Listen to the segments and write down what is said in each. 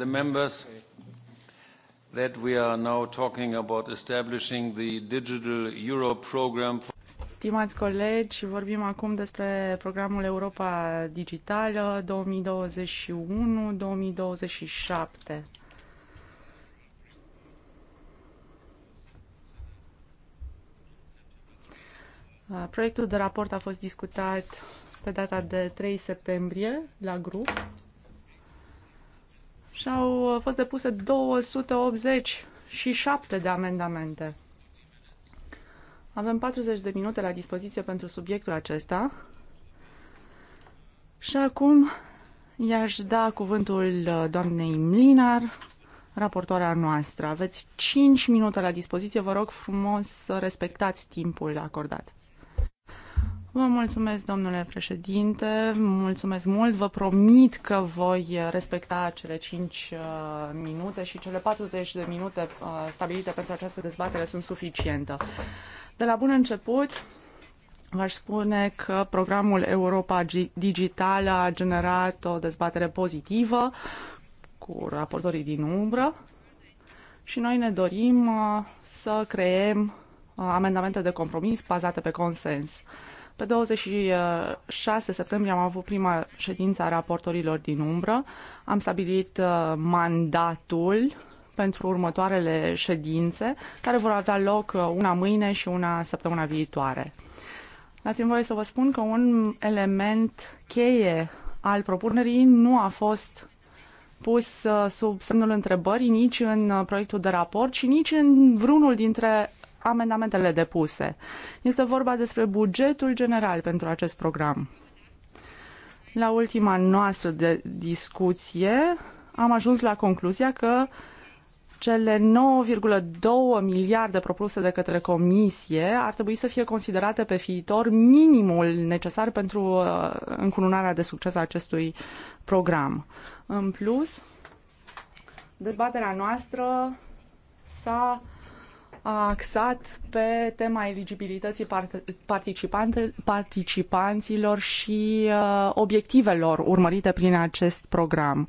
the members that we are now talking about establishing the Digital Euro program. Stimați colegi, vorbim acum despre programul Europa Digitală 2021-2027. Proiectul de raport a fost discutat pe data de 3 septembrie la grup și au uh, fost depuse 287 de amendamente. Avem 40 de minute la dispoziție pentru subiectul acesta. Și acum i-aș da cuvântul uh, doamnei Mlinar, raportoarea noastră. Aveți 5 minute la dispoziție, vă rog frumos să respectați timpul acordat. Vă mulțumesc, domnule președinte, mulțumesc mult. Vă promit că voi respecta cele 5 uh, minute și cele 40 de minute uh, stabilite pentru această dezbatere sunt suficientă. De la bun început, V-aș spune că programul Europa Digitală a generat o dezbatere pozitivă cu raportorii din umbră și noi ne dorim uh, să creem amendamente de compromis bazate pe consens. Pe 26 septembrie am avut prima ședință a raportorilor din umbră. Am stabilit uh, mandatul pentru următoarele ședințe, care vor avea loc uh, una mâine și una săptămâna viitoare. Dați-mi voie să vă spun că un element cheie al propunerii nu a fost pus uh, sub semnul întrebării nici în proiectul de raport și nici în vreunul dintre amendamentele depuse. Este vorba despre bugetul general pentru acest program. La ultima noastră de discuție am ajuns la concluzia că cele 9,2 miliarde propuse de către comisie ar trebui să fie considerate pe viitor minimul necesar pentru uh, încununarea de succes a acestui program. În plus, dezbaterea noastră s-a uh, axat pe tema eligibilității participanților și uh, obiectivelor urmărite prin acest program.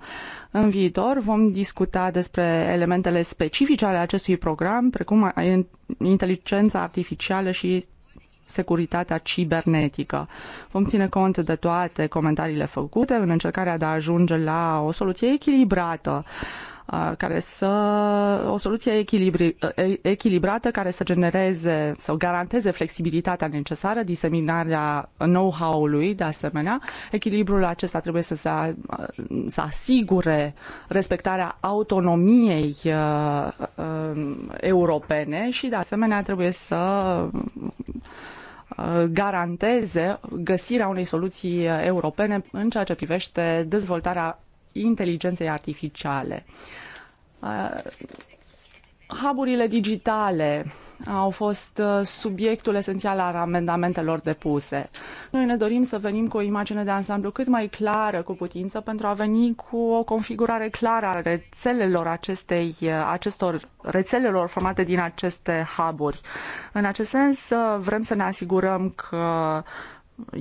În viitor vom discuta despre elementele specifice ale acestui program, precum inteligența artificială și securitatea cibernetică. Vom ține cont de toate comentariile făcute în încercarea de a ajunge la o soluție echilibrată uh, care să o soluție echilibri, echilibrată care să genereze sau garanteze flexibilitatea necesară, diseminarea know-how-ului de asemenea. Echilibrul acesta trebuie să, se, să asigure respectarea autonomiei uh, uh, europene și de asemenea trebuie să garanteze găsirea unei soluții europene în ceea ce privește dezvoltarea inteligenței artificiale. Haburile uh, digitale au fost uh, subiectul esențial al amendamentelor depuse. Noi ne dorim să venim cu o imagine de ansamblu cât mai clară cu putință pentru a veni cu o configurare clară a rețelelor acestei, uh, acestor rețelelor formate din aceste huburi. În acest sens, vrem să ne asigurăm că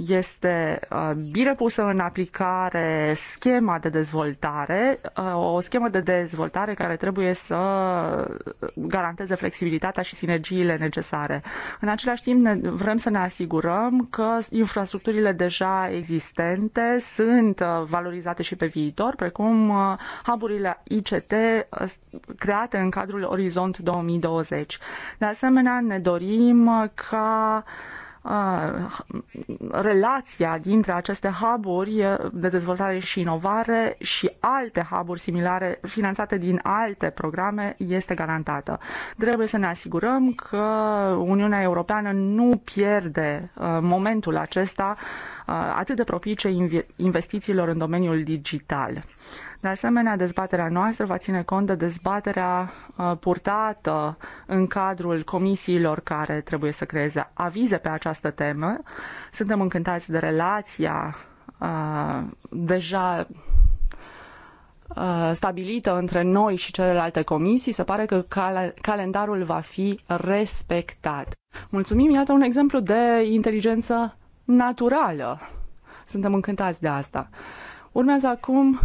este uh, bine pusă în aplicare schema de dezvoltare, uh, o schemă de dezvoltare care trebuie să garanteze flexibilitatea și sinergiile necesare. În același timp, ne, vrem să ne asigurăm că infrastructurile deja existente sunt uh, valorizate și pe viitor, precum haburile ICT create în cadrul Orizont 2020. De asemenea, ne dorim ca uh, relația dintre aceste huburi de dezvoltare și inovare și alte huburi similare finanțate din alte programe este garantată. Trebuie să ne asigurăm că Uniunea Europeană nu pierde uh, momentul acesta uh, atât de propice investițiilor în domeniul digital. De asemenea, dezbaterea noastră va ține cont de dezbaterea uh, purtată în cadrul comisiilor care trebuie să creeze avize pe această temă. Suntem încântați de relația uh, deja uh, stabilită între noi și celelalte comisii, se pare că cal calendarul va fi respectat. Mulțumim, iată un exemplu de inteligență naturală. Suntem încântați de asta. Urmează acum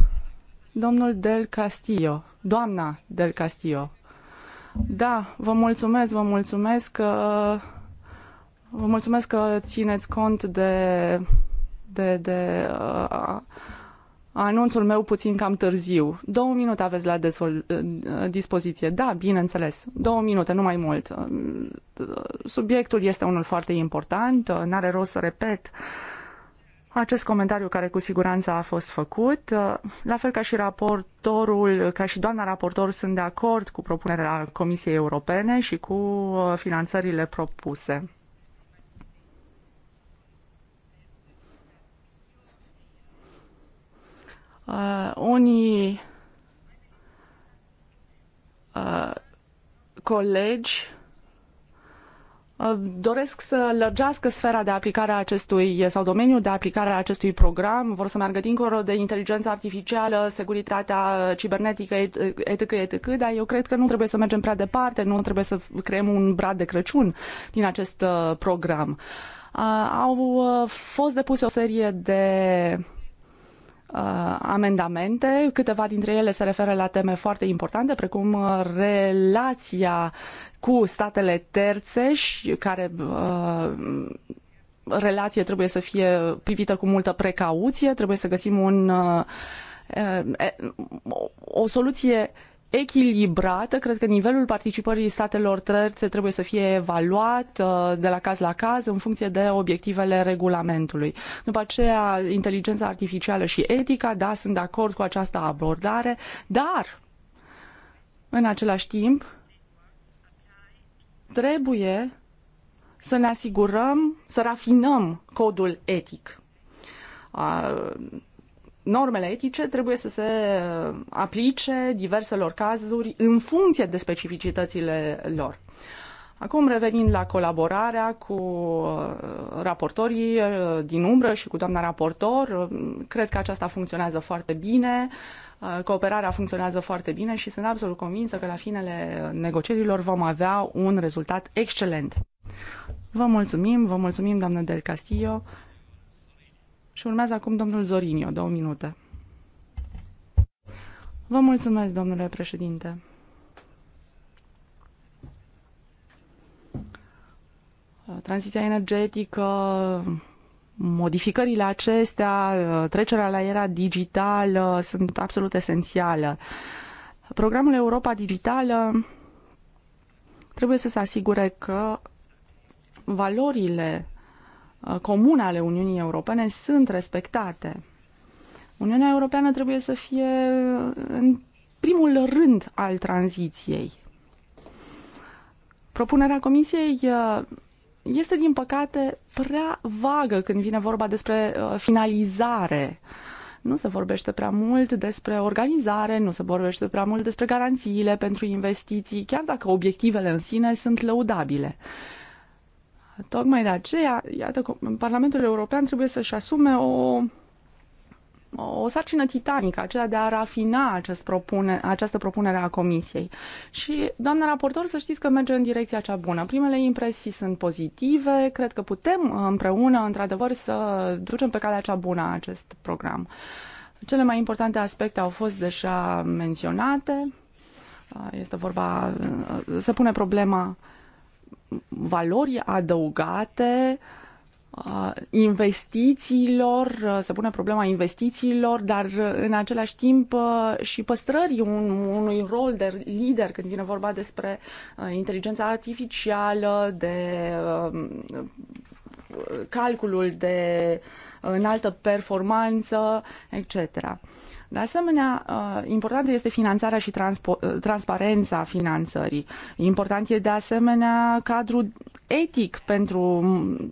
domnul Del Castillo, doamna Del Castillo. Da, vă mulțumesc, vă mulțumesc că vă mulțumesc că țineți cont de de, de uh, anunțul meu puțin cam târziu. Două minute aveți la uh, dispoziție. Da, bineînțeles. Două minute, nu mai mult. Uh, subiectul este unul foarte important, uh, n-are rost să repet uh, acest comentariu care cu siguranță a fost făcut. La fel ca și raportorul, ca și doamna raportor, sunt de acord cu propunerea Comisiei Europene și cu uh, finanțările propuse. Uh, unii uh, colegi Uh, doresc să lărgească sfera de aplicare a acestui uh, sau domeniul de aplicare a acestui program, vor să meargă dincolo de inteligența artificială, securitatea cibernetică, etc., uh, etc., dar eu cred că nu trebuie să mergem prea departe, nu trebuie să creăm un brad de Crăciun din acest program. Au fost depuse o serie de amendamente, câteva dintre ele se referă la teme foarte importante, precum relația cu statele terțe și care uh, relație trebuie să fie privită cu multă precauție, trebuie să găsim un, uh, o soluție echilibrată. Cred că nivelul participării statelor terțe trebuie să fie evaluat uh, de la caz la caz în funcție de obiectivele regulamentului. După aceea, inteligența artificială și etica, da, sunt de acord cu această abordare, dar în același timp trebuie să ne asigurăm, să rafinăm codul etic. Normele etice trebuie să se aplice diverselor cazuri în funcție de specificitățile lor. Acum revenind la colaborarea cu uh, raportorii uh, din umbră și cu doamna raportor, uh, cred că aceasta funcționează foarte bine. Cooperarea funcționează foarte bine și sunt absolut convinsă că la finele negocierilor vom avea un rezultat excelent. Vă mulțumim, vă mulțumim, doamnă Del Castillo. Și urmează acum domnul Zorinio, două minute. Vă mulțumesc, domnule președinte. Tranziția energetică, modificările acestea, uh, trecerea la era digitală sunt absolut esențiale. Programul Europa Digitală trebuie să se asigure că valorile uh, comune ale Uniunii Europene sunt respectate. Uniunea Europeană trebuie să fie uh, în primul rând al tranziției. Propunerea Comisiei este, din păcate, prea vagă când vine vorba despre uh, finalizare. Nu se vorbește prea mult despre organizare, nu se vorbește prea mult despre garanțiile pentru investiții, chiar dacă obiectivele în sine sunt lăudabile. Tocmai de aceea, iată, Parlamentul European trebuie să-și asume o o sarcină titanică, aceea de a rafina acest propune, această propunere a Comisiei. Și, doamna raportor, să știți că merge în direcția cea bună. Primele impresii sunt pozitive, cred că putem împreună, într-adevăr, să ducem pe calea cea bună acest program. Cele mai importante aspecte au fost deja menționate. Este vorba, se pune problema valori adăugate, uh, Uh, investițiilor, uh, se pune problema investițiilor, dar uh, în același timp și păstrării un, unui rol de lider când vine vorba despre inteligența artificială, de um, calculul de înaltă performanță, etc. De asemenea, uh, importantă este finanțarea și uh, transparența finanțării. Important e de asemenea cadrul etic pentru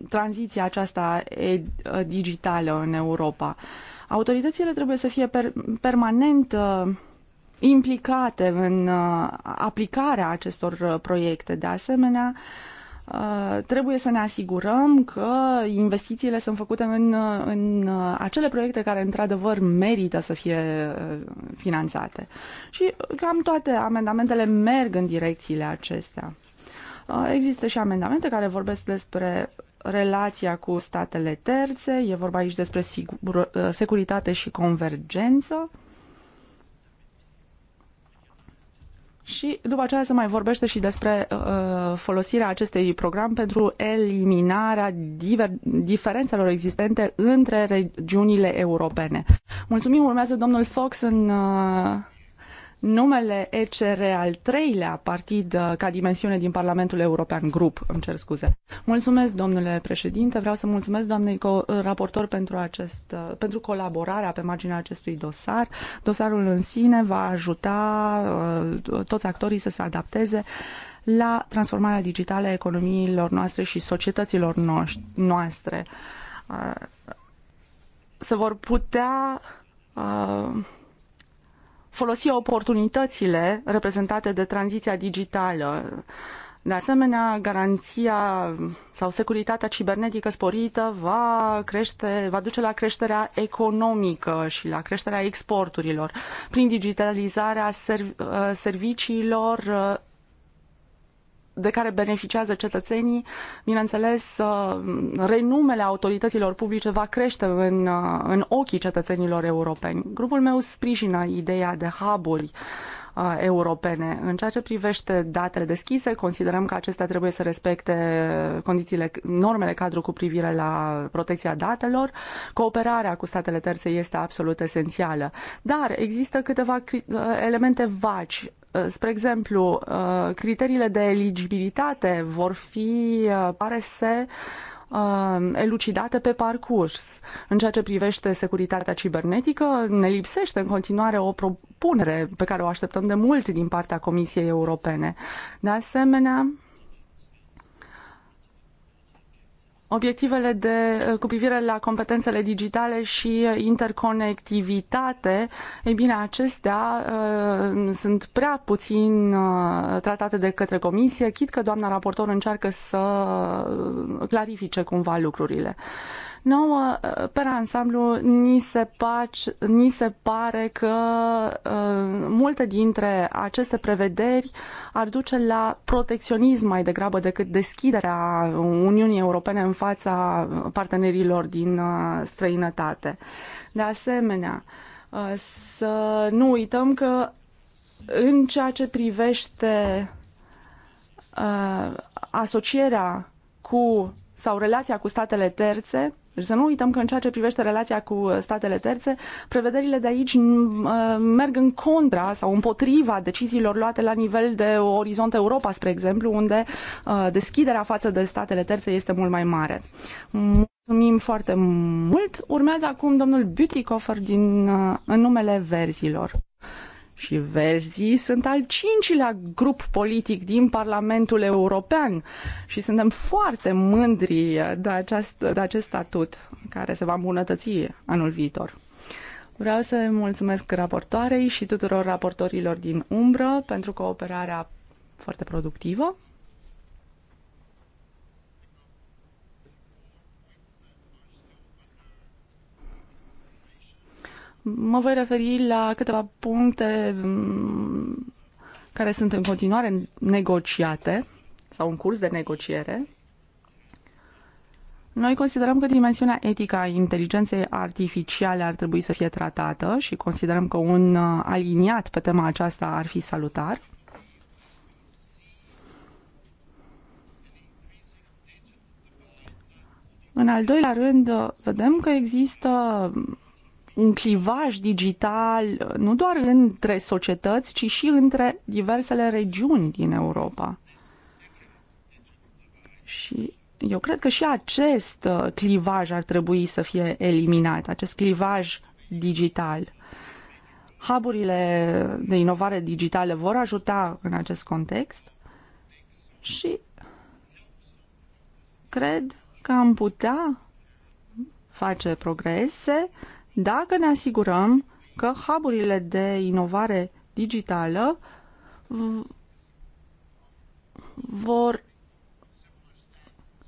tranziția aceasta uh, digitală în Europa. Autoritățile trebuie să fie per permanent implicate în aplicarea acestor proiecte. De asemenea, Uh, trebuie să ne asigurăm că investițiile sunt făcute în, uh, în uh, acele proiecte care într-adevăr merită să fie finanțate. Și cam toate amendamentele merg în direcțiile acestea. Există și amendamente care vorbesc despre relația cu statele terțe, e vorba aici despre sigur, securitate și convergență. Și după aceea se mai vorbește și despre uh, uh folosirea acestei program pentru eliminarea diver- diferențelor existente între regiunile europene. Mulțumim, urmează domnul Fox în uh, numele ECR al treilea partid uh, ca dimensiune din Parlamentul European, grup, îmi cer scuze. Mulțumesc, domnule președinte, vreau să mulțumesc doamnei raportor pentru, acest, uh, pentru colaborarea pe marginea acestui dosar. Dosarul în sine va ajuta uh, toți actorii să se adapteze la transformarea digitală a economiilor noastre și societăților noastre. Se vor putea folosi oportunitățile reprezentate de tranziția digitală. De asemenea, garanția sau securitatea cibernetică sporită va, crește, va duce la creșterea economică și la creșterea exporturilor prin digitalizarea serviciilor de care beneficiază cetățenii, bineînțeles, renumele autorităților publice va crește în, în ochii cetățenilor europeni. Grupul meu sprijină ideea de hub uh, europene. În ceea ce privește datele deschise, considerăm că acestea trebuie să respecte condițiile, normele cadru cu privire la protecția datelor. Cooperarea cu statele terțe este absolut esențială. Dar există câteva uh, elemente vaci Eh, spre exemplu, eh, criteriile de eligibilitate vor fi, eh, pare să elucidate pe parcurs. În ceea ce privește securitatea cibernetică, ne lipsește în continuare o propunere pe care o așteptăm de mult din partea Comisiei Europene. De asemenea, Obiectivele de, eh, cu privire la competențele digitale și eh, interconectivitate, ei bine, acestea uh, sunt prea puțin uh, tratate de către comisie, chit că doamna raportor încearcă să clarifice cumva lucrurile. Uh, Nouă, uh, pe ansamblu, ni se, paci, ni se pare că uh, multe dintre aceste prevederi ar duce la protecționism mai degrabă decât deschiderea Uniunii Europene în fața partenerilor din uh, străinătate. De asemenea, uh, să nu uităm că în ceea ce privește uh, asocierea cu sau relația cu statele terțe, deci să nu uităm că în ceea ce privește relația cu uh, statele terțe, prevederile de aici mm, uh, merg în contra sau împotriva deciziilor luate la nivel de Orizont Europa, spre exemplu, unde uh, deschiderea față de statele terțe este mult mai mare. Mulțumim foarte mult. Urmează acum domnul Coffer din, în numele verzilor și Verzii sunt al cincilea grup politic din Parlamentul European și suntem foarte mândri de acest, de acest statut care se va îmbunătăți anul viitor. Vreau să mulțumesc raportoarei și tuturor raportorilor din umbră pentru cooperarea foarte productivă Mă voi referi la câteva puncte mm, care sunt în continuare negociate sau în curs de negociere. Noi considerăm că dimensiunea etică a inteligenței artificiale ar trebui să fie tratată și considerăm că un uh, aliniat pe tema aceasta ar fi salutar. În al doilea rând, vedem că există un clivaj digital nu doar între societăți, ci și între diversele regiuni din Europa. Și eu cred că și acest uh, clivaj ar trebui să fie eliminat, acest clivaj digital. Haburile de inovare digitale vor ajuta în acest context și cred că am putea face progrese dacă ne asigurăm că hub de inovare digitală vor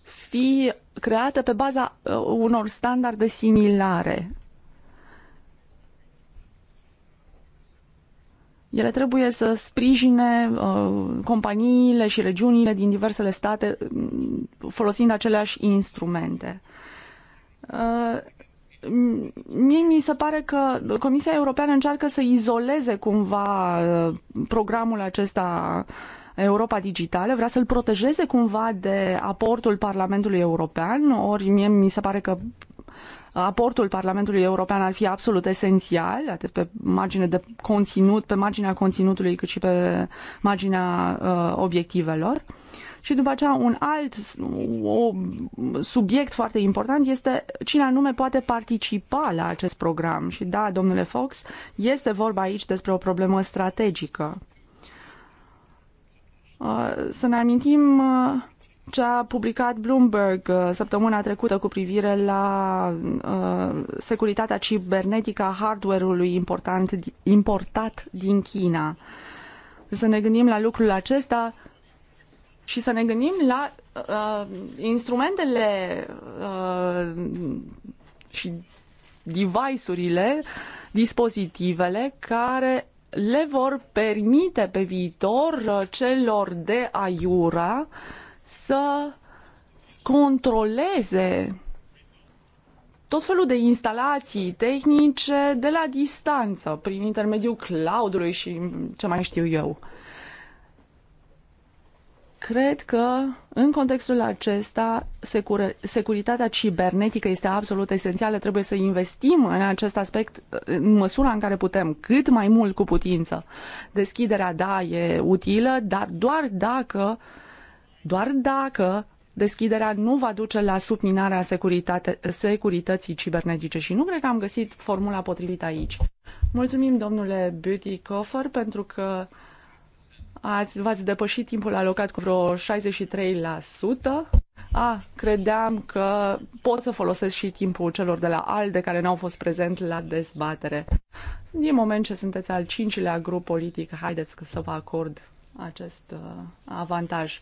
fi create pe baza uh, unor standarde similare. Ele trebuie să sprijine uh, companiile și regiunile din diversele state mm, folosind aceleași instrumente. Uh, Mie mi se pare că Comisia Europeană încearcă să izoleze cumva uh, programul acesta Europa Digitală, vrea să-l protejeze cumva de aportul Parlamentului European, ori mie mi se pare că aportul Parlamentului European ar fi absolut esențial, atât pe margine de conținut, pe marginea conținutului, cât și pe marginea uh, obiectivelor. Uh, și după aceea un alt o, subiect foarte important este cine anume poate participa la acest program. Și da, domnule Fox, este vorba aici despre o problemă strategică. Uh, să ne amintim uh, ce a publicat Bloomberg uh, săptămâna trecută cu privire la securitatea cibernetică a hardware-ului importat din China. Să ne gândim la lucrul acesta și să ne gândim la uh, uh, instrumentele uh, și device-urile, dispozitivele care le vor permite pe viitor uh, celor de aiura să controleze tot felul de instalații tehnice de la distanță, prin intermediul cloudului și ce mai știu eu. Cred că în contextul acesta securitatea cibernetică este absolut esențială. Trebuie să investim în acest aspect în măsura în care putem, cât mai mult cu putință. Deschiderea, da, e utilă, dar doar dacă, doar dacă deschiderea nu va duce la subminarea securității cibernetice și nu cred că am găsit formula potrivită aici. Mulțumim, domnule Beauty Coffer, pentru că Ați, v-ați depășit timpul alocat cu vreo 63%. A, credeam că pot să folosesc și timpul celor de la ALDE care n-au fost prezent la dezbatere. Din moment ce sunteți al cincilea grup politic, haideți să vă acord acest uh, avantaj.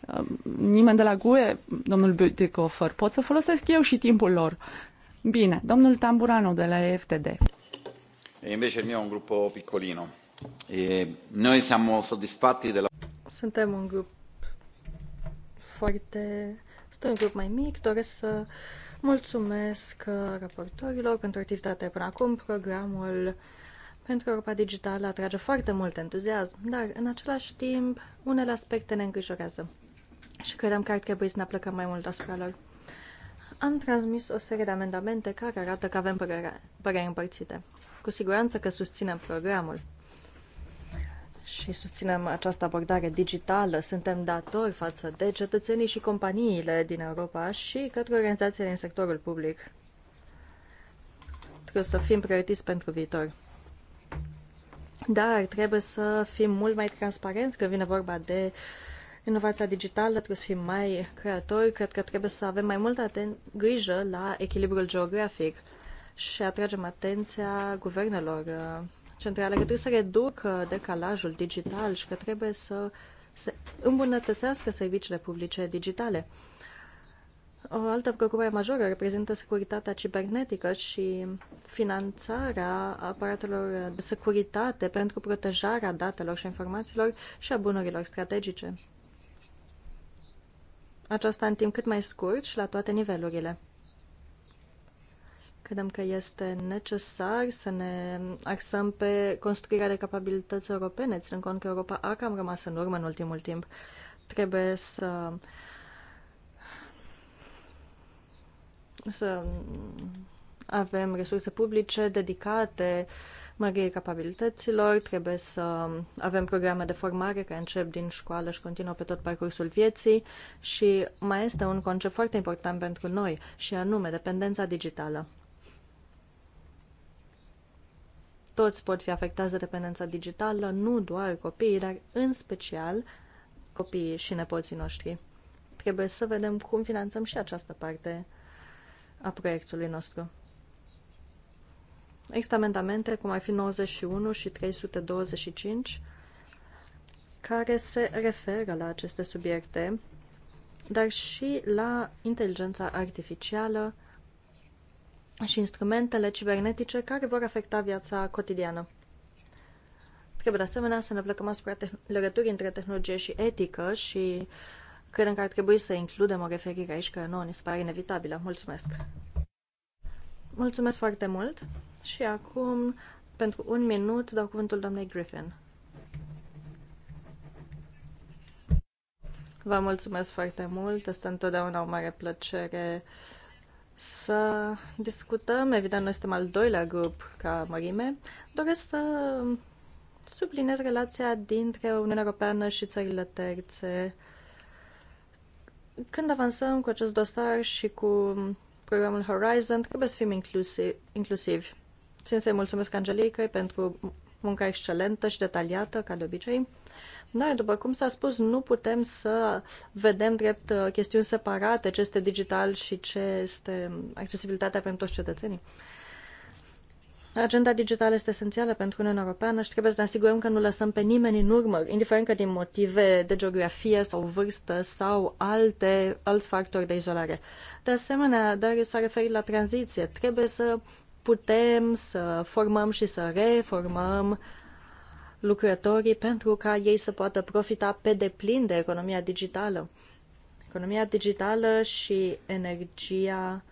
Uh, nimeni de la GUE, domnul Bütikofer, pot să folosesc eu și timpul lor. Bine, domnul Tamburano de la EFTD. E invece il mio è un gruppo piccolino noi siamo soddisfatti della... Suntem un grup foarte... Suntem un grup mai mic, doresc să mulțumesc uh, raportorilor pentru activitatea până acum. Programul pentru Europa Digitală atrage foarte mult entuziasm, dar în același timp unele aspecte ne îngrijorează și credem că ar trebui să ne aplicăm mai mult asupra lor. Am transmis o serie de amendamente care arată că avem părere, păreri împărțite. Cu siguranță că susținem programul, și susținem această abordare digitală. Suntem datori față de cetățenii și companiile din Europa și către organizațiile din sectorul public. Trebuie să fim prioritiți pentru viitor. Dar trebuie să fim mult mai transparenți când vine vorba de inovația digitală, trebuie să fim mai creatori, cred că trebuie să avem mai multă grijă la echilibrul geografic și atragem atenția guvernelor centrale, că trebuie să reducă uh, decalajul digital și că trebuie să se îmbunătățească serviciile publice digitale. O altă preocupare majoră reprezintă securitatea cibernetică și finanțarea aparatelor de securitate pentru protejarea datelor și informațiilor și a bunurilor strategice. Aceasta în timp cât mai scurt și la toate nivelurile. Credem că este necesar să ne axăm pe construirea de capabilități europene, ținând cont că Europa a cam rămas în urmă în ultimul timp. Trebuie să să avem resurse publice dedicate măririi capabilităților, trebuie să avem programe de formare care încep din școală și continuă pe tot parcursul vieții și mai este un concept foarte important pentru noi și anume dependența digitală. toți pot fi afectați de dependența digitală, nu doar copiii, dar în special copiii și nepoții noștri. Trebuie să vedem cum finanțăm și această parte a proiectului nostru. Există amendamente, cum ar fi 91 și 325, care se referă la aceste subiecte, dar și la inteligența artificială, și instrumentele cibernetice care vor afecta viața cotidiană. Trebuie de asemenea să ne plecăm asupra te- legăturii între tehnologie și etică și credem că ar trebui să includem o referire aici, care nouă ni se pare inevitabilă. Mulțumesc! Mulțumesc foarte mult și acum, pentru un minut, dau cuvântul doamnei Griffin. Vă mulțumesc foarte mult, este întotdeauna o mare plăcere uh, să discutăm, evident noi suntem al doilea grup ca mărime, doresc să sublinez relația dintre Uniunea Europeană și țările terțe. Când avansăm cu acest dosar și cu programul Horizon, trebuie să fim inclusiv, inclusivi. Țin să-i mulțumesc Angelicăi pentru munca excelentă și detaliată, ca de obicei. Da, după cum s-a spus, nu putem să vedem drept uh, chestiuni separate ce este digital și ce este accesibilitatea pentru toți cetățenii. Agenda digitală este esențială pentru Uniunea Europeană și trebuie să ne asigurăm că nu lăsăm pe nimeni în urmă, indiferent că din motive de geografie sau vârstă sau alte, alți factori de izolare. De asemenea, dar s-a referit la tranziție. Trebuie să putem să formăm și să reformăm uh, lucrătorii pentru ca ei să poată profita pe deplin de economia digitală. Economia digitală și energia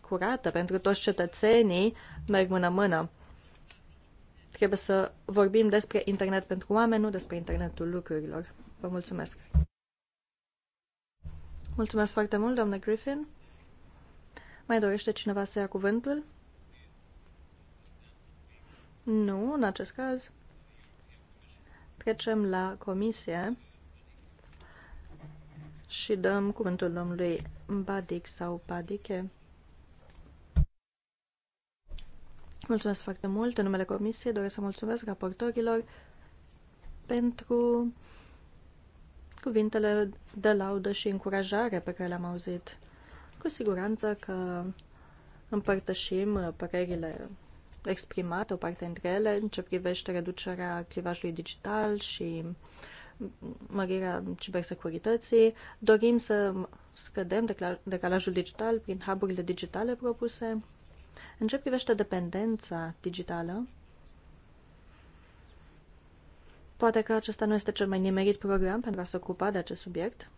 curată pentru toți cetățenii merg mână-mână. Trebuie să vorbim despre internet pentru oameni, nu despre internetul lucrurilor. Vă mulțumesc! Mulțumesc foarte mult, doamnă Griffin. Mai dorește cineva să ia cuvântul? Nu, în acest caz trecem la comisie și dăm cuvântul domnului Badic sau Badiche. Mulțumesc foarte mult. În numele comisiei doresc să mulțumesc raportorilor pentru cuvintele de laudă și încurajare pe care le-am auzit. Cu siguranță că împărtășim părerile exprimat, o parte dintre ele, în ce privește reducerea clivajului digital și mărirea cibersecurității. Dorim să scădem decalajul digital prin hub digitale propuse. În ce privește dependența digitală, poate că acesta nu este cel mai nimerit program pentru a se ocupa de acest subiect,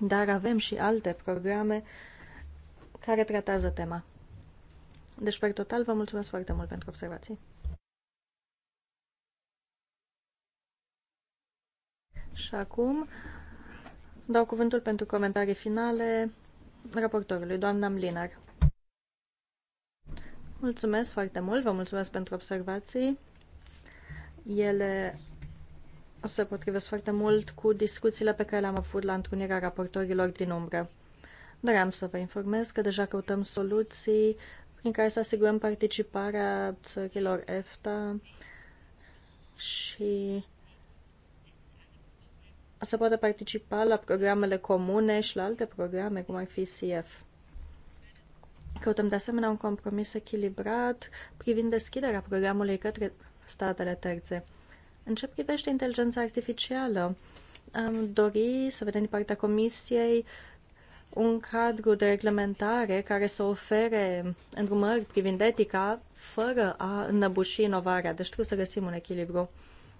dar avem și alte programe care tratează tema. Deci, pe total, vă mulțumesc foarte mult pentru observații. Și acum dau cuvântul pentru comentarii finale raportorului, doamna Mlinar. Mulțumesc foarte mult, vă mulțumesc pentru observații. Ele se potrivesc foarte mult cu discuțiile pe care le-am avut la întrunirea raportorilor din umbră. Doream să vă informez că deja căutăm soluții prin care să asigurăm participarea țărilor EFTA și să poată participa la programele comune și la alte programe, cum ar fi CF. Căutăm de asemenea un compromis echilibrat privind deschiderea programului către statele terțe. În ce privește inteligența artificială, am dori să vedem din partea Comisiei un cadru de reglementare care să ofere îndrumări privind etica fără a înnăbuși inovarea. Deci trebuie să găsim un echilibru.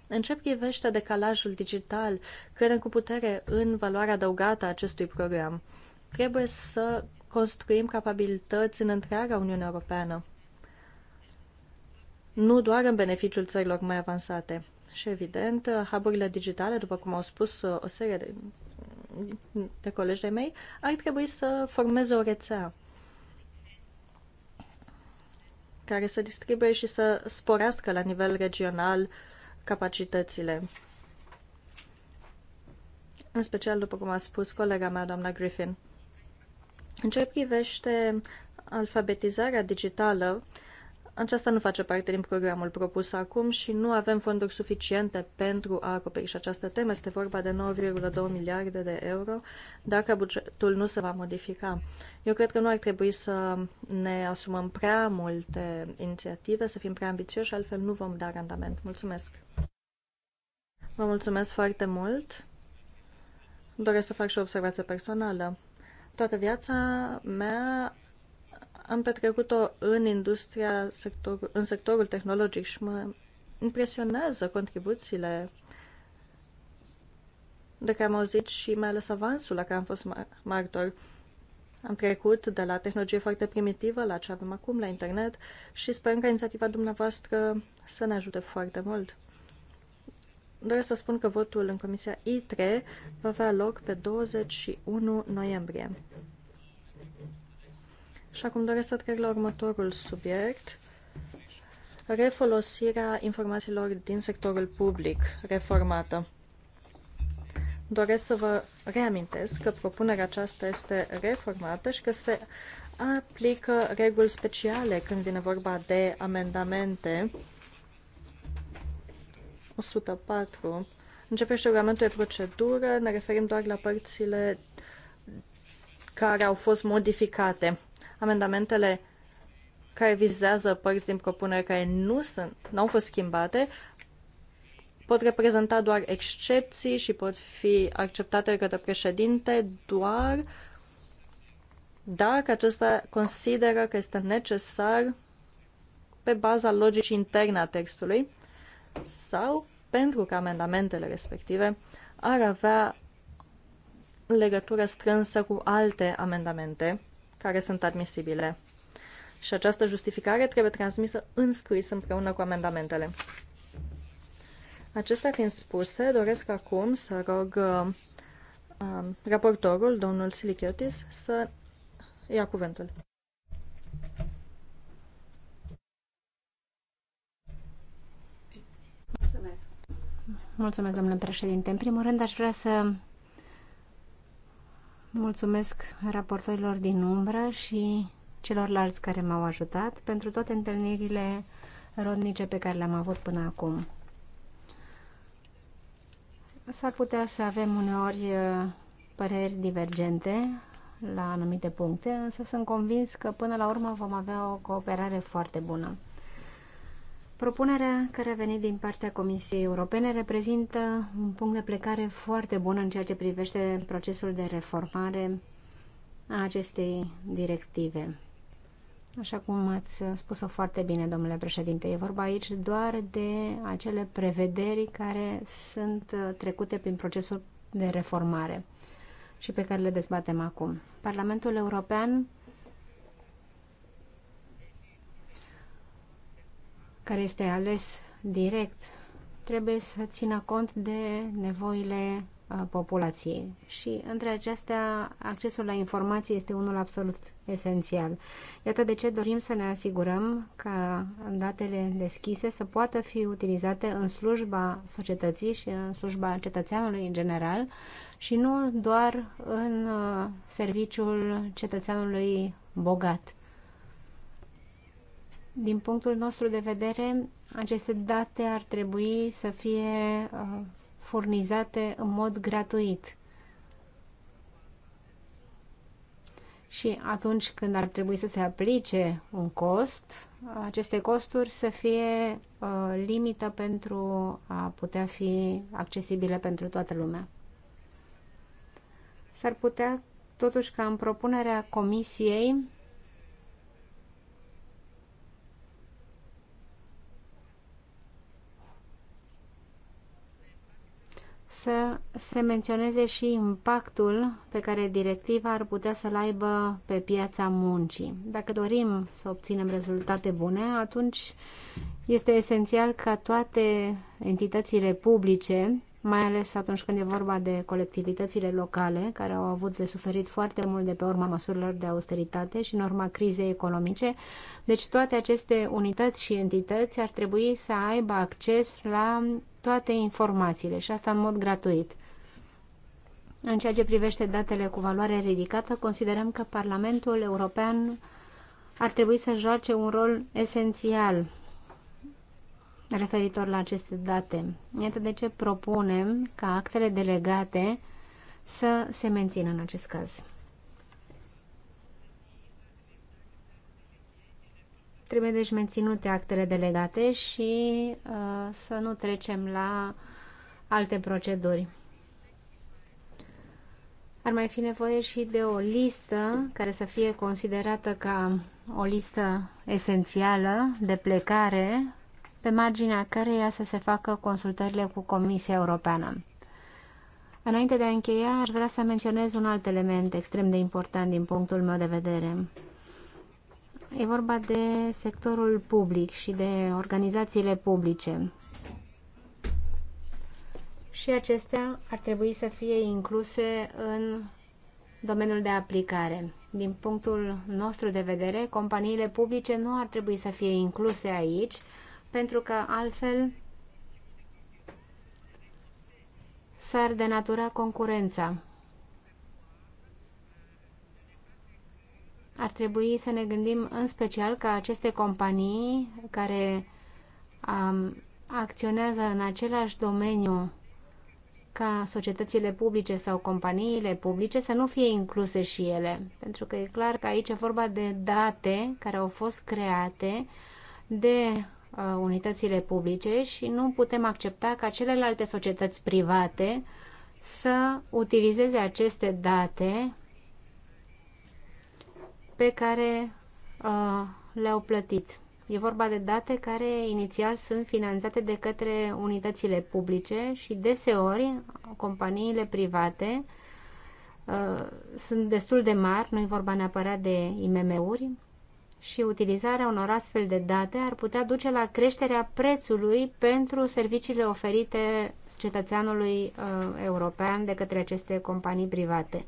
În ce privește decalajul digital, credem cu putere în valoarea adăugată a acestui program. Trebuie să construim capabilități în întreaga Uniune Europeană, nu doar în beneficiul țărilor mai avansate. Și evident, hub digitale, după cum au spus uh, o serie de de colegi de mei, ar trebui să formeze o rețea care să distribuie și să sporească la nivel regional capacitățile. În special, după cum a spus colega mea, doamna Griffin. În ce privește alfabetizarea digitală, aceasta nu face parte din programul propus acum și nu avem fonduri suficiente pentru a acoperi și această temă. Este vorba de 9,2 miliarde de euro dacă bugetul nu se va modifica. Eu cred că nu ar trebui să ne asumăm prea multe inițiative, să fim prea ambițioși, altfel nu vom da randament. Mulțumesc! Vă mulțumesc foarte mult! Doresc să fac și o observație personală. Toată viața mea am petrecut-o în industria, sector, în sectorul tehnologic și mă impresionează contribuțiile de care am auzit și mai ales avansul la care am fost martor. Am trecut de la tehnologie foarte primitivă la ce avem acum, la internet și sperăm ca inițiativa dumneavoastră să ne ajute foarte mult. Doresc să spun că votul în Comisia I3 va avea loc pe 21 noiembrie. Și acum doresc să trec la următorul subiect. Refolosirea informațiilor din sectorul public reformată. Doresc să vă reamintesc că propunerea aceasta este reformată și că se aplică reguli speciale când vine vorba de amendamente 104. Începește regulamentul de procedură, ne referim doar la părțile care au fost modificate amendamentele care vizează părți din propunere care nu sunt, nu au fost schimbate, pot reprezenta doar excepții și pot fi acceptate către președinte doar dacă acesta consideră că este necesar pe baza logicii interne a textului sau pentru că amendamentele respective ar avea legătură strânsă cu alte amendamente care sunt admisibile. Și această justificare trebuie transmisă în scris împreună cu amendamentele. Acestea fiind spuse, doresc acum să rog uh, uh raportorul, domnul Silichiotis, să ia cuvântul. Mulțumesc. Mulțumesc, domnule președinte. În primul rând, aș vrea să mulțumesc raportorilor din umbră și celorlalți care m-au ajutat pentru toate întâlnirile rodnice pe care le-am avut până acum. S-ar putea să avem uneori uh, păreri divergente la anumite puncte, însă sunt convins că până la urmă vom avea o cooperare foarte bună. Propunerea care a venit din partea Comisiei Europene reprezintă un punct de plecare foarte bun în ceea ce privește procesul de reformare a acestei directive. Așa cum ați spus-o foarte bine, domnule președinte, e vorba aici doar de acele prevederi care sunt trecute prin procesul de reformare și pe care le dezbatem acum. Parlamentul European care este ales direct trebuie să țină cont de nevoile populației și între acestea accesul la informații este unul absolut esențial. Iată de ce dorim să ne asigurăm că datele deschise să poată fi utilizate în slujba societății și în slujba cetățeanului în general și nu doar în serviciul cetățeanului bogat. Din punctul nostru de vedere, aceste date ar trebui să fie uh, furnizate în mod gratuit. și atunci când ar trebui să se aplice un cost, aceste costuri să fie uh, limită pentru a putea fi accesibile pentru toată lumea. S-ar putea totuși ca în propunerea comisiei să se menționeze și impactul pe care directiva ar putea să-l aibă pe piața muncii. Dacă dorim să obținem rezultate bune, atunci este esențial ca toate entitățile publice, mai ales atunci când e vorba de colectivitățile locale, care au avut de suferit foarte mult de pe urma măsurilor de austeritate și în urma crizei economice. Deci toate aceste unități și entități ar trebui să aibă acces la toate informațiile și asta în mod gratuit. În ceea ce privește datele cu valoare ridicată, considerăm că Parlamentul European ar trebui să joace un rol esențial referitor la aceste date. Iată de ce propunem ca actele delegate să se mențină în acest caz. Trebuie deci menținute actele delegate și uh, să nu trecem la alte proceduri. Ar mai fi nevoie și de o listă care să fie considerată ca o listă esențială de plecare pe marginea căreia să se facă consultările cu Comisia Europeană. Înainte de a încheia, aș vrea să menționez un alt element extrem de important din punctul meu de vedere. E vorba de sectorul public și de organizațiile publice. Și acestea ar trebui să fie incluse în domeniul de aplicare. Din punctul nostru de vedere, companiile publice nu ar trebui să fie incluse aici, pentru că altfel s-ar denatura concurența. ar trebui să ne gândim în special că aceste companii care um, acționează în același domeniu ca societățile publice sau companiile publice să nu fie incluse și ele. Pentru că e clar că aici e vorba de date care au fost create de uh, unitățile publice și nu putem accepta ca celelalte societăți private să utilizeze aceste date pe care uh, le-au plătit. E vorba de date care inițial sunt finanțate de către unitățile publice și deseori companiile private uh, sunt destul de mari, nu i vorba neapărat de IMM-uri, și utilizarea unor astfel de date ar putea duce la creșterea prețului pentru serviciile oferite cetățeanului uh, european de către aceste companii private.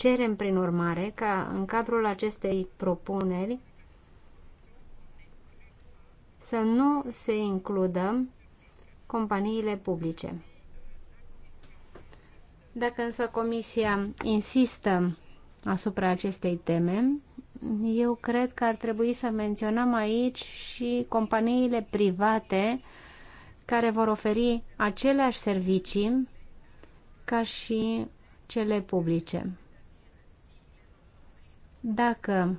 Cerem, prin urmare, ca în cadrul acestei propuneri să nu se includă companiile publice. Dacă însă Comisia insistă asupra acestei teme, eu cred că ar trebui să menționăm aici și companiile private care vor oferi aceleași servicii ca și cele publice. Dacă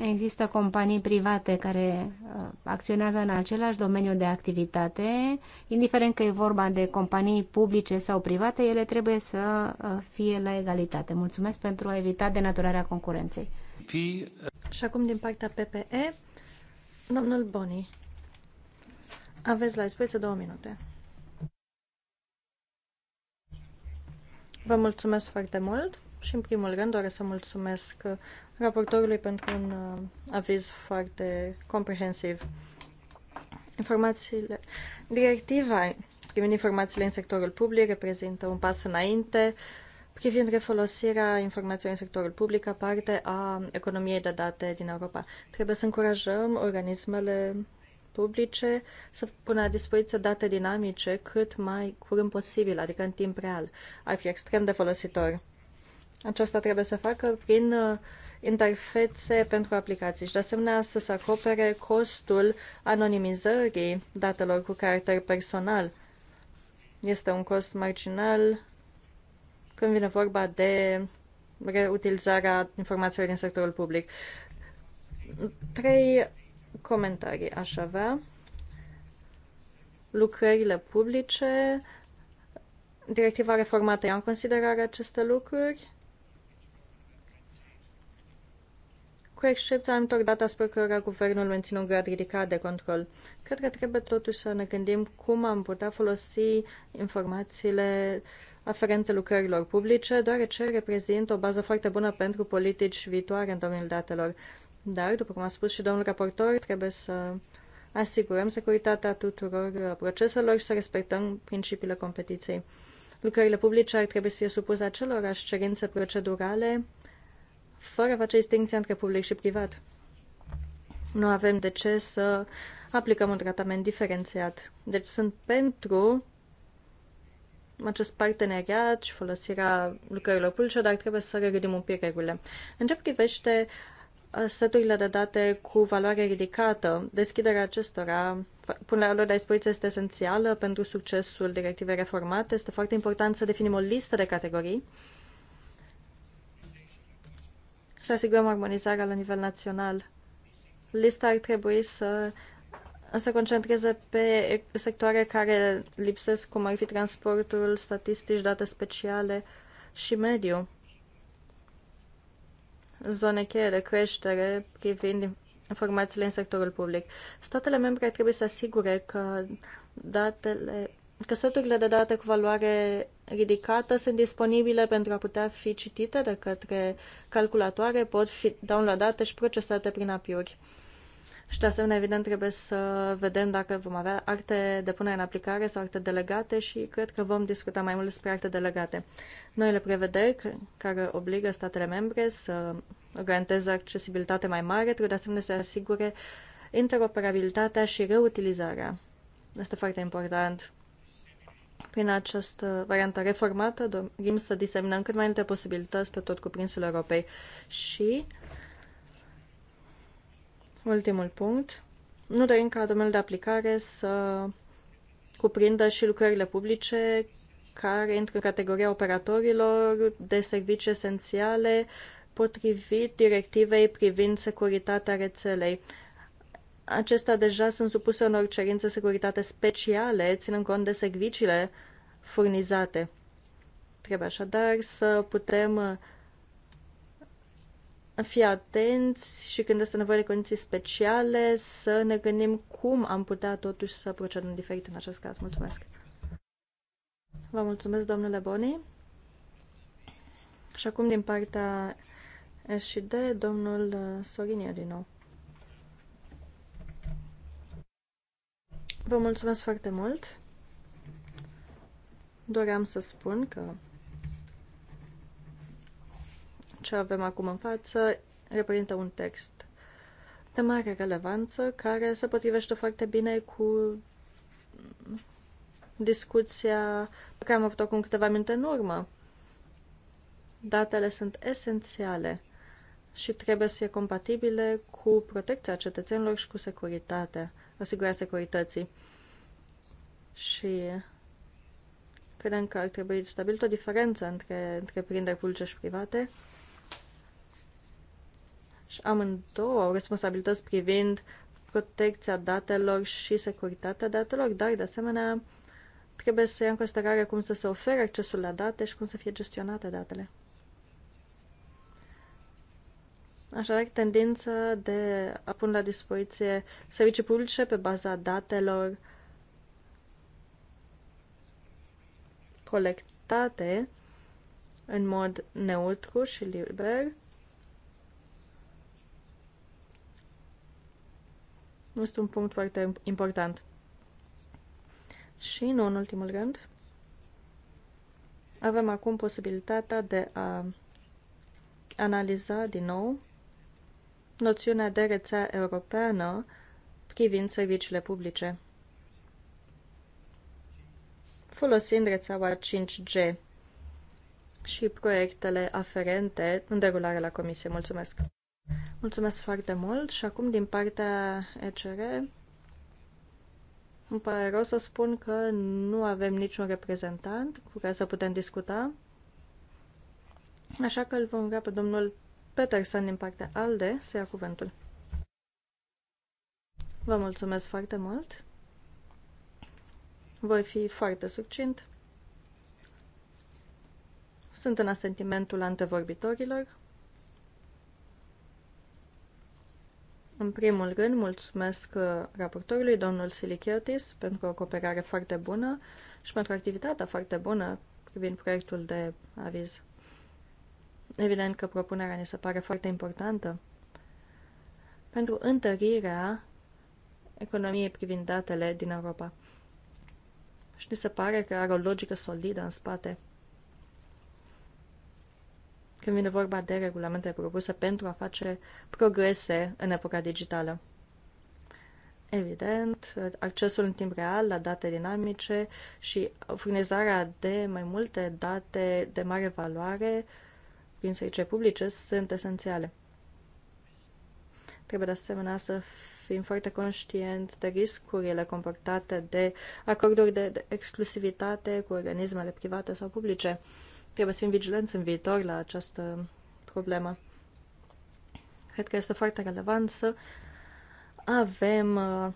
există companii private care uh, acționează în același domeniu de activitate, indiferent că e vorba de companii publice sau private, ele trebuie să uh, fie la egalitate. Mulțumesc pentru a evita denaturarea concurenței. Uh, Și acum din partea PPE, domnul Boni, aveți la dispoziție două minute. Vă mulțumesc foarte mult și în primul rând doresc să mulțumesc uh, raportorului pentru un uh, aviz foarte comprehensiv. Informațiile. Directiva privind informațiile în sectorul public reprezintă un pas înainte privind refolosirea informațiilor în sectorul public ca parte a economiei de date din Europa. Trebuie să încurajăm organismele publice să pună la dispoziție date dinamice cât mai curând posibil, adică în timp real. Ar fi extrem de folositor. Aceasta trebuie să facă prin uh, interfețe pentru aplicații și, de asemenea, să se acopere costul anonimizării datelor cu caracter personal. Este un cost marginal când vine vorba de reutilizarea informațiilor din sectorul public. Trei comentarii aș avea. Lucrările publice, directiva reformată ia în considerare aceste lucruri cu excepția anumitor date asupra cărora guvernul menține un grad ridicat de control. Cred că trebuie totuși să ne gândim cum am putea folosi informațiile aferente lucrărilor publice, deoarece reprezintă o bază foarte bună pentru politici viitoare în domeniul datelor. Dar, după cum a spus și domnul raportor, trebuie să asigurăm securitatea tuturor proceselor și să respectăm principiile competiției. Lucrările publice ar trebui să fie supuse acelorași cerințe procedurale fără a face distinția între public și privat. Nu avem de ce să aplicăm un tratament diferențiat. Deci sunt pentru acest parteneriat și folosirea lucrărilor publice, dar trebuie să regândim un pic regulile. În ce privește uh, seturile de date cu valoare ridicată, deschiderea acestora, punerea lor la dispoziție este esențială pentru succesul directivei reformate. Este foarte important să definim o listă de categorii și să asigurăm armonizarea la nivel național. Lista ar trebui să se concentreze pe sectoare care lipsesc, cum ar fi transportul, statistici, date speciale și mediu. Zone cheie de creștere privind informațiile în sectorul public. Statele membre trebuie să asigure că datele Căsăturile de date cu valoare ridicată sunt disponibile pentru a putea fi citite de către calculatoare, pot fi downloadate și procesate prin API-uri. Și de asemenea, evident, trebuie să vedem dacă vom avea acte de punere în aplicare sau acte delegate și cred că vom discuta mai mult despre acte delegate. Noile prevederi care obligă statele membre să garanteze accesibilitate mai mare trebuie de asemenea să asigure interoperabilitatea și reutilizarea. Asta foarte important. Prin această variantă reformată dorim să diseminăm cât mai multe posibilități pe tot cuprinsul Europei. Și ultimul punct, nu dorim ca domeniul de aplicare să cuprindă și lucrările publice care intră în categoria operatorilor de servicii esențiale potrivit directivei privind securitatea rețelei acestea deja sunt supuse unor cerințe securitate speciale, ținând cont de serviciile furnizate. Trebuie așadar să putem uh, fi atenți și când este nevoie de condiții speciale, să ne gândim cum am putea totuși să procedăm diferit în acest caz. Mulțumesc! Vă mulțumesc, domnule Boni. Și acum din partea SD, domnul uh, Sorinia din nou. Vă mulțumesc foarte mult. Doream să spun că ce avem acum în față reprezintă un text de mare relevanță care se potrivește foarte bine cu discuția pe care am avut-o acum câteva minute în urmă. Datele sunt esențiale și trebuie să fie compatibile cu protecția cetățenilor și cu securitatea asigurarea securității. Și credem că ar trebui stabilit o diferență între întreprinderi publice și private. Și amândouă au responsabilități privind protecția datelor și securitatea datelor, dar, de asemenea, trebuie să ia în considerare cum să se ofere accesul la date și cum să fie gestionate datele. Așadar, tendința de a pune la dispoziție servicii publice pe baza datelor colectate în mod neutru și liber este un punct foarte important. Și, nu în ultimul rând, avem acum posibilitatea de a analiza din nou noțiunea de rețea europeană privind serviciile publice, folosind rețeaua 5G și proiectele aferente în derulare la comisie. Mulțumesc! Mulțumesc foarte mult și acum din partea ECR îmi pare rău să spun că nu avem niciun reprezentant cu care să putem discuta, așa că îl vom ruga pe domnul Peterson din partea ALDE să ia cuvântul. Vă mulțumesc foarte mult. Voi fi foarte succint. Sunt în asentimentul antevorbitorilor. În primul rând, mulțumesc uh, raportorului, domnul Silichiotis, pentru o cooperare foarte bună și pentru activitatea foarte bună privind proiectul de aviz. Evident că propunerea ne se pare foarte importantă pentru întărirea economiei privind datele din Europa. Și ne se pare că are o logică solidă în spate când vine vorba de regulamente propuse pentru a face progrese în epoca digitală. Evident, accesul în timp real la date dinamice și furnizarea de mai multe date de mare valoare ființei publice sunt esențiale. Trebuie de asemenea să fim foarte conștienți de riscurile comportate de acorduri de exclusivitate cu organismele private sau publice. Trebuie să fim vigilenți în viitor la această problemă. Cred că este foarte relevant să avem uh,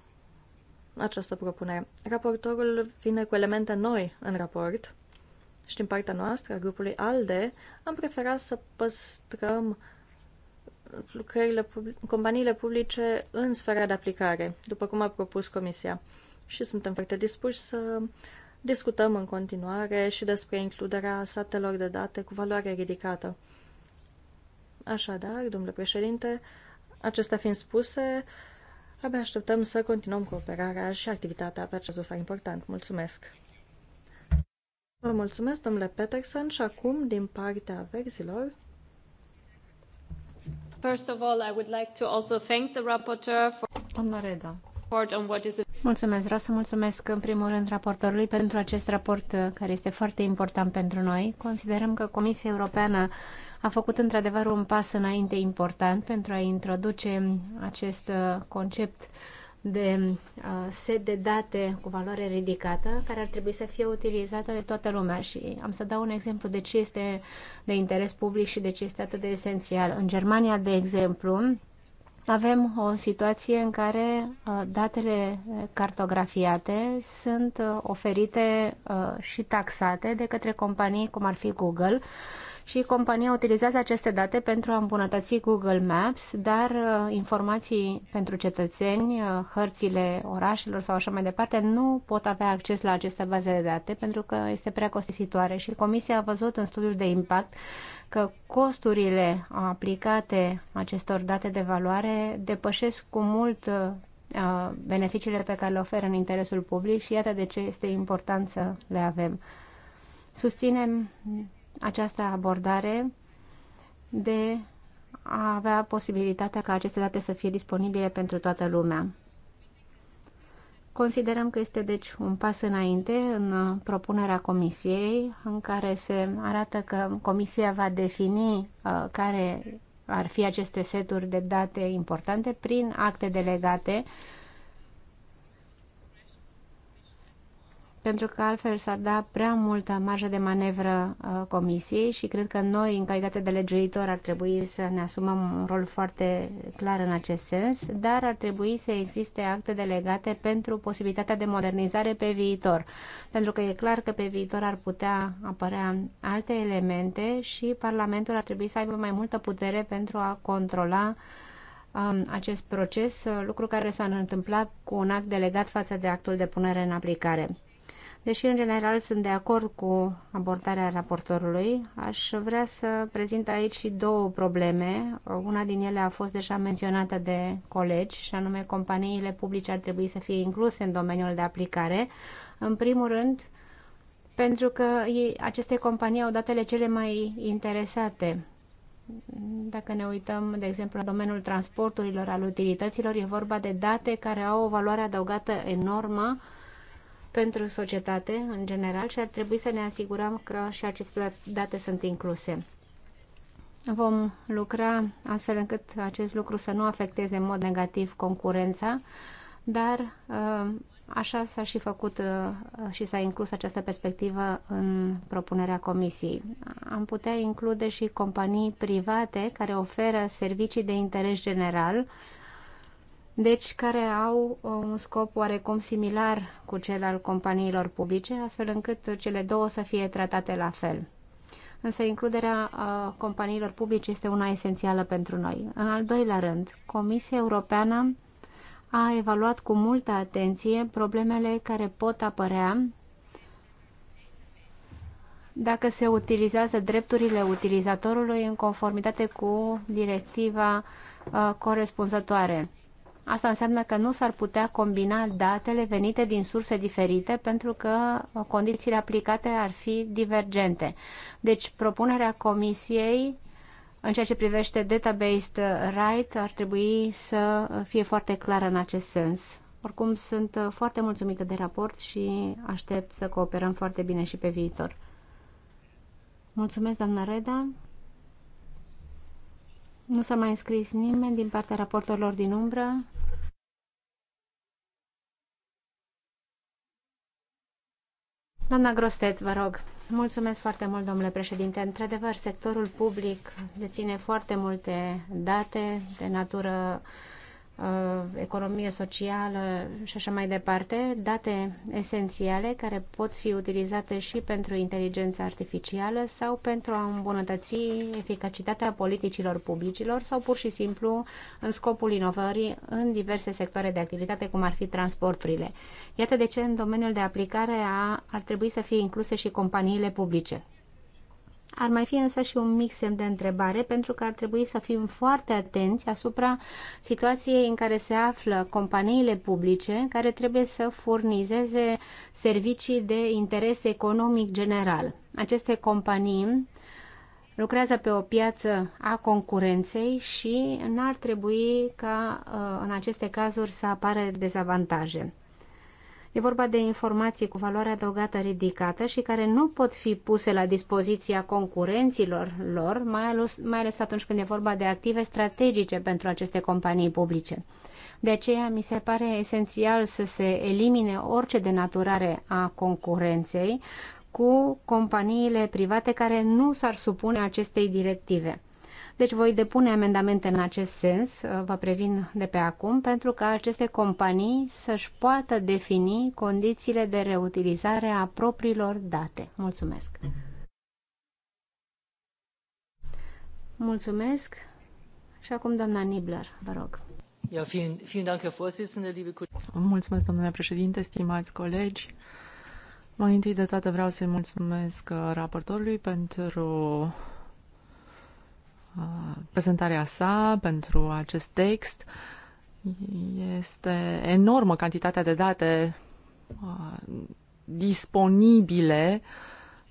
această propunere. Raportorul vine cu elemente noi în raport și din partea noastră, a grupului ALDE, am preferat să păstrăm lucrările, companiile publice în sfera de aplicare, după cum a propus Comisia. Și suntem foarte dispuși să discutăm în continuare și despre includerea satelor de date cu valoare ridicată. Așadar, domnule președinte, acestea fiind spuse, abia așteptăm să continuăm cooperarea și activitatea pe acest dosar important. Mulțumesc! Vă mulțumesc, domnule Peterson, și acum din partea verzilor. First of all, I would like to also thank the rapporteur for Doamna Reda. on what is Mulțumesc, vreau să mulțumesc în primul rând raportorului pentru acest raport uh, care este foarte important pentru noi. Considerăm că Comisia Europeană a făcut într-adevăr un pas înainte important pentru a introduce acest uh, concept uh, de uh, set de date cu valoare ridicată care ar trebui să fie utilizată de toată lumea și am să dau un exemplu de ce este de interes public și de ce este atât de esențial. În Germania, de exemplu, avem o situație în care uh, datele cartografiate sunt uh, oferite uh, și taxate de către companii cum ar fi Google, și compania utilizează aceste date pentru a îmbunătăți Google Maps, dar uh, informații pentru cetățeni, uh, hărțile orașelor sau așa mai departe nu pot avea acces la aceste baze de date pentru că este prea costisitoare și Comisia a văzut în studiul de impact că costurile aplicate acestor date de valoare depășesc cu mult uh, beneficiile pe care le oferă în interesul public și iată de ce este important să le avem. Susținem această abordare de a avea posibilitatea ca aceste date să fie disponibile pentru toată lumea. Considerăm că este deci un pas înainte în propunerea comisiei în care se arată că comisia va defini uh, care ar fi aceste seturi de date importante prin acte delegate uh, pentru că altfel s-ar da prea multă marjă de manevră uh, comisiei și cred că noi, în calitate de legiuitor, ar trebui să ne asumăm un rol foarte clar în acest sens, dar ar trebui să existe acte delegate pentru posibilitatea de modernizare pe viitor, pentru că e clar că pe viitor ar putea apărea alte elemente și Parlamentul ar trebui să aibă mai multă putere pentru a controla um, acest proces, uh, lucru care s-a întâmplat cu un act delegat față de actul de punere în aplicare. Deși, în general, sunt de acord cu abordarea raportorului, aș vrea să prezint aici și două probleme. Una din ele a fost deja menționată de colegi, și anume companiile publice ar trebui să fie incluse în domeniul de aplicare. În primul rând, pentru că ei, aceste companii au datele cele mai interesate dacă ne uităm, de exemplu, la domeniul transporturilor, al utilităților, e vorba de date care au o valoare adăugată enormă pentru societate în general și ar trebui să ne asigurăm că și aceste date sunt incluse. Vom lucra astfel încât acest lucru să nu afecteze în mod negativ concurența, dar uh, așa s-a și făcut uh, și s-a inclus această perspectivă în propunerea comisiei. Am putea include și companii private care oferă servicii de interes general, deci care au uh, un scop oarecum similar cu cel al companiilor publice, astfel încât cele două să fie tratate la fel. Însă includerea uh, companiilor publice este una esențială pentru noi. În al doilea rând, Comisia Europeană a evaluat cu multă atenție problemele care pot apărea dacă se utilizează drepturile utilizatorului în conformitate cu directiva uh, corespunzătoare. Asta înseamnă că nu s-ar putea combina datele venite din surse diferite pentru că condițiile aplicate ar fi divergente. Deci propunerea comisiei în ceea ce privește database right ar trebui să fie foarte clară în acest sens. Oricum sunt foarte mulțumită de raport și aștept să cooperăm foarte bine și pe viitor. Mulțumesc, doamna Reda. Nu s-a mai înscris nimeni din partea raportorilor din umbră. Doamna Grostet, vă rog. Mulțumesc foarte mult, domnule președinte. Într-adevăr, sectorul public deține foarte multe date de natură uh, Uh, economie socială și așa mai departe, date esențiale care pot fi utilizate și pentru inteligența artificială sau pentru a îmbunătăți eficacitatea politicilor publicilor sau pur și simplu în scopul inovării în diverse sectoare de activitate, cum ar fi transporturile. Iată de ce în domeniul de aplicare a, ar trebui să fie incluse și companiile publice. Ar mai fi însă și un mic semn de întrebare, pentru că ar trebui să fim foarte atenți asupra situației în care se află companiile publice care trebuie să furnizeze servicii de interes economic general. Aceste companii lucrează pe o piață a concurenței și n-ar trebui ca uh, în aceste cazuri să apară dezavantaje. E vorba de informații cu valoare adăugată ridicată și care nu pot fi puse la dispoziția concurenților lor, mai ales, mai ales atunci când e vorba de active strategice pentru aceste companii publice. De aceea mi se pare esențial să se elimine orice denaturare a concurenței cu companiile private care nu s-ar supune acestei directive. Deci voi depune amendamente în acest sens, uh, vă previn de pe acum, pentru ca aceste companii să-și poată defini condițiile de reutilizare a propriilor date. Mulțumesc! Mulțumesc! Și acum doamna Nibler, vă rog. Mulțumesc, domnule președinte, stimați colegi. Mai întâi de toate vreau să-i mulțumesc uh, raportorului pentru Uh, prezentarea sa, pentru acest text. Este enormă cantitatea de date uh, disponibile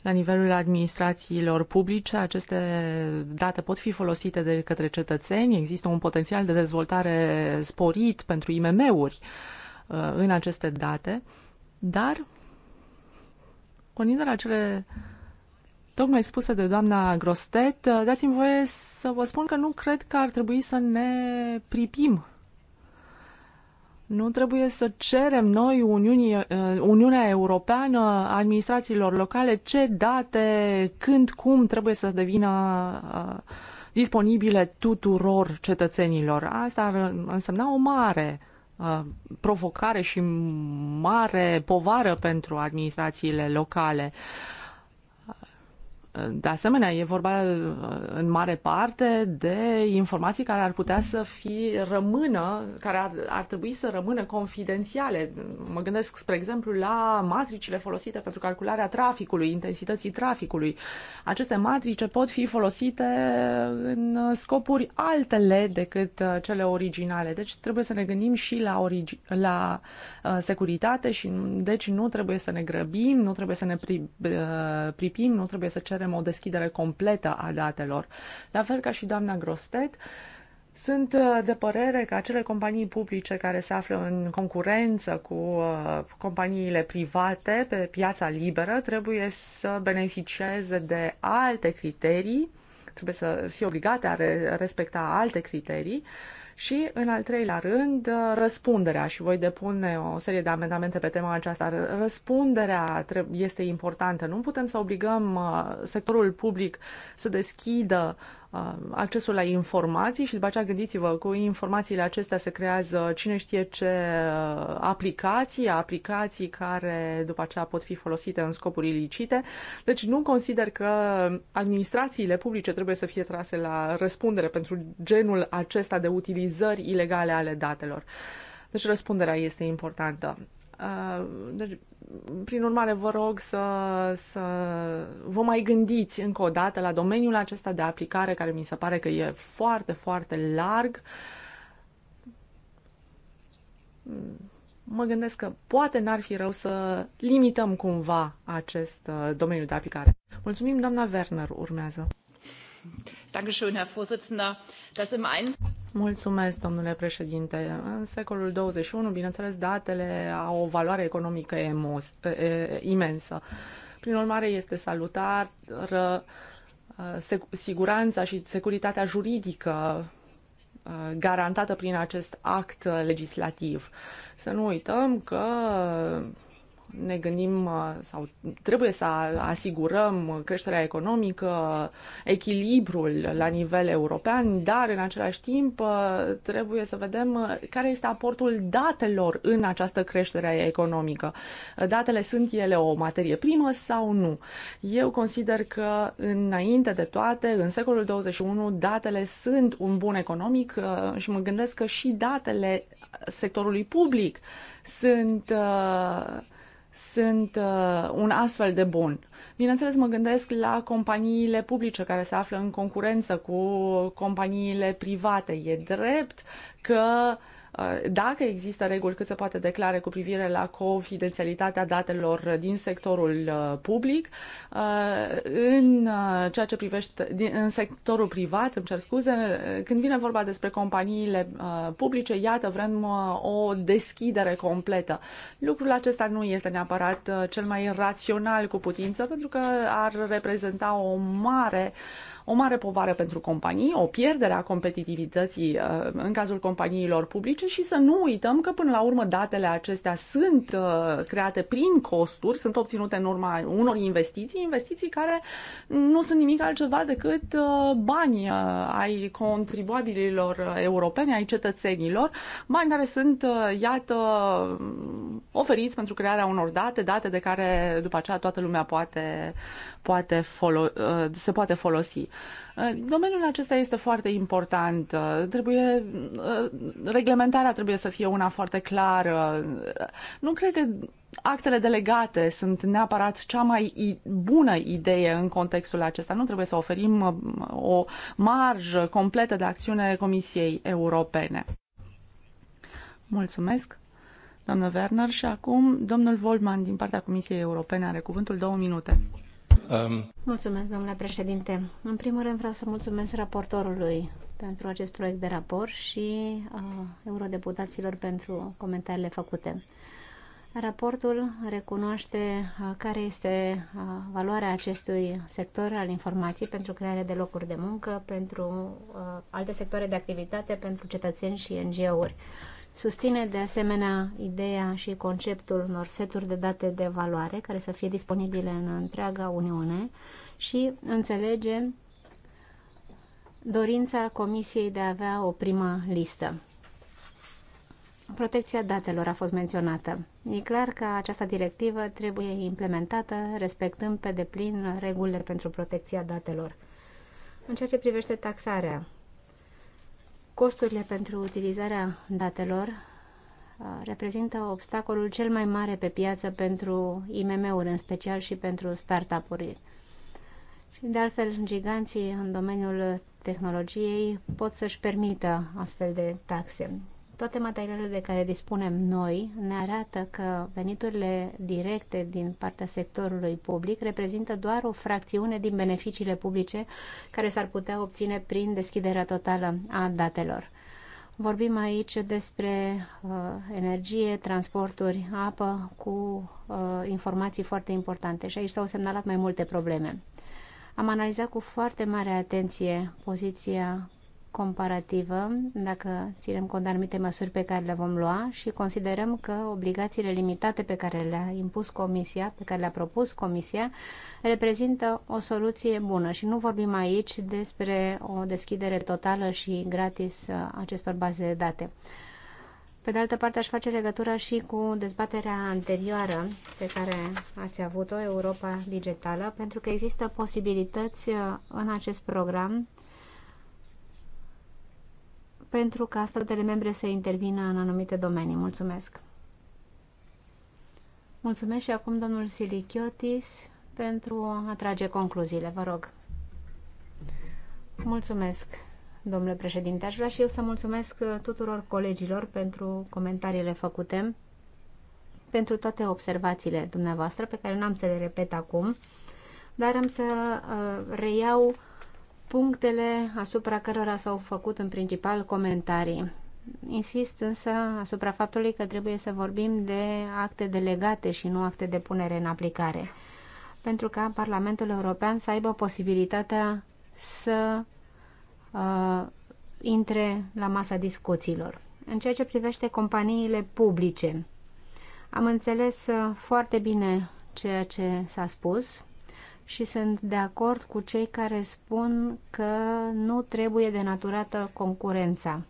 la nivelul administrațiilor publice. Aceste date pot fi folosite de către cetățeni. Există un potențial de dezvoltare sporit pentru IMM-uri uh, în aceste date, dar pornind de la cele tocmai spuse de doamna Grostet, uh, dați-mi voie să vă spun că nu cred că ar trebui să ne pripim. Nu trebuie să cerem noi Uniunii, uh, Uniunea Europeană, administrațiilor locale, ce date, când, cum trebuie să devină uh, disponibile tuturor cetățenilor. Asta ar însemna o mare provocare și mare povară pentru administrațiile locale. Uh, de asemenea, e vorba uh, în mare parte de informații care ar putea să fie rămână, care ar, ar trebui să rămână confidențiale. Mă gândesc, spre exemplu, la matricile folosite pentru calcularea traficului, intensității traficului. Aceste matrice pot fi folosite în scopuri altele decât uh, cele originale. Deci trebuie să ne gândim și la, origi- la uh, securitate și deci nu trebuie să ne grăbim, nu trebuie să ne pri- uh, pripim, nu trebuie să cerem cerem o deschidere completă a datelor. La fel ca și doamna Grostet, sunt uh, de părere că acele companii publice care se află în concurență cu uh, companiile private pe piața liberă trebuie să beneficieze de alte criterii, trebuie să fie obligate a respecta alte criterii și, în al treilea rând, răspunderea și voi depune o serie de amendamente pe tema aceasta. Răspunderea este importantă. Nu putem să obligăm uh, sectorul public să deschidă Uh, accesul la informații și după aceea gândiți-vă, cu informațiile acestea se creează cine știe ce uh, aplicații, aplicații care după aceea pot fi folosite în scopuri ilicite. Deci nu consider că administrațiile publice trebuie să fie trase la răspundere pentru genul acesta de utilizări ilegale ale datelor. Deci răspunderea este importantă. Uh, deci, prin urmare, vă rog să, să vă mai gândiți încă o dată la domeniul acesta de aplicare, care mi se pare că e foarte, foarte larg. Mă gândesc că poate n-ar fi rău să limităm cumva acest uh, domeniu de aplicare. Mulțumim, doamna Werner, urmează. Mulțumesc, domnule președinte. În secolul 21, bineînțeles, datele au o valoare economică emos, e, imensă. Prin urmare, este salutar uh, siguranța și securitatea juridică uh, garantată prin acest act legislativ. Să nu uităm că ne gândim uh, sau trebuie să asigurăm creșterea economică, echilibrul la nivel european, dar în același timp uh, trebuie să vedem uh, care este aportul datelor în această creștere economică. Datele sunt ele o materie primă sau nu? Eu consider că înainte de toate, în secolul 21, datele sunt un bun economic și mă gândesc că și datele sectorului public sunt uh, sunt uh, un astfel de bun. Bineînțeles, mă gândesc la companiile publice care se află în concurență cu companiile private. E drept că uh, Uh, dacă există reguli cât se poate declare cu privire la confidențialitatea datelor din sectorul uh, public, uh, în ceea ce privește în sectorul privat, îmi cer scuze, când vine vorba despre companiile publice, iată, vrem o deschidere completă. Lucrul acesta nu este neapărat cel mai rațional cu putință, pentru că ar reprezenta o mare uh, o mare povară pentru companii, o pierdere a competitivității uh, în cazul companiilor publice și să nu uităm că până la urmă datele acestea sunt uh, create prin costuri, sunt obținute în urma unor investiții, investiții care nu sunt nimic altceva decât uh, bani ai contribuabililor europeni, ai cetățenilor, bani care sunt, iată, oferiți pentru crearea unor date, date de care după aceea toată lumea poate, poate folo- se poate folosi. Uh, domeniul acesta este foarte important. Uh, trebuie, uh, reglementarea trebuie să fie una foarte clară. Nu cred că actele delegate sunt neapărat cea mai bună idee în contextul acesta. Nu trebuie să oferim o marjă completă de acțiune Comisiei Europene. Mulțumesc, doamnă Werner. Și acum, domnul Volman, din partea Comisiei Europene, are cuvântul două minute. Um, mulțumesc, domnule președinte. În primul rând vreau să mulțumesc raportorului pentru acest proiect de raport și uh, eurodeputaților pentru comentariile făcute. Raportul recunoaște uh, care este uh, valoarea acestui sector al informației pentru crearea de locuri de muncă, pentru uh, alte sectoare de activitate, pentru cetățeni și NGO-uri. Uh, Susține de asemenea ideea și conceptul unor seturi de date de valoare care să fie disponibile în întreaga Uniune și înțelege dorința Comisiei de a avea o primă listă. Protecția datelor a fost menționată. E clar că această directivă trebuie implementată respectând pe deplin regulile pentru protecția datelor. În ceea ce privește taxarea, Costurile pentru utilizarea datelor uh, reprezintă obstacolul cel mai mare pe piață pentru IMM-uri, în special și pentru startup-uri. Și de altfel, giganții în domeniul tehnologiei pot să-și permită astfel de taxe. Toate materialele de care dispunem noi ne arată că veniturile directe din partea sectorului public reprezintă doar o fracțiune din beneficiile publice care s-ar putea obține prin deschiderea totală a datelor. Vorbim aici despre uh, energie, transporturi, apă, cu uh, informații foarte importante și aici s-au semnalat mai multe probleme. Am analizat cu foarte mare atenție poziția comparativă, dacă ținem cont de anumite măsuri pe care le vom lua și considerăm că obligațiile limitate pe care le-a impus Comisia, pe care le-a propus Comisia, reprezintă o soluție bună și nu vorbim aici despre o deschidere totală și gratis uh, acestor baze de date. Pe de altă parte, aș face legătura și cu dezbaterea anterioară pe care ați avut-o, Europa Digitală, pentru că există posibilități uh, în acest program pentru ca statele membre să intervină în anumite domenii. Mulțumesc! Mulțumesc și acum domnul Silichiotis pentru a trage concluziile. Vă rog! Mulțumesc, domnule președinte. Aș vrea și eu să mulțumesc tuturor colegilor pentru comentariile făcute, pentru toate observațiile dumneavoastră, pe care n-am să le repet acum, dar am să uh, reiau punctele asupra cărora s-au făcut în principal comentarii. Insist însă asupra faptului că trebuie să vorbim de acte delegate și nu acte de punere în aplicare, pentru ca Parlamentul European să aibă posibilitatea să uh, intre la masa discuțiilor. În ceea ce privește companiile publice, am înțeles uh, foarte bine ceea ce s-a spus și sunt de acord cu cei care spun că nu trebuie denaturată concurența.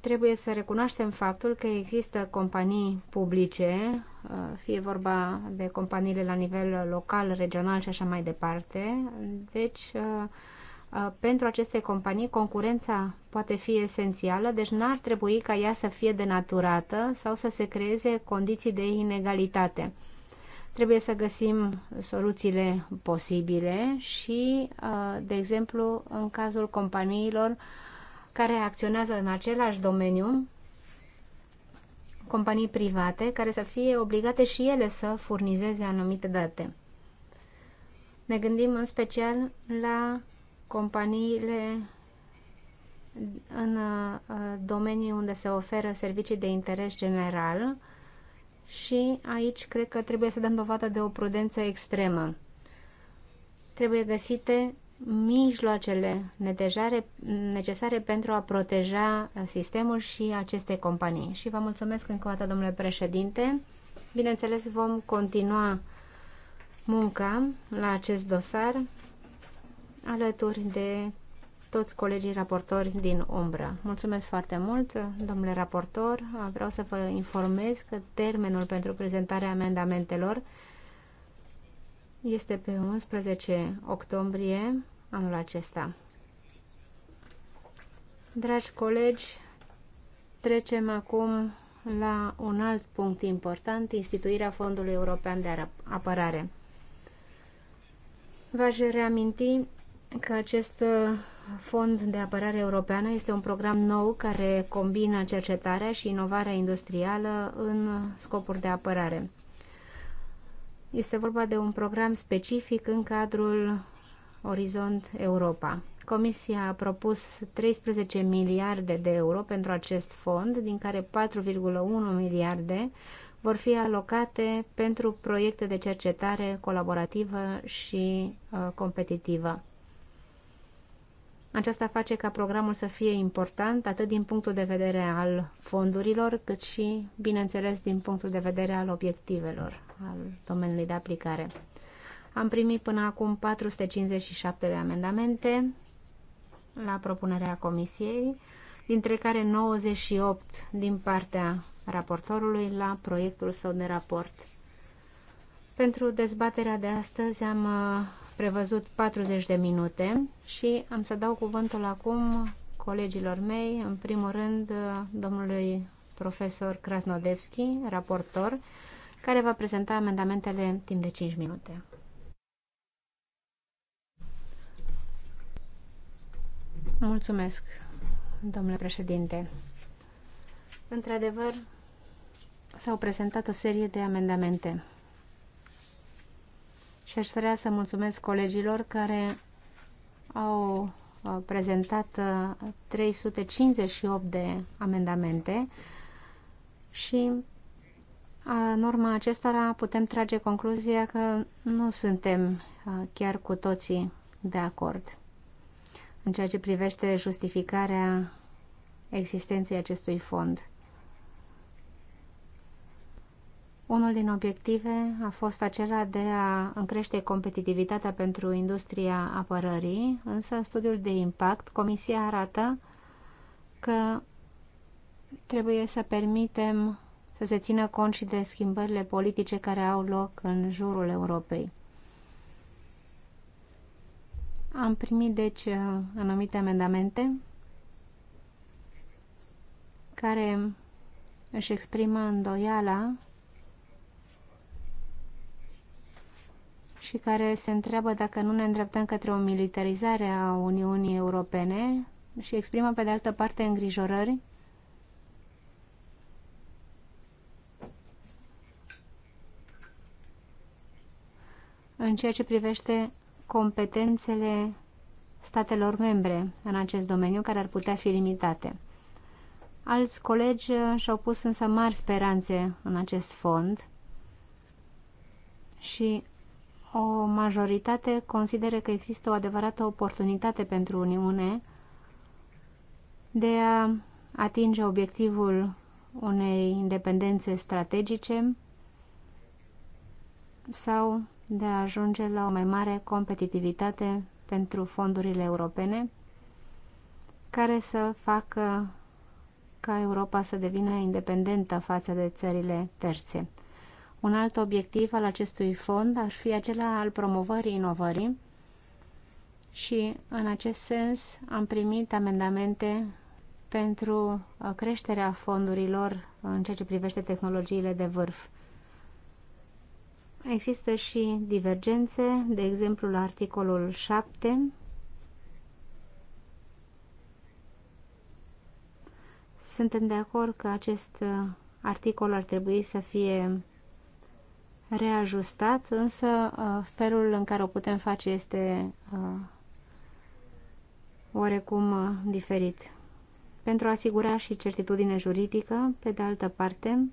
Trebuie să recunoaștem faptul că există companii publice, fie vorba de companiile la nivel local, regional și așa mai departe, deci Uh, pentru aceste companii concurența poate fi esențială, deci n-ar trebui ca ea să fie denaturată sau să se creeze condiții de inegalitate. Trebuie să găsim soluțiile posibile și, uh, de exemplu, în cazul companiilor care acționează în același domeniu, companii private, care să fie obligate și ele să furnizeze anumite date. Ne gândim în special la companiile în uh, domenii unde se oferă servicii de interes general și aici cred că trebuie să dăm dovadă de o prudență extremă. Trebuie găsite mijloacele necesare pentru a proteja sistemul și aceste companii. Și vă mulțumesc încă o dată, domnule președinte. Bineînțeles, vom continua munca la acest dosar alături de toți colegii raportori din umbră. Mulțumesc foarte mult, domnule raportor. Vreau să vă informez că termenul pentru prezentarea amendamentelor este pe 11 octombrie anul acesta. Dragi colegi, trecem acum la un alt punct important, instituirea Fondului European de Apărare. V-aș reaminti că acest uh, fond de apărare europeană este un program nou care combină cercetarea și inovarea industrială în scopuri de apărare. Este vorba de un program specific în cadrul Orizont Europa. Comisia a propus 13 miliarde de euro pentru acest fond, din care 4,1 miliarde vor fi alocate pentru proiecte de cercetare colaborativă și uh, competitivă. Aceasta face ca programul să fie important atât din punctul de vedere al fondurilor, cât și, bineînțeles, din punctul de vedere al obiectivelor, al domeniului de aplicare. Am primit până acum 457 de amendamente la propunerea comisiei, dintre care 98 din partea raportorului la proiectul său de raport. Pentru dezbaterea de astăzi am uh, prevăzut 40 de minute și am să dau cuvântul acum colegilor mei, în primul rând domnului profesor Krasnodevski, raportor, care va prezenta amendamentele timp de 5 minute. Mulțumesc, domnule președinte. Într-adevăr, s-au prezentat o serie de amendamente și aș vrea să mulțumesc colegilor care au uh, prezentat 358 uh, de amendamente și uh, în urma acestora putem trage concluzia că nu suntem chiar cu toții de acord în ceea ce privește justificarea existenței acestui fond. Unul din obiective a fost acela de a încrește competitivitatea pentru industria apărării, însă în studiul de impact Comisia arată că trebuie să permitem să se țină cont și de schimbările politice care au loc în jurul Europei. Am primit, deci, anumite amendamente care își exprimă îndoiala și care se întreabă dacă nu ne îndreptăm către o militarizare a Uniunii Europene și exprimă pe de altă parte îngrijorări în ceea ce privește competențele statelor membre în acest domeniu care ar putea fi limitate. Alți colegi și-au pus însă mari speranțe în acest fond și o majoritate consideră că există o adevărată oportunitate pentru Uniune de a atinge obiectivul unei independențe strategice sau de a ajunge la o mai mare competitivitate pentru fondurile europene care să facă ca Europa să devină independentă față de țările terțe. Un alt obiectiv al acestui fond ar fi acela al promovării inovării și, în acest sens, am primit amendamente pentru uh, creșterea fondurilor în ceea ce privește tehnologiile de vârf. Există și divergențe, de exemplu la articolul 7 suntem de acord că acest uh, articol ar trebui să fie reajustat, însă uh, felul în care o putem face este uh, oarecum uh, diferit. Pentru a asigura și certitudine juridică, pe de altă parte,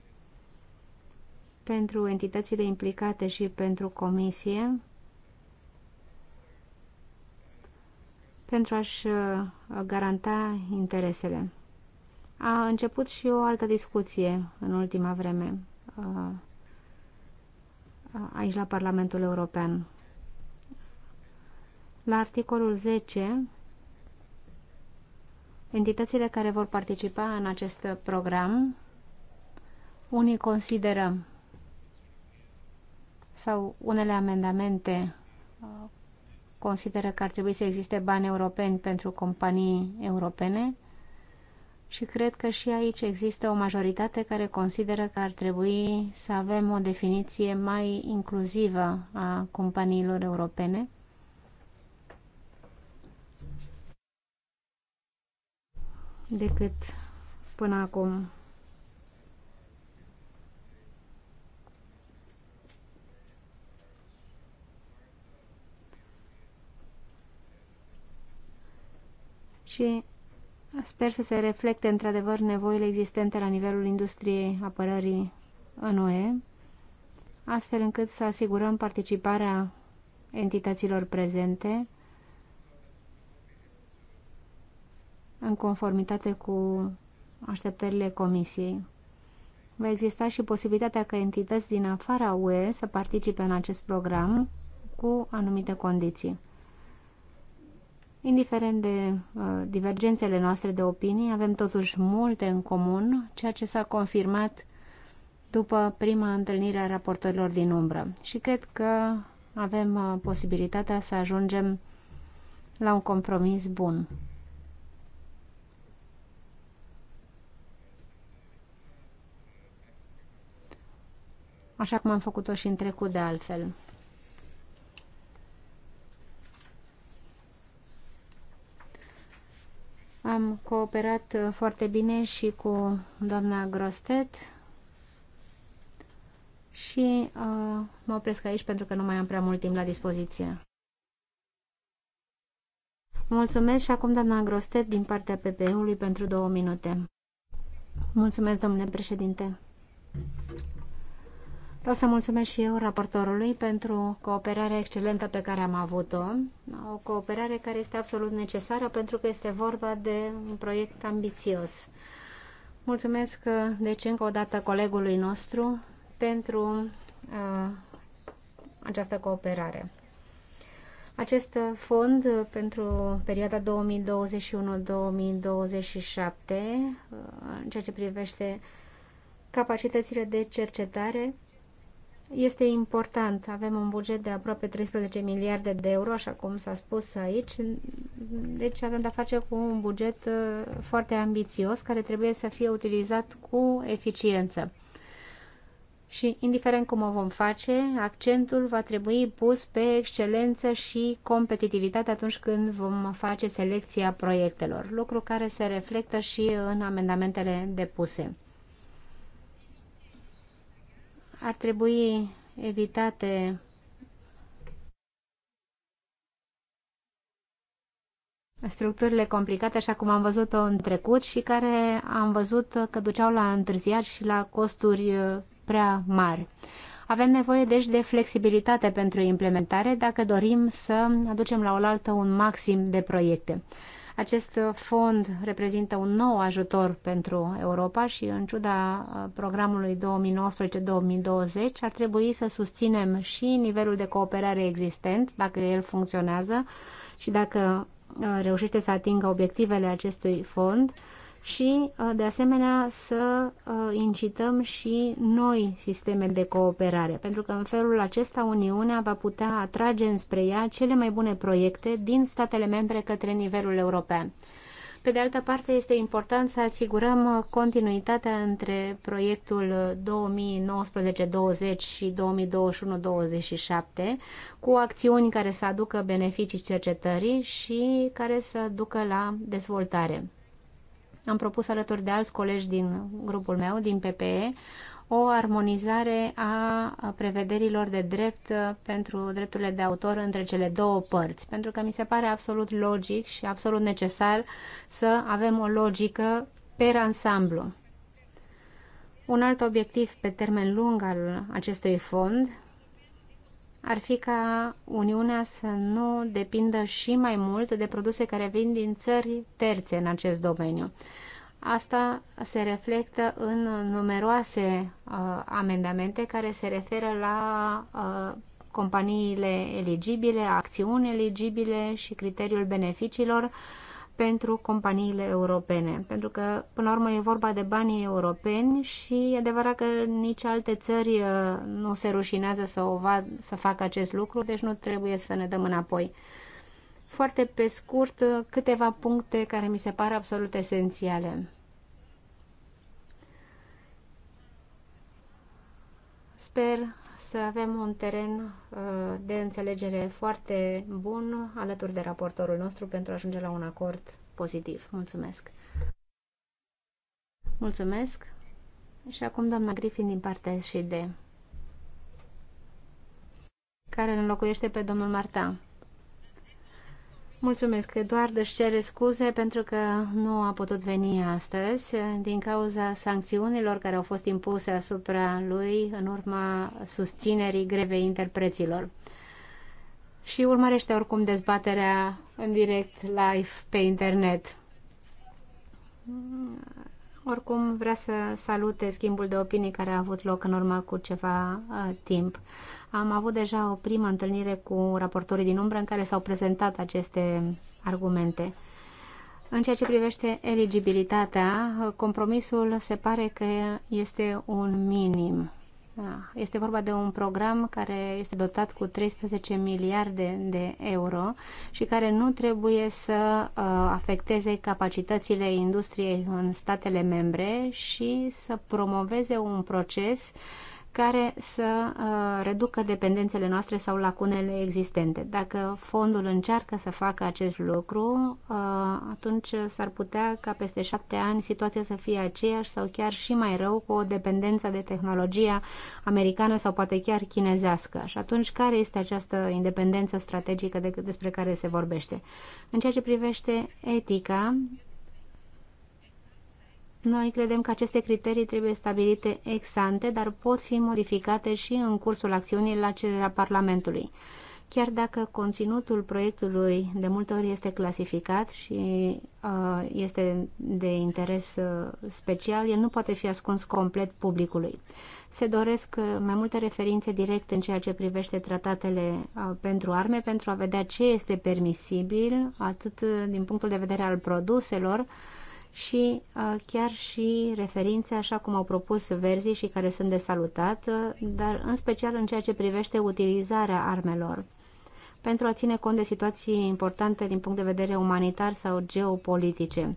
pentru entitățile implicate și pentru comisie, pentru a-și garanta interesele. A început și o altă discuție în ultima vreme aici la Parlamentul European. La articolul 10, entitățile care vor participa în acest program, unii consideră sau unele amendamente uh, consideră că ar trebui să existe bani europeni pentru companii europene, și cred că și aici există o majoritate care consideră că ar trebui să avem o definiție mai inclusivă a companiilor europene. decât până acum. Și Sper să se reflecte într-adevăr nevoile existente la nivelul industriei apărării în UE, astfel încât să asigurăm participarea entităților prezente în conformitate cu așteptările Comisiei. Va exista și posibilitatea ca entități din afara UE să participe în acest program cu anumite condiții. Indiferent de uh, divergențele noastre de opinii, avem totuși multe în comun, ceea ce s-a confirmat după prima întâlnire a raportorilor din umbră. Și cred că avem uh, posibilitatea să ajungem la un compromis bun. Așa cum am făcut-o și în trecut de altfel. Am cooperat uh, foarte bine și cu doamna Grostet și uh, mă opresc aici pentru că nu mai am prea mult timp la dispoziție. Mulțumesc și acum doamna Grostet din partea PPE-ului pentru două minute. Mulțumesc, domnule președinte. Vreau să mulțumesc și eu raportorului pentru cooperarea excelentă pe care am avut-o, o cooperare care este absolut necesară pentru că este vorba de un proiect ambițios. Mulțumesc, deci, încă o dată colegului nostru pentru uh, această cooperare. Acest fond pentru perioada 2021-2027, în ceea ce privește capacitățile de cercetare, este important. Avem un buget de aproape 13 miliarde de euro, așa cum s-a spus aici. Deci avem de-a face cu un buget uh, foarte ambițios, care trebuie să fie utilizat cu eficiență. Și, indiferent cum o vom face, accentul va trebui pus pe excelență și competitivitate atunci când vom face selecția proiectelor, lucru care se reflectă și în amendamentele depuse. Ar trebui evitate structurile complicate, așa cum am văzut-o în trecut și care am văzut că duceau la întârziari și la costuri uh, prea mari. Avem nevoie deci de flexibilitate pentru implementare dacă dorim să aducem la oaltă un maxim de proiecte. Acest fond reprezintă un nou ajutor pentru Europa și în ciuda uh, programului 2019-2020 ar trebui să susținem și nivelul de cooperare existent, dacă el funcționează și dacă uh, reușește să atingă obiectivele acestui fond, și, uh, de asemenea, să uh, incităm și noi sisteme de cooperare, pentru că în felul acesta Uniunea va putea atrage înspre ea cele mai bune proiecte din statele membre către nivelul european. Pe de altă parte, este important să asigurăm uh, continuitatea între proiectul 2019-20 și 2021-27 cu acțiuni care să aducă beneficii cercetării și care să ducă la dezvoltare. Am propus alături de alți colegi din grupul meu, din PPE, o armonizare a prevederilor de drept pentru drepturile de autor între cele două părți, pentru că mi se pare absolut logic și absolut necesar să avem o logică per ansamblu. Un alt obiectiv pe termen lung al acestui fond ar fi ca Uniunea să nu depindă și mai mult de produse care vin din țări terțe în acest domeniu. Asta se reflectă în numeroase uh, amendamente care se referă la uh, companiile eligibile, acțiuni eligibile și criteriul beneficiilor uh, pentru companiile europene, pentru că, până la urmă, e vorba de banii europeni și e adevărat că nici alte țări uh, nu se rușinează să, o va, să facă acest lucru, deci nu trebuie să ne dăm înapoi. Foarte pe scurt, uh, câteva puncte care mi se par absolut esențiale. Sper să avem un teren uh, de înțelegere foarte bun alături de raportorul nostru pentru a ajunge la un acord pozitiv. Mulțumesc! Mulțumesc! Și acum doamna Griffin din partea și de care înlocuiește pe domnul Martin. Mulțumesc, Eduard își cere scuze pentru că nu a putut veni astăzi din cauza sancțiunilor care au fost impuse asupra lui în urma susținerii grevei interpreților. Și urmărește oricum dezbaterea în direct live pe internet. Oricum, vrea să salute schimbul de opinii care a avut loc în urma cu ceva uh, timp. Am avut deja o primă întâlnire cu raportorii din umbră în care s-au prezentat aceste argumente. În ceea ce privește eligibilitatea, compromisul se pare că este un minim. Da, este vorba de un program care este dotat cu 13 miliarde de euro și care nu trebuie să uh, afecteze capacitățile industriei în statele membre și să promoveze un proces care să uh, reducă dependențele noastre sau lacunele existente. Dacă fondul încearcă să facă acest lucru, uh, atunci s-ar putea ca peste șapte ani situația să fie aceeași sau chiar și mai rău cu o dependență de tehnologia americană sau poate chiar chinezească. Și atunci care este această independență strategică de, despre care se vorbește? În ceea ce privește etica, noi credem că aceste criterii trebuie stabilite ex ante, dar pot fi modificate și în cursul acțiunii la cererea Parlamentului. Chiar dacă conținutul proiectului de multe ori este clasificat și uh, este de interes uh, special, el nu poate fi ascuns complet publicului. Se doresc uh, mai multe referințe directe în ceea ce privește tratatele uh, pentru arme pentru a vedea ce este permisibil, atât uh, din punctul de vedere al produselor, uh, și chiar și referințe, așa cum au propus verzii și care sunt de salutat, dar în special în ceea ce privește utilizarea armelor pentru a ține cont de situații importante din punct de vedere umanitar sau geopolitice.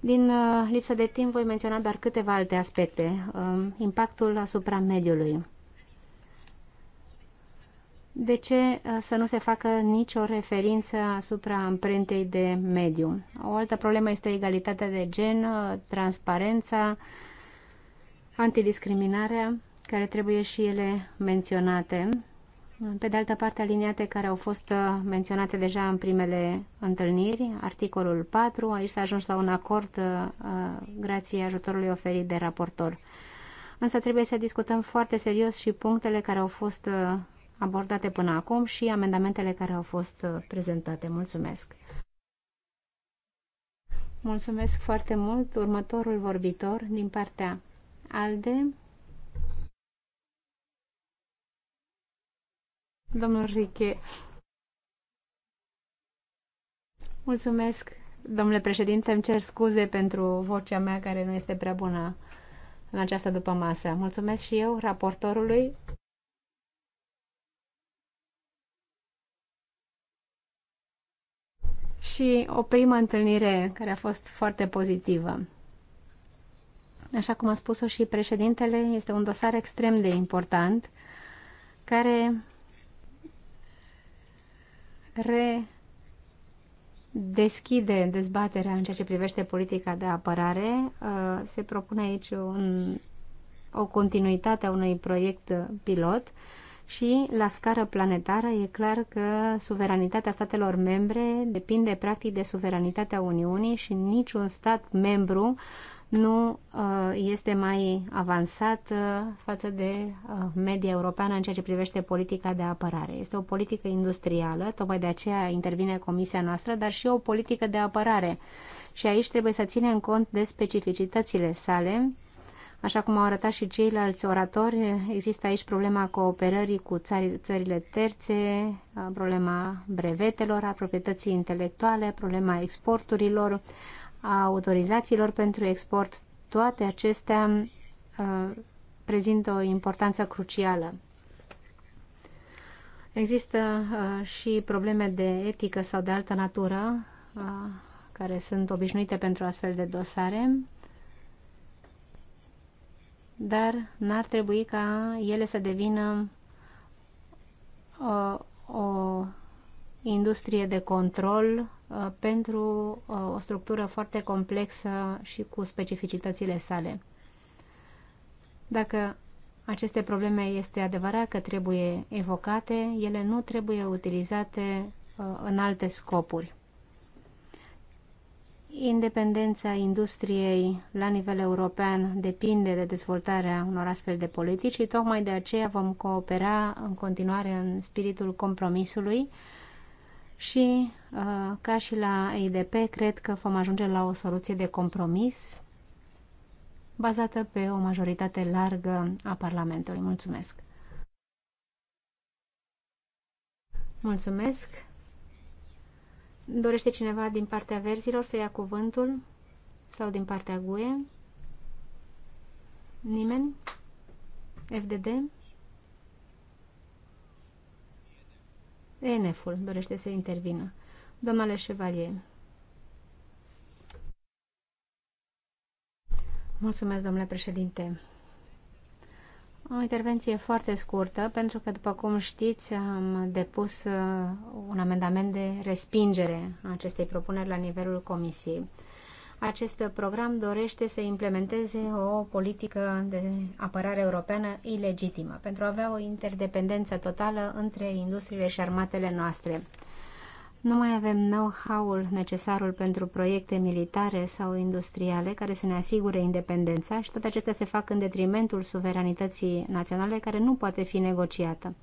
Din lipsă de timp voi menționa doar câteva alte aspecte. Impactul asupra mediului de ce uh, să nu se facă nicio referință asupra amprentei de mediu? O altă problemă este egalitatea de gen, uh, transparența, antidiscriminarea, care trebuie și ele menționate. Pe de altă parte, aliniate care au fost uh, menționate deja în primele întâlniri, articolul 4, aici s-a ajuns la un acord grație ajutorului oferit de raportor. Însă trebuie să discutăm foarte serios și punctele care au fost abordate până acum și amendamentele care au fost uh, prezentate. Mulțumesc! Mulțumesc foarte mult. Următorul vorbitor din partea ALDE. Domnul Riche. Mulțumesc, domnule președinte. Îmi cer scuze pentru vocea mea care nu este prea bună în această după masă. Mulțumesc și eu raportorului și o primă întâlnire care a fost foarte pozitivă. Așa cum a spus-o și președintele, este un dosar extrem de important care redeschide dezbaterea în ceea ce privește politica de apărare. Uh, se propune aici un, o continuitate a unui proiect pilot și la scară planetară e clar că suveranitatea statelor membre depinde practic de suveranitatea Uniunii și niciun stat membru nu uh, este mai avansat uh, față de uh, media europeană în ceea ce privește politica de apărare. Este o politică industrială, tocmai de aceea intervine comisia noastră, dar și o politică de apărare. Și aici trebuie să ținem cont de specificitățile sale Așa cum au arătat și ceilalți oratori, există aici problema cooperării cu țările terțe, problema brevetelor, a proprietății intelectuale, problema exporturilor, a autorizațiilor pentru export. Toate acestea uh, prezintă o importanță crucială. Există uh, și probleme de etică sau de altă natură uh, care sunt obișnuite pentru astfel de dosare dar n-ar trebui ca ele să devină o, uh, o industrie de control uh, pentru uh, o structură foarte complexă și cu specificitățile sale. Dacă aceste probleme este adevărat că trebuie evocate, ele nu trebuie utilizate în alte scopuri. Independența industriei la nivel european depinde de dezvoltarea unor astfel de politici și tocmai de aceea vom coopera în continuare în spiritul compromisului și, uh, ca și la EIDP, cred că vom ajunge la o soluție de compromis bazată pe o majoritate largă a Parlamentului. Mulțumesc! Mulțumesc! Dorește cineva din partea verzilor să ia cuvântul? Sau din partea guie? Nimeni? FDD? ENF-ul dorește să intervină. Domnule Chevalier. Mulțumesc, domnule președinte. O intervenție foarte scurtă, pentru că, după cum știți, am depus uh, un amendament de respingere a acestei propuneri la nivelul Comisiei. Acest program dorește să implementeze o politică de apărare europeană ilegitimă, pentru a avea o interdependență totală între industriile și armatele noastre. Nu mai avem know-how-ul necesarul pentru proiecte militare sau industriale care să ne asigure independența și toate acestea se fac în detrimentul suveranității naționale care nu poate fi negociată.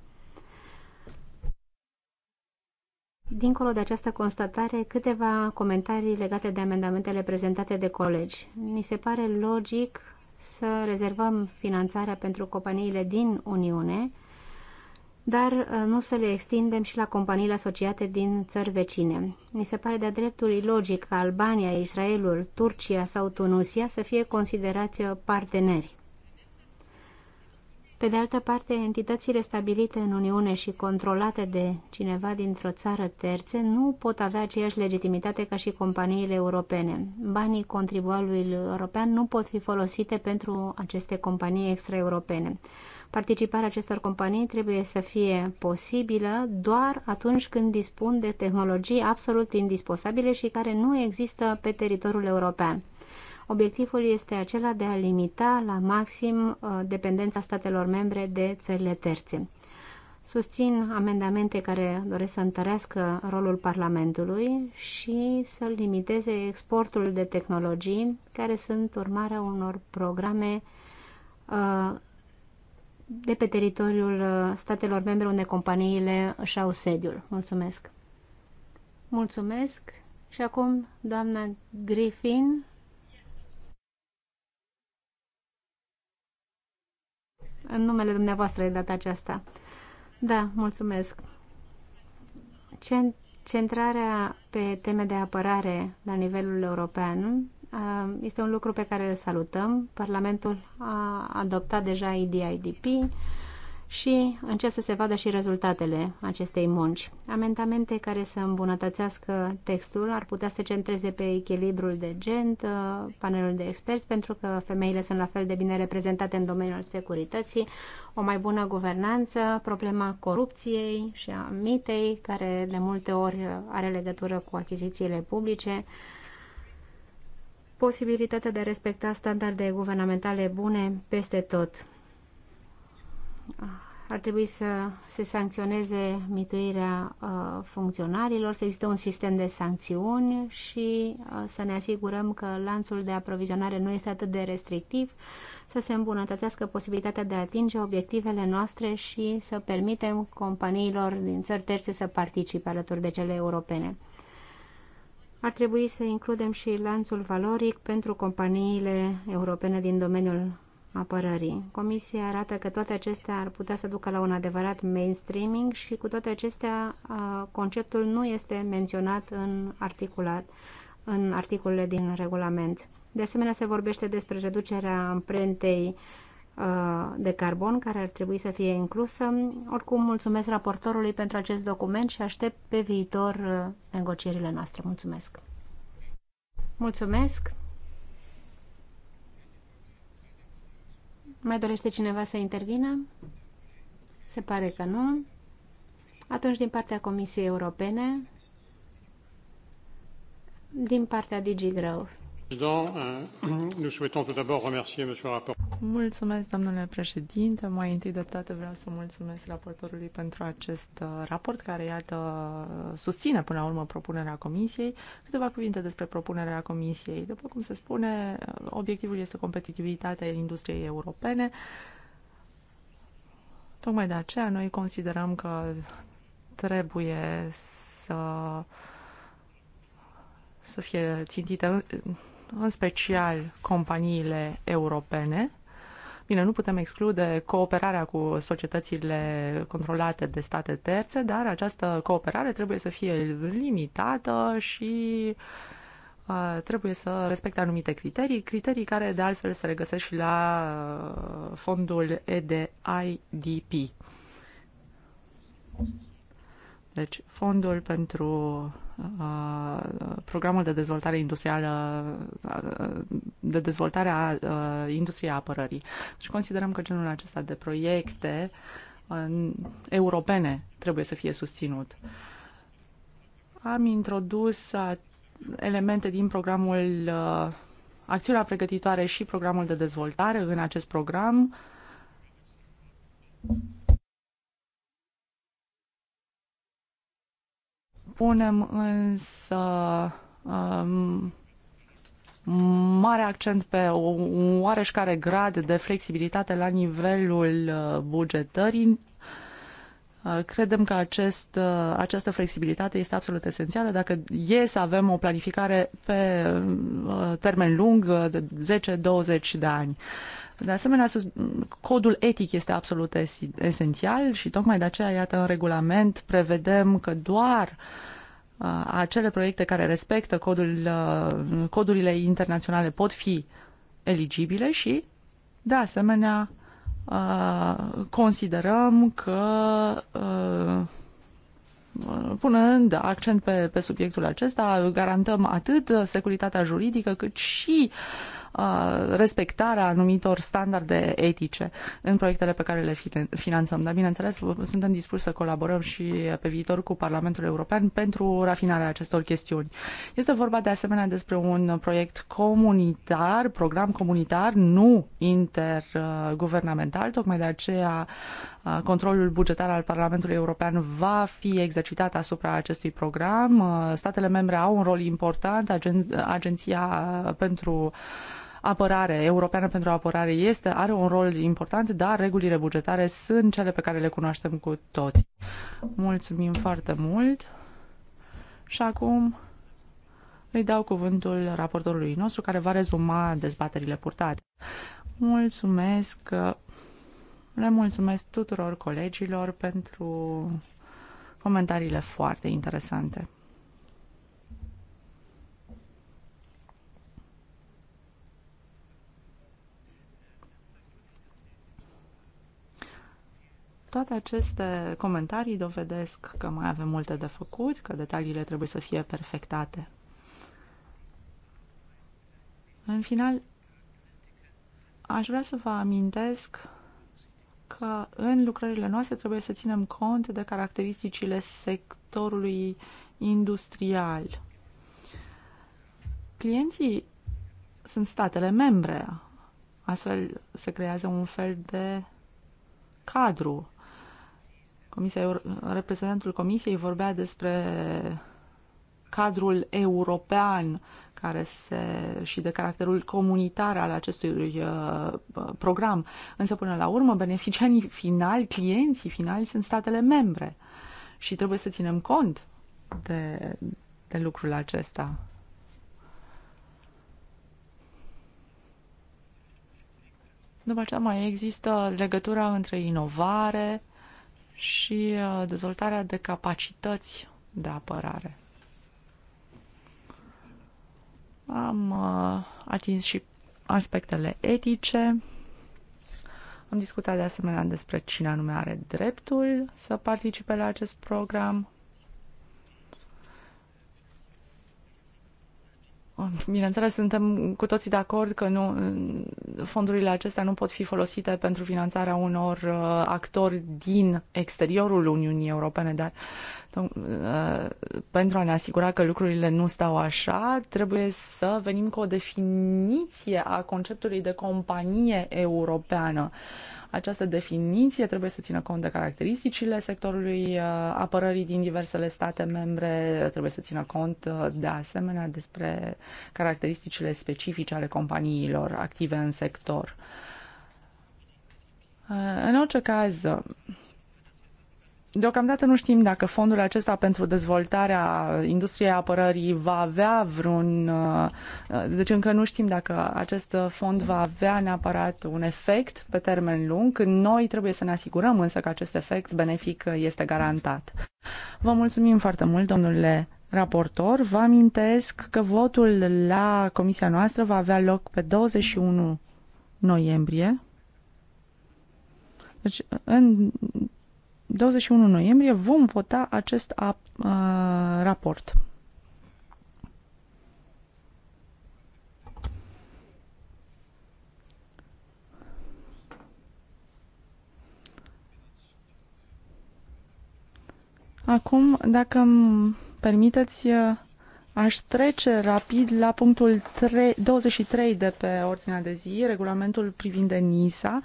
Dincolo de această constatare, câteva comentarii legate de amendamentele prezentate de colegi. Ni se pare logic să rezervăm finanțarea pentru companiile din Uniune, dar uh, nu să le extindem și la companiile asociate din țări vecine. Mi se pare de-a dreptul ilogic ca Albania, Israelul, Turcia sau Tunisia să fie considerați uh, parteneri. Pe de altă parte, entitățile stabilite în Uniune și controlate de cineva dintr-o țară terțe nu pot avea aceeași legitimitate ca și companiile europene. Banii contribuabilului european nu pot fi folosite pentru aceste companii extraeuropene. europene Participarea acestor companii trebuie să fie posibilă doar atunci când dispun de tehnologii absolut indisposabile și care nu există pe teritoriul european. Obiectivul este acela de a limita la maxim uh, dependența statelor membre de țările terțe. Susțin amendamente care doresc să întărească rolul Parlamentului și să limiteze exportul de tehnologii care sunt urmarea unor programe uh, de pe teritoriul uh, statelor membre unde companiile își au sediul. Mulțumesc! Mulțumesc! Și acum, doamna Griffin. În numele dumneavoastră e data aceasta. Da, mulțumesc. Centrarea pe teme de apărare la nivelul european Uh, este un lucru pe care îl salutăm. Parlamentul a adoptat deja IDIDP și încep să se vadă și rezultatele acestei munci. Amendamente care să îmbunătățească textul ar putea să se centreze pe echilibrul de gen, uh, panelul de experți, pentru că femeile sunt la fel de bine reprezentate în domeniul securității, o mai bună guvernanță, problema corupției și a mitei, care de multe ori are legătură cu achizițiile publice, posibilitatea de a respecta standarde guvernamentale bune peste tot. Ar trebui să se sancționeze mituirea uh, funcționarilor, să existe un sistem de sancțiuni și uh, să ne asigurăm că lanțul de aprovizionare nu este atât de restrictiv, să se îmbunătățească posibilitatea de a atinge obiectivele noastre și să permitem companiilor din țări terțe să participe alături de cele europene. Ar trebui să includem și lanțul valoric pentru companiile europene din domeniul apărării. Comisia arată că toate acestea ar putea să ducă la un adevărat mainstreaming și cu toate acestea conceptul nu este menționat în articulat în articolele din regulament. De asemenea, se vorbește despre reducerea amprentei uh, Uh, de carbon care ar trebui să fie inclusă. Oricum, mulțumesc raportorului pentru acest document și aștept pe viitor uh, negocierile noastre. Mulțumesc! Mulțumesc! Mai dorește cineva să intervină? Se pare că nu. Atunci, din partea Comisiei Europene, din partea DigiGrowth. Mulțumesc, domnule președinte. Mai întâi de toate vreau să mulțumesc raportorului pentru acest uh, raport care, iată, susține până la urmă propunerea Comisiei. Câteva cuvinte despre propunerea Comisiei. După cum se spune, obiectivul este competitivitatea industriei europene. Tocmai de aceea noi considerăm că trebuie să să fie țintite în special companiile europene. Bine, nu putem exclude cooperarea cu societățile controlate de state terțe, dar această cooperare trebuie să fie limitată și uh, trebuie să respecte anumite criterii, criterii care de altfel se regăsesc și la uh, fondul EDIDP. Deci, fondul pentru uh, programul de dezvoltare industrială, uh, de dezvoltare a uh, industriei apărării. Deci, considerăm că genul acesta de proiecte uh, europene trebuie să fie susținut. Am introdus uh, elemente din programul uh, acțiunea pregătitoare și programul de dezvoltare în acest program. punem însă um, mare accent pe un oareșcare grad de flexibilitate la nivelul uh, bugetării. Uh, credem că acest, uh, această flexibilitate este absolut esențială dacă e să avem o planificare pe termen lung de 10-20 de ani. De asemenea, codul etic este absolut esențial și tocmai de aceea, iată, în regulament prevedem că doar uh, acele proiecte care respectă codul, uh, codurile internaționale pot fi eligibile și, de asemenea, uh, considerăm că punând accent pe, pe subiectul acesta, garantăm atât securitatea juridică cât și uh, respectarea anumitor standarde etice în proiectele pe care le finanțăm. Dar, bineînțeles, suntem dispuși să colaborăm și pe viitor cu Parlamentul European pentru rafinarea acestor chestiuni. Este vorba, de asemenea, despre un proiect comunitar, program comunitar, nu interguvernamental. Tocmai de aceea controlul bugetar al Parlamentului European va fi exercitat asupra acestui program. Statele membre au un rol important, Agenția pentru uh, apărare, europeană pentru apărare, este, are un rol important, dar regulile bugetare sunt cele pe care le cunoaștem cu toți. Mulțumim foarte mult și acum îi dau cuvântul raportorului nostru care va rezuma dezbaterile purtate. Mulțumesc, le mulțumesc tuturor colegilor pentru comentariile foarte interesante. Toate aceste comentarii dovedesc că mai avem multe de făcut, că detaliile trebuie să fie perfectate. În final, aș vrea să vă amintesc că în lucrările noastre trebuie să ținem cont de caracteristicile sectorului industrial. Clienții sunt statele membre, astfel se creează un fel de cadru Comisia, reprezentantul Comisiei vorbea despre cadrul european care se, și de caracterul comunitar al acestui uh, program. Însă, până la urmă, beneficianii finali, clienții finali sunt statele membre și trebuie să ținem cont de, de lucrul acesta. După aceea mai există legătura între inovare și uh, dezvoltarea de capacități de apărare. Am uh, atins și aspectele etice. Am discutat de asemenea despre cine anume are dreptul să participe la acest program, Bineînțeles, suntem cu toții de acord că nu, fondurile acestea nu pot fi folosite pentru finanțarea unor uh, actori din exteriorul Uniunii Europene, dar uh, pentru a ne asigura că lucrurile nu stau așa, trebuie să venim cu o definiție a conceptului de companie europeană. Uh, această definiție trebuie să țină cont de caracteristicile sectorului uh, apărării din diversele state membre, trebuie să țină cont uh, de asemenea despre caracteristicile specifice ale companiilor active în sector. Uh, în orice caz, Deocamdată nu știm dacă fondul acesta pentru dezvoltarea industriei apărării va avea vreun. Uh, deci încă nu știm dacă acest fond va avea neapărat un efect pe termen lung. Noi trebuie să ne asigurăm însă că acest efect benefic este garantat. Vă mulțumim foarte mult, domnule raportor. Vă amintesc că votul la comisia noastră va avea loc pe 21 noiembrie. Deci, în 21 noiembrie vom vota acest a, a, uh, raport. Acum, dacă îmi permiteți, uh, aș trece rapid la punctul 3, 23 de pe ordinea de zi, regulamentul privind ENISA.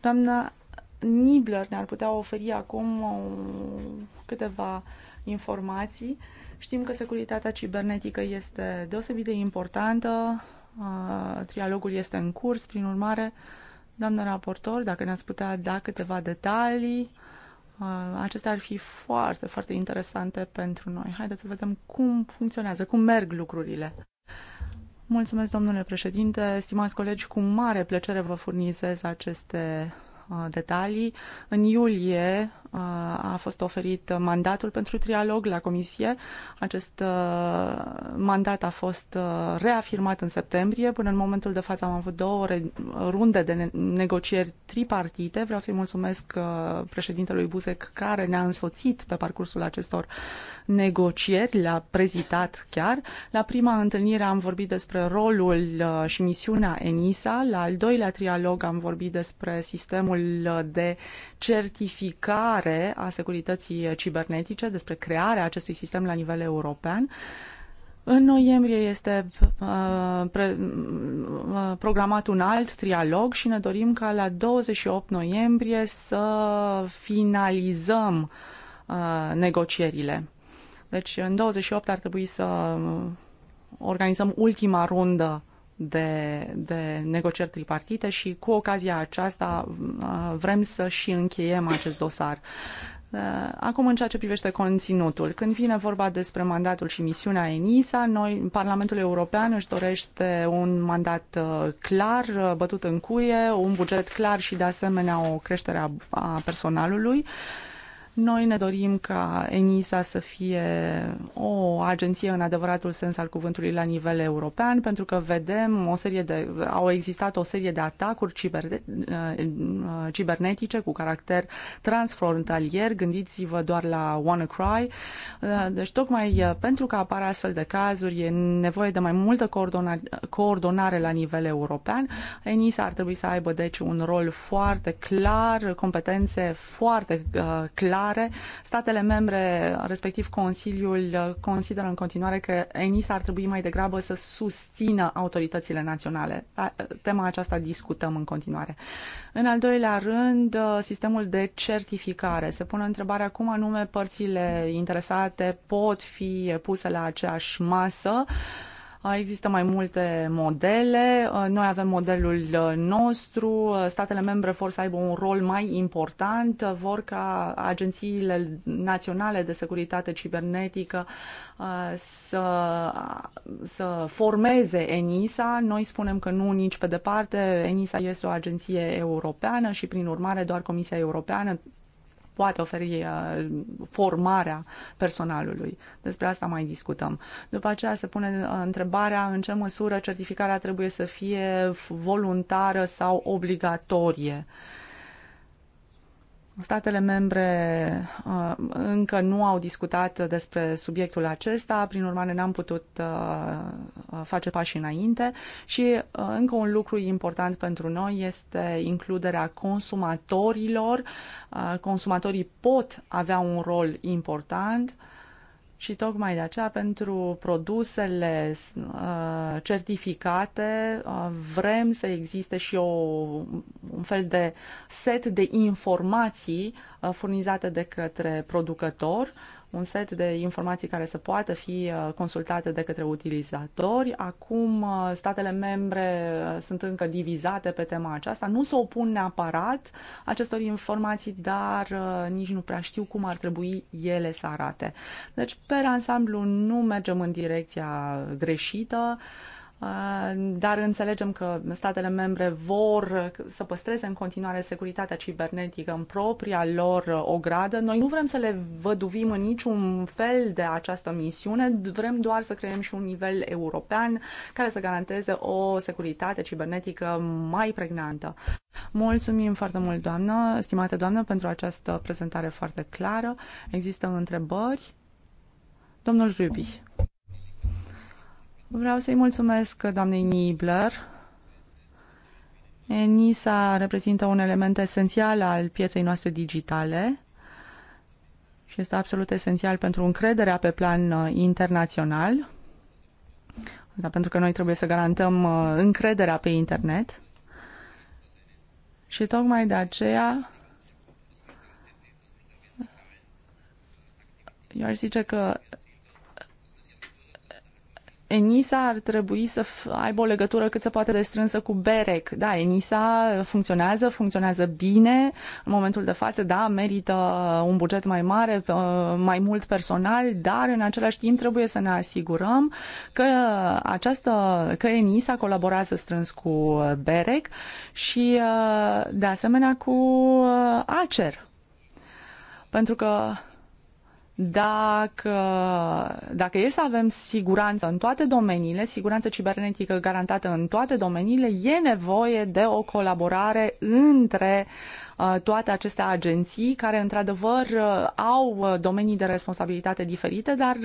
Doamna Nibler ne-ar putea oferi acum uh, câteva informații. Știm că securitatea cibernetică este deosebit de importantă, uh, trialogul este în curs, prin urmare, doamnă raportor, dacă ne-ați putea da câteva detalii, uh, acestea ar fi foarte, foarte interesante pentru noi. Haideți să vedem cum funcționează, cum merg lucrurile. Mulțumesc, domnule președinte. Stimați colegi, cu mare plăcere vă furnizez aceste detalii. În iulie a fost oferit mandatul pentru trialog la comisie. Acest uh, mandat a fost uh, reafirmat în septembrie. Până în momentul de față am avut două runde de negocieri tripartite. Vreau să-i mulțumesc uh, președintelui Buzek care ne-a însoțit pe parcursul acestor negocieri, l a prezitat chiar. La prima întâlnire am vorbit despre rolul și misiunea ENISA. La al doilea trialog am vorbit despre sistemul de certificare coordonare a securității cibernetice, despre crearea acestui sistem la nivel european. În noiembrie este uh, pre, uh, programat un alt trialog și ne dorim ca la 28 noiembrie să finalizăm uh, negocierile. Deci în 28 ar trebui să uh, organizăm ultima rundă de, de negocieri tripartite și cu ocazia aceasta uh, vrem să și încheiem acest dosar. Uh, acum, în ceea ce privește conținutul, când vine vorba despre mandatul și misiunea ENISA, noi, Parlamentul European își dorește un mandat uh, clar, bătut în cuie, un buget clar și, de asemenea, o creștere a personalului. Noi ne dorim ca ENISA să fie o agenție în adevăratul sens al cuvântului la nivel european, pentru că vedem o serie de, au existat o serie de atacuri ciber, eh, eh, cibernetice cu caracter transfrontalier. Gândiți-vă doar la WannaCry. Eh, deci tocmai pentru că apar astfel de cazuri e nevoie de mai multă coordonare, coordonare la nivel european. ENISA ar trebui să aibă deci un rol foarte clar, competențe foarte clare care statele membre, respectiv Consiliul, consideră în continuare că ENISA ar trebui mai degrabă să susțină autoritățile naționale. Tema aceasta discutăm în continuare. În al doilea rând, sistemul de certificare. Se pune întrebarea cum anume părțile interesate pot fi puse la aceeași masă. Uh, Există mai multe modele. Noi avem modelul nostru. Statele membre vor să aibă un rol mai important. Vor ca agențiile naționale de securitate cibernetică să, să formeze ENISA. Noi spunem că nu nici pe departe. ENISA este o agenție europeană și, prin urmare, doar Comisia Europeană poate oferi uh, formarea personalului. Despre asta mai discutăm. După aceea se pune uh, întrebarea în ce măsură certificarea trebuie să fie voluntară sau obligatorie. Uh, Statele membre uh, încă nu au discutat despre subiectul acesta, prin urmare n-am putut uh, face pași înainte și uh, încă un lucru important pentru noi este includerea consumatorilor. Consumatorii pot avea un rol important și tocmai de aceea, pentru produsele uh, certificate, uh, vrem să existe și o, un fel de set de informații uh, furnizate de către producător uh, un set de informații care să poată fi uh, consultate de către utilizatori. Acum uh, statele membre uh, sunt încă divizate pe tema aceasta. Nu se opun neapărat acestor informații, dar nici nu prea știu cum ar trebui ele să arate. Deci, pe ansamblu, nu mergem în direcția greșită. Ah, dar înțelegem că statele membre vor să păstreze în continuare securitatea cibernetică în propria lor uh, ogradă. Noi nu vrem să le văduvim în niciun fel de această misiune, vrem doar să creăm și un nivel european care să garanteze o securitate cibernetică mai pregnantă. Mulțumim foarte mult, doamnă, stimată doamnă, pentru această prezentare foarte clară. Există întrebări? Domnul Rubi. Vreau să-i mulțumesc doamnei Nibler. ENISA reprezintă un element esențial al pieței noastre digitale și este absolut esențial pentru încrederea pe plan uh, internațional, da, pentru că noi trebuie să garantăm uh, încrederea pe internet. Și tocmai de aceea eu aș zice că ENISA ar trebui să aibă o legătură cât se poate de strânsă cu BEREC. Da, ENISA funcționează, funcționează bine în momentul de față, da, merită un buget mai mare, mai mult personal, dar în același timp trebuie să ne asigurăm că această, că ENISA colaborează strâns cu BEREC și uh, de asemenea cu uh, ACER. Pentru că dacă, dacă e să avem siguranță în toate domeniile, siguranță cibernetică garantată în toate domeniile, e nevoie de o colaborare între uh, toate aceste agenții care, într-adevăr, uh, au uh, domenii de responsabilitate diferite, dar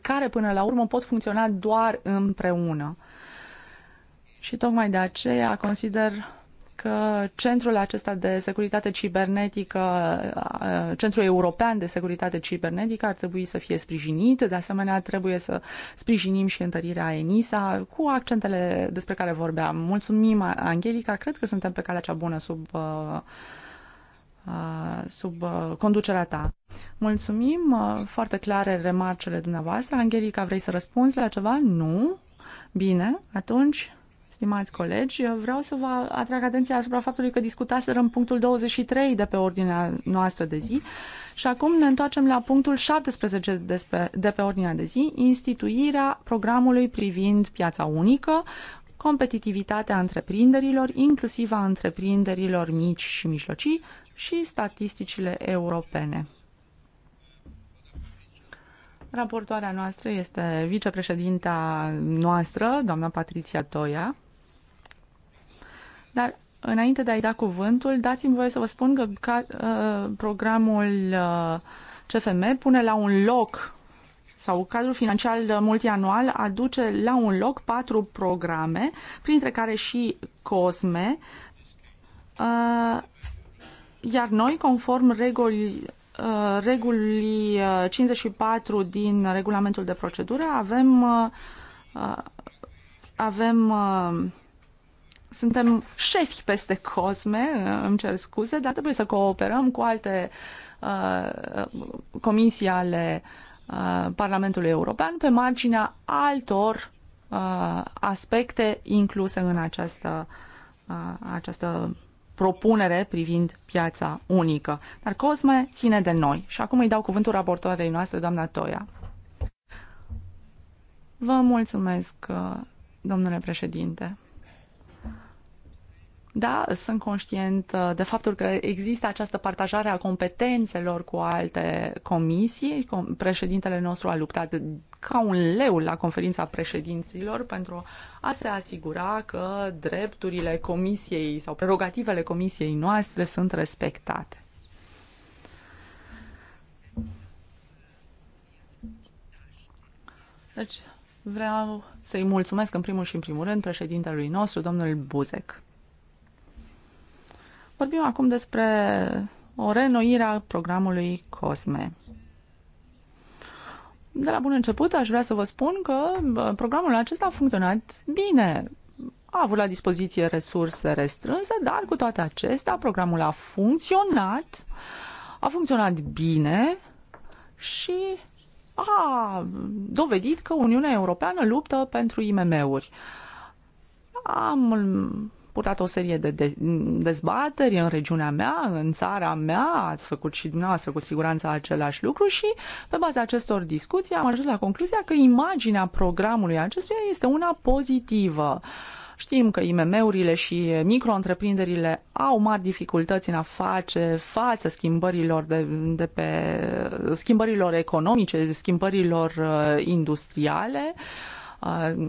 care, până la urmă, pot funcționa doar împreună. Și tocmai de aceea consider că centrul acesta de securitate cibernetică, centrul european de securitate cibernetică ar trebui să fie sprijinit. De asemenea, trebuie să sprijinim și întărirea ENISA cu accentele despre care vorbeam. Mulțumim, Angelica, cred că suntem pe calea cea bună sub uh, uh, sub uh, conducerea ta. Mulțumim, foarte clare remarcele dumneavoastră. Angelica, vrei să răspunzi la ceva? Nu? Bine, atunci Stimați colegi, vreau să vă atrag atenția asupra faptului că discutaserăm punctul 23 de pe ordinea noastră de zi și acum ne întoarcem la punctul 17 de pe ordinea de zi, instituirea programului privind piața unică, competitivitatea întreprinderilor, inclusiv a întreprinderilor mici și mijlocii și statisticile europene. Raportoarea noastră este vicepreședinta noastră, doamna Patricia Toia. Dar înainte de a-i da cuvântul, dați-mi voie să vă spun că ca, uh, programul uh, CFM pune la un loc sau cadrul financiar multianual aduce la un loc patru programe, printre care și COSME, uh, iar noi, conform reguli, uh, regulii 54 uh, din regulamentul de procedură, avem, uh, uh avem uh, suntem șefi peste cosme, uh, îmi cer scuze, dar trebuie să cooperăm cu alte uh, comisii ale uh, Parlamentului European pe marginea altor uh, aspecte incluse în această, uh, această propunere privind piața unică. Dar Cosme ține de noi. Și acum îi dau cuvântul raportoarei noastre, doamna Toia. Vă mulțumesc, uh, domnule președinte. Da, sunt conștient uh, de faptul că există această partajare a competențelor cu alte comisii. Președintele nostru a luptat ca un leu la conferința președinților pentru a se asigura că drepturile comisiei sau prerogativele comisiei noastre sunt respectate. Deci, vreau să-i mulțumesc în primul și în primul rând președintelui nostru, domnul Buzek. Vorbim acum despre o renoire a programului COSME. De la bun început aș vrea să vă spun că programul acesta a funcționat bine. A avut la dispoziție resurse restrânse, dar cu toate acestea programul a funcționat, a funcționat bine și a dovedit că Uniunea Europeană luptă pentru IMM-uri. Am purtat o serie de, de dezbateri în regiunea mea, în țara mea, ați făcut și dumneavoastră cu siguranță același lucru și pe baza acestor discuții am ajuns la concluzia că imaginea programului acestuia este una pozitivă. Știm că IMM-urile și micro-întreprinderile au mari dificultăți în a face față schimbărilor, de, de pe, schimbărilor economice, schimbărilor uh, industriale uh,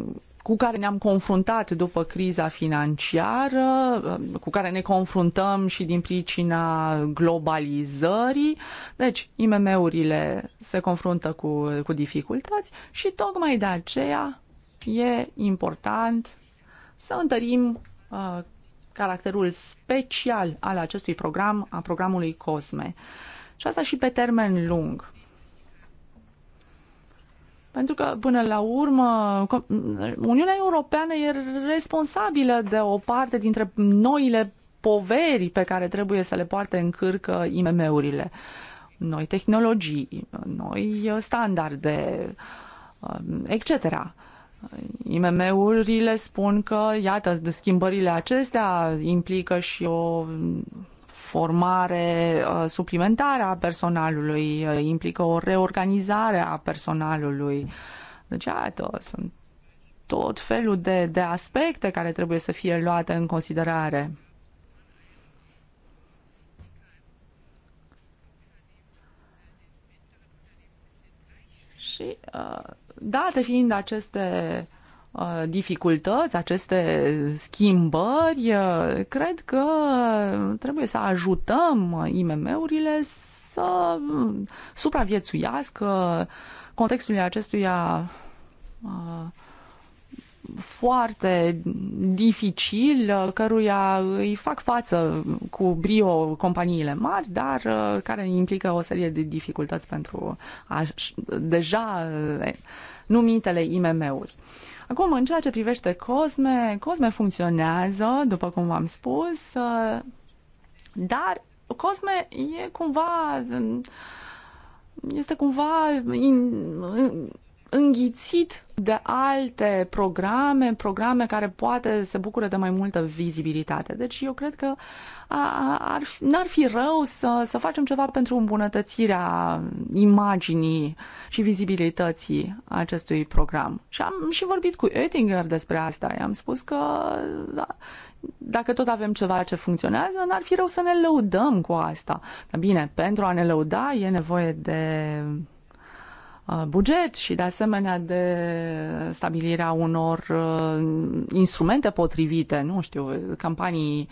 cu care ne-am confruntat după criza financiară, cu care ne confruntăm și din pricina globalizării. Deci, IMM-urile se confruntă cu, cu dificultăți și tocmai de aceea e important să întărim uh, caracterul special al acestui program, a programului COSME. Și asta și pe termen lung. Pentru că, până la urmă, Uniunea Europeană e responsabilă de o parte dintre noile poveri pe care trebuie să le poarte în cârcă IMM-urile. Noi tehnologii, noi standarde, um, etc. IMM-urile spun că, iată, schimbările acestea implică și o formare uh, suplimentară a personalului, uh, implică o reorganizare a personalului. Deci, iată, sunt tot felul de, de aspecte care trebuie să fie luate în considerare. Și, uh, date fiind aceste Uh, dificultăți, aceste schimbări, uh, cred că trebuie să ajutăm IMM-urile să supraviețuiască contextul acestuia uh, foarte dificil, căruia îi fac față cu brio companiile mari, dar care implică o serie de dificultăți pentru a, deja numitele IMM-uri. Acum, în ceea ce privește Cosme, Cosme funcționează, după cum v-am spus, uh, dar Cosme e cumva um, este cumva înghițit de alte programe, programe care poate se bucură de mai multă vizibilitate. Deci eu cred că ar, n-ar fi rău să, să facem ceva pentru îmbunătățirea imaginii și vizibilității acestui program. Și am și vorbit cu Oettinger despre asta. I-am spus că da, dacă tot avem ceva ce funcționează, n-ar fi rău să ne lăudăm cu asta. Dar bine, pentru a ne lăuda e nevoie de Uh, buget și de asemenea de stabilirea unor uh, instrumente potrivite, nu știu, campanii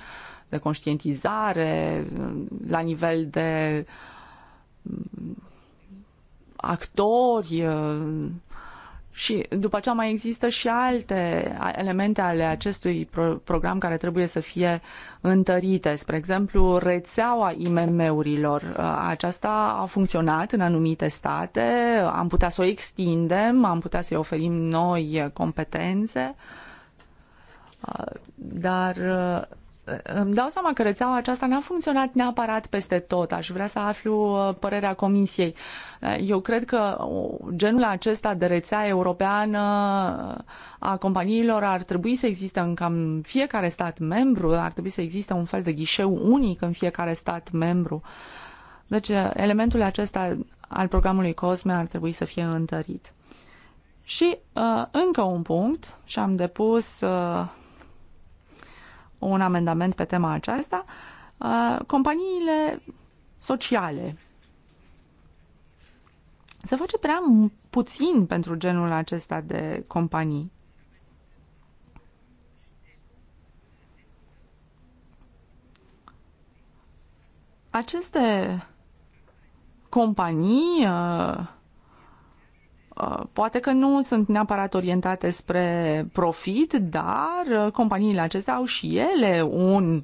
de conștientizare uh, la nivel de mm, actori, și după aceea mai există și alte elemente ale acestui pro program care trebuie să fie întărite. Spre exemplu, rețeaua IMM-urilor. Aceasta a funcționat în anumite state, am putea să o extindem, am putea să-i oferim noi competențe, dar îmi dau seama că rețeaua aceasta n-a funcționat neapărat peste tot. Aș vrea să aflu uh, părerea Comisiei. Uh, eu cred că uh, genul acesta de rețea europeană a companiilor ar trebui să existe în cam fiecare stat membru, ar trebui să existe un fel de ghișeu unic în fiecare stat membru. Deci elementul acesta al programului COSME ar trebui să fie întărit. Și uh, încă un punct și am depus uh, un amendament pe tema aceasta, uh, companiile sociale. Se face prea puțin pentru genul acesta de companii. Aceste companii uh, Uh, poate că nu sunt neapărat orientate spre profit, dar uh, companiile acestea au și ele un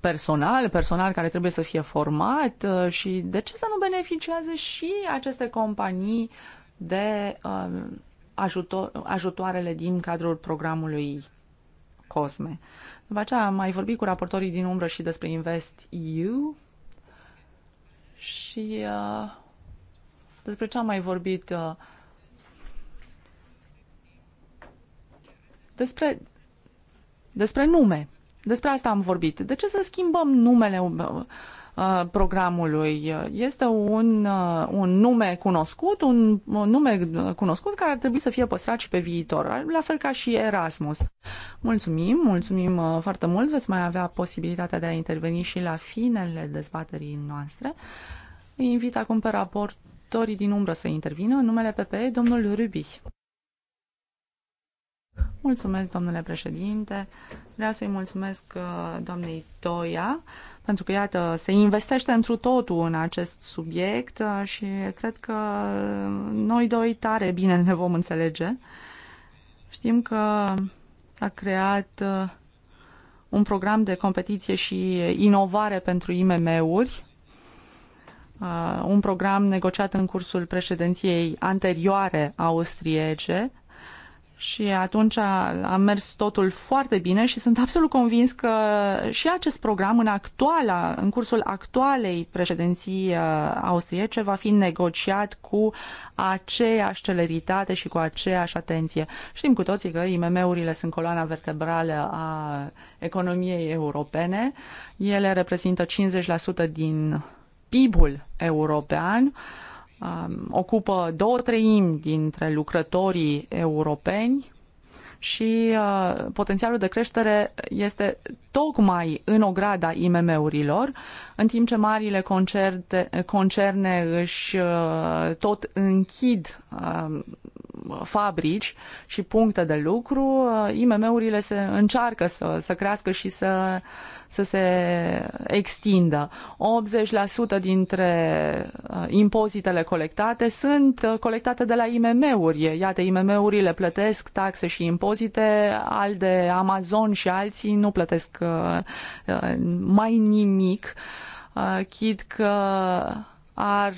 personal, personal care trebuie să fie format uh, și de ce să nu beneficieze și aceste companii de ajutor, ajutoarele din cadrul programului COSME. După aceea am mai vorbit cu raportorii din umbră și despre Invest EU și uh, despre ce am mai vorbit uh, despre, despre nume. Despre asta am vorbit. De ce să schimbăm numele uh, programului? Este un, uh, un nume cunoscut, un, un nume cunoscut care ar trebui să fie păstrat și pe viitor, la fel ca și Erasmus. Mulțumim, mulțumim uh, foarte mult. Veți mai avea posibilitatea de a interveni și la finele dezbaterii noastre. Îi invit acum pe raportorii din umbră să intervină în numele PPE, domnul Rubi. Mulțumesc, domnule președinte. Vreau să-i mulțumesc uh, doamnei Toia, pentru că, iată, se investește întru totul în acest subiect uh, și cred că noi doi tare bine ne vom înțelege. Știm că s-a creat uh, un program de competiție și inovare pentru IMM-uri, un program negociat în cursul președinției anterioare austriece, și atunci a, a mers totul foarte bine și sunt absolut convins că și acest program în actuala, în cursul actualei președinții uh, austriece va fi negociat cu aceeași celeritate și cu aceeași atenție. Știm cu toții că IMM-urile sunt coloana vertebrală a economiei europene. Ele reprezintă 50% din PIB-ul european. Uh, Um, ocupă două treimi dintre lucrătorii europeni și uh, potențialul de creștere este tocmai în ograda IMM-urilor, în timp ce marile concerte, concerne își uh, tot închid uh, fabrici și puncte de lucru, uh, IMM-urile se încearcă să, să crească și să, să se extindă. 80% dintre impozitele colectate sunt colectate de la IMM-uri. Iată, IMM-urile plătesc taxe și impozite, al de Amazon și alții nu plătesc Uh, mai nimic, uh, chid că ar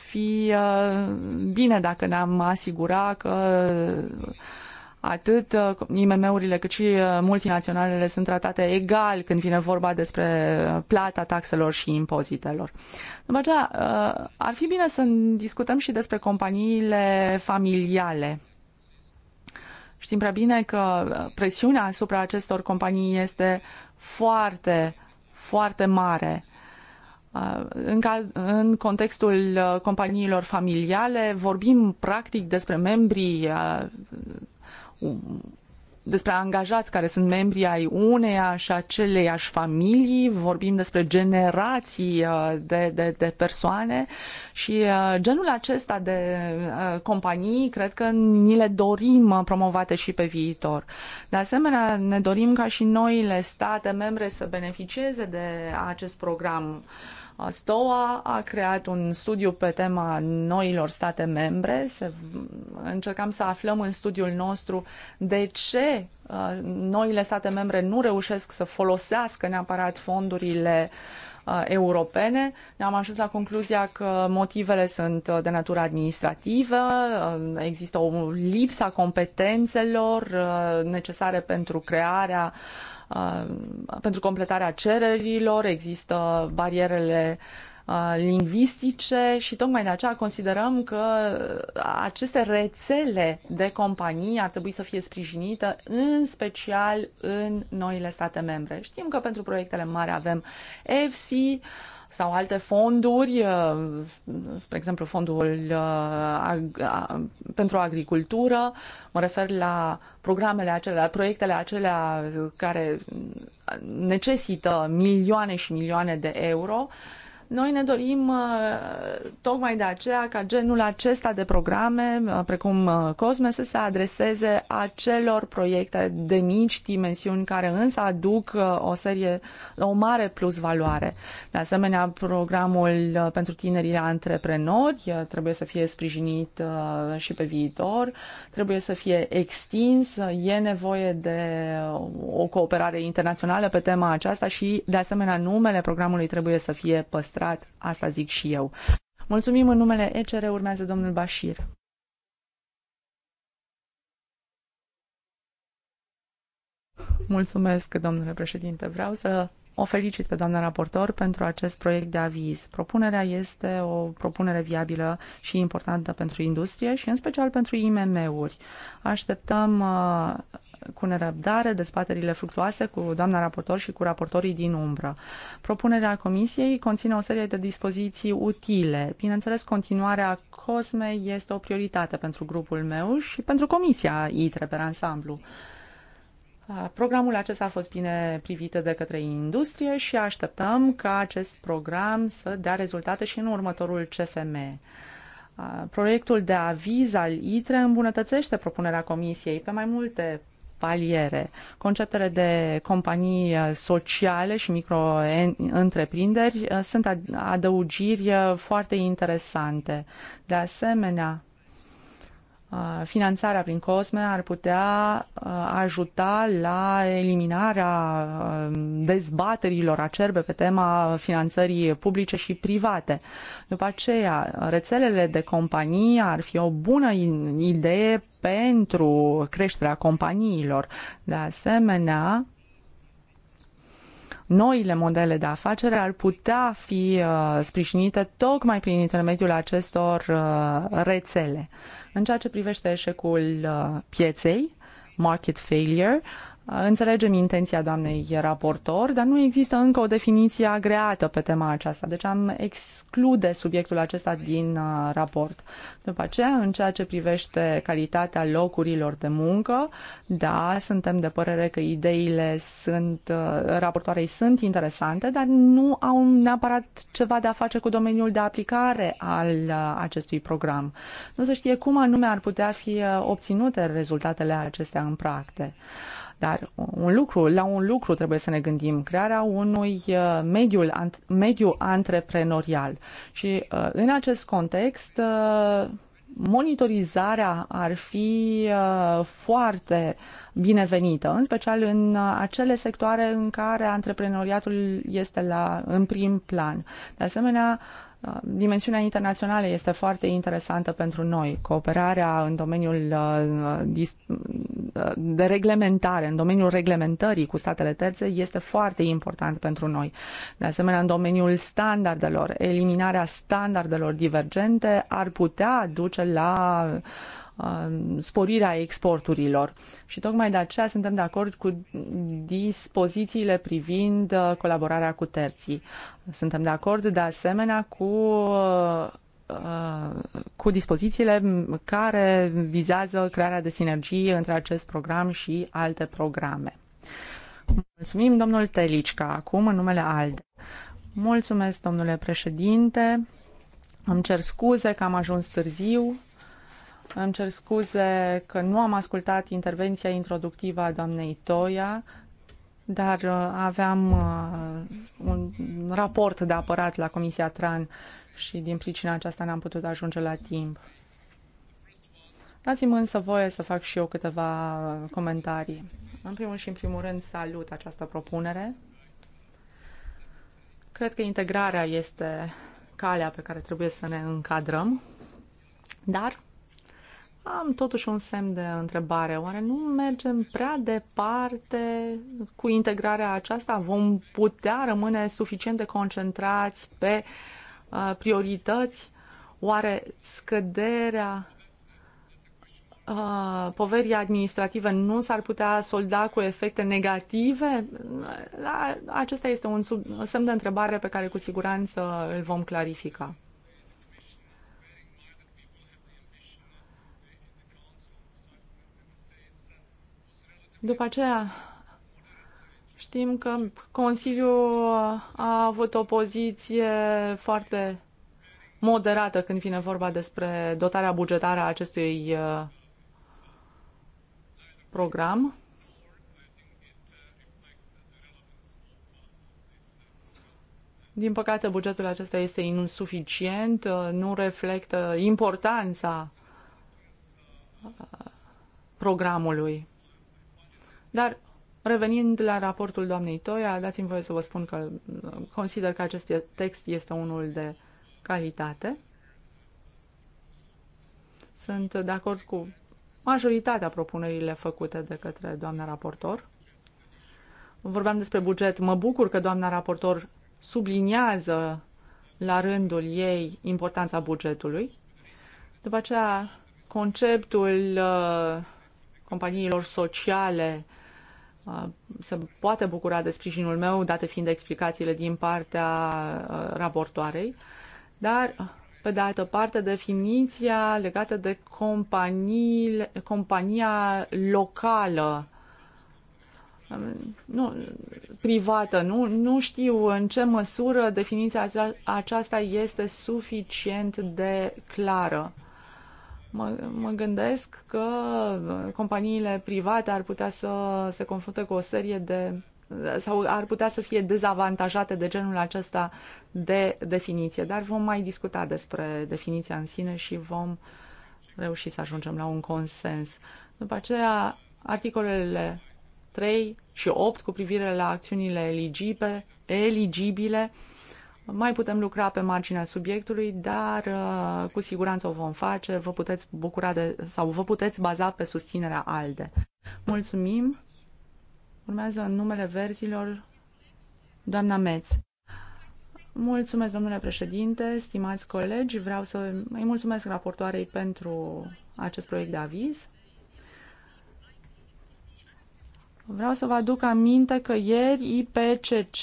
fi uh, bine dacă ne-am asigura că atât IMM-urile cât și multinaționalele sunt tratate egal când vine vorba despre plata taxelor și impozitelor. După aceea, ar fi bine să discutăm și despre companiile familiale. Știm prea bine că uh, presiunea asupra acestor companii este foarte, foarte mare. Uh, în, caz, în contextul uh, companiilor familiale vorbim practic despre membrii despre angajați care sunt membri ai uneia și aceleiași familii, vorbim despre generații uh, de, de, de persoane și uh, genul acesta de uh, companii cred că ni le dorim promovate și pe viitor. De asemenea, ne dorim ca și noile state membre să beneficieze de acest program STOA a creat un studiu pe tema noilor state membre. Se, încercam să aflăm în studiul nostru de ce noile state membre nu reușesc să folosească neapărat fondurile europene. ne Am ajuns la concluzia că motivele sunt de natură administrativă, există o lipsă a competențelor necesare pentru crearea uh, Uh, pentru completarea cererilor, există barierele uh, lingvistice și tocmai de aceea considerăm că aceste rețele de companii ar trebui să fie sprijinite în special în noile state membre. Știm că pentru proiectele mari avem EFSI, sau alte fonduri, uh, spre exemplu fondul uh, uh, pentru agricultură, mă refer la programele acelea, proiectele acelea care necesită milioane și milioane de euro, noi ne dorim uh, tocmai de aceea ca genul acesta de programe, uh, precum uh, COSME, să se adreseze acelor proiecte de mici dimensiuni care însă aduc o serie, o mare plus valoare. De asemenea, programul pentru tinerii antreprenori trebuie să fie sprijinit și pe viitor, trebuie să fie extins, e nevoie de o cooperare internațională pe tema aceasta și, de asemenea, numele programului trebuie să fie păstrat pătrat, asta zic și eu. Mulțumim în numele ECR, urmează domnul Bashir. Mulțumesc, domnule președinte. Vreau să o felicit pe doamna raportor pentru acest proiect de aviz. Propunerea este o propunere viabilă și importantă pentru industrie și în special pentru IMM-uri. Așteptăm uh, cu nerăbdare dezbaterile fructuoase cu doamna raportor și cu raportorii din umbră. Propunerea comisiei conține o serie de dispoziții utile. Bineînțeles, continuarea COSME este o prioritate pentru grupul meu și pentru comisia ITRE pe ansamblu. Programul acesta a fost bine privit de către industrie și așteptăm ca acest program să dea rezultate și în următorul CFM. Proiectul de aviz al ITRE îmbunătățește propunerea Comisiei pe mai multe paliere. Conceptele de companii sociale și micro-întreprinderi sunt adăugiri foarte interesante. De asemenea, finanțarea prin COSME ar putea ajuta la eliminarea dezbaterilor acerbe pe tema finanțării publice și private. După aceea, rețelele de companii ar fi o bună idee pentru creșterea companiilor. De asemenea, noile modele de afacere ar putea fi sprijinite tocmai prin intermediul acestor rețele. În ceea ce privește eșecul uh, pieței, market failure, Înțelegem intenția doamnei raportor, dar nu există încă o definiție agreată pe tema aceasta, deci am exclude subiectul acesta din uh, raport. După aceea, în ceea ce privește calitatea locurilor de muncă, da, suntem de părere că ideile sunt, uh, raportoarei sunt interesante, dar nu au neapărat ceva de a face cu domeniul de aplicare al uh, acestui program. Nu se știe cum anume ar putea fi obținute rezultatele acestea în practică. Dar un lucru, la un lucru trebuie să ne gândim, crearea unui uh, mediul, mediu antreprenorial. Și uh, în acest context, uh, monitorizarea ar fi foarte binevenită, în special în acele sectoare în care antreprenoriatul este la, în prim plan. De asemenea, Dimensiunea internațională este foarte interesantă pentru noi. Cooperarea în domeniul uh, uh, de reglementare, în domeniul reglementării cu statele terțe este foarte important pentru noi. De asemenea, în domeniul standardelor, eliminarea standardelor divergente ar putea duce la uh, Um, sporirea exporturilor. Și tocmai de aceea suntem de acord cu dispozițiile privind uh, colaborarea cu terții. Suntem de acord de asemenea cu uh, cu dispozițiile care vizează crearea de sinergii între acest program și alte programe. Mulțumim, domnul Telicca, acum în numele ALDE. Mulțumesc, domnule președinte. Îmi cer scuze că am ajuns târziu. Îmi cer scuze că nu am ascultat intervenția introductivă a doamnei Toia, dar uh, aveam uh, un raport de apărat la Comisia TRAN și din pricina aceasta n-am putut ajunge la timp. Dați-mi însă voie să fac și eu câteva comentarii. În primul și în primul rând salut această propunere. Cred că integrarea este calea pe care trebuie să ne încadrăm, dar am totuși un semn de întrebare. Oare nu mergem prea departe cu integrarea aceasta? Vom putea rămâne suficient de concentrați pe uh, priorități? Oare scăderea uh, poverii administrative nu s-ar putea solda cu efecte negative? acesta este un sub, semn de întrebare pe care cu siguranță îl vom clarifica. După aceea, știm că Consiliul a avut o poziție foarte moderată când vine vorba despre dotarea bugetară a acestui uh, program. Din păcate, bugetul acesta este insuficient, uh, nu reflectă importanța uh, programului. Dar Revenind la raportul doamnei Toia, dați-mi voie să vă spun că uh, consider că acest text este unul de calitate. Sunt de acord cu majoritatea propunerile făcute de către doamna raportor. Vorbeam despre buget. Mă bucur că doamna raportor subliniază la rândul ei importanța bugetului. După aceea, conceptul uh, companiilor sociale uh, se poate bucura de sprijinul meu, date fiind explicațiile din partea raportoarei, dar pe de altă parte, definiția legată de companii, compania locală nu, privată. Nu, nu știu în ce măsură definiția aceasta este suficient de clară. Mă, mă gândesc că uh, companiile private ar putea să se confrunte cu o serie de sau ar putea să fie dezavantajate de genul acesta de definiție. Dar vom mai discuta despre definiția în sine și vom reuși să ajungem la un consens. După aceea, articolele 3 și 8 cu privire la acțiunile eligibile, eligibile mai putem lucra pe marginea subiectului, dar uh, cu siguranță o vom face. Vă puteți bucura de sau vă puteți baza pe susținerea ALDE. Mulțumim. Urmează în numele verzilor doamna Meț. Mulțumesc, domnule președinte, stimați colegi. Vreau să îi mulțumesc raportoarei pentru acest proiect de aviz. Vreau să vă aduc aminte că ieri IPCC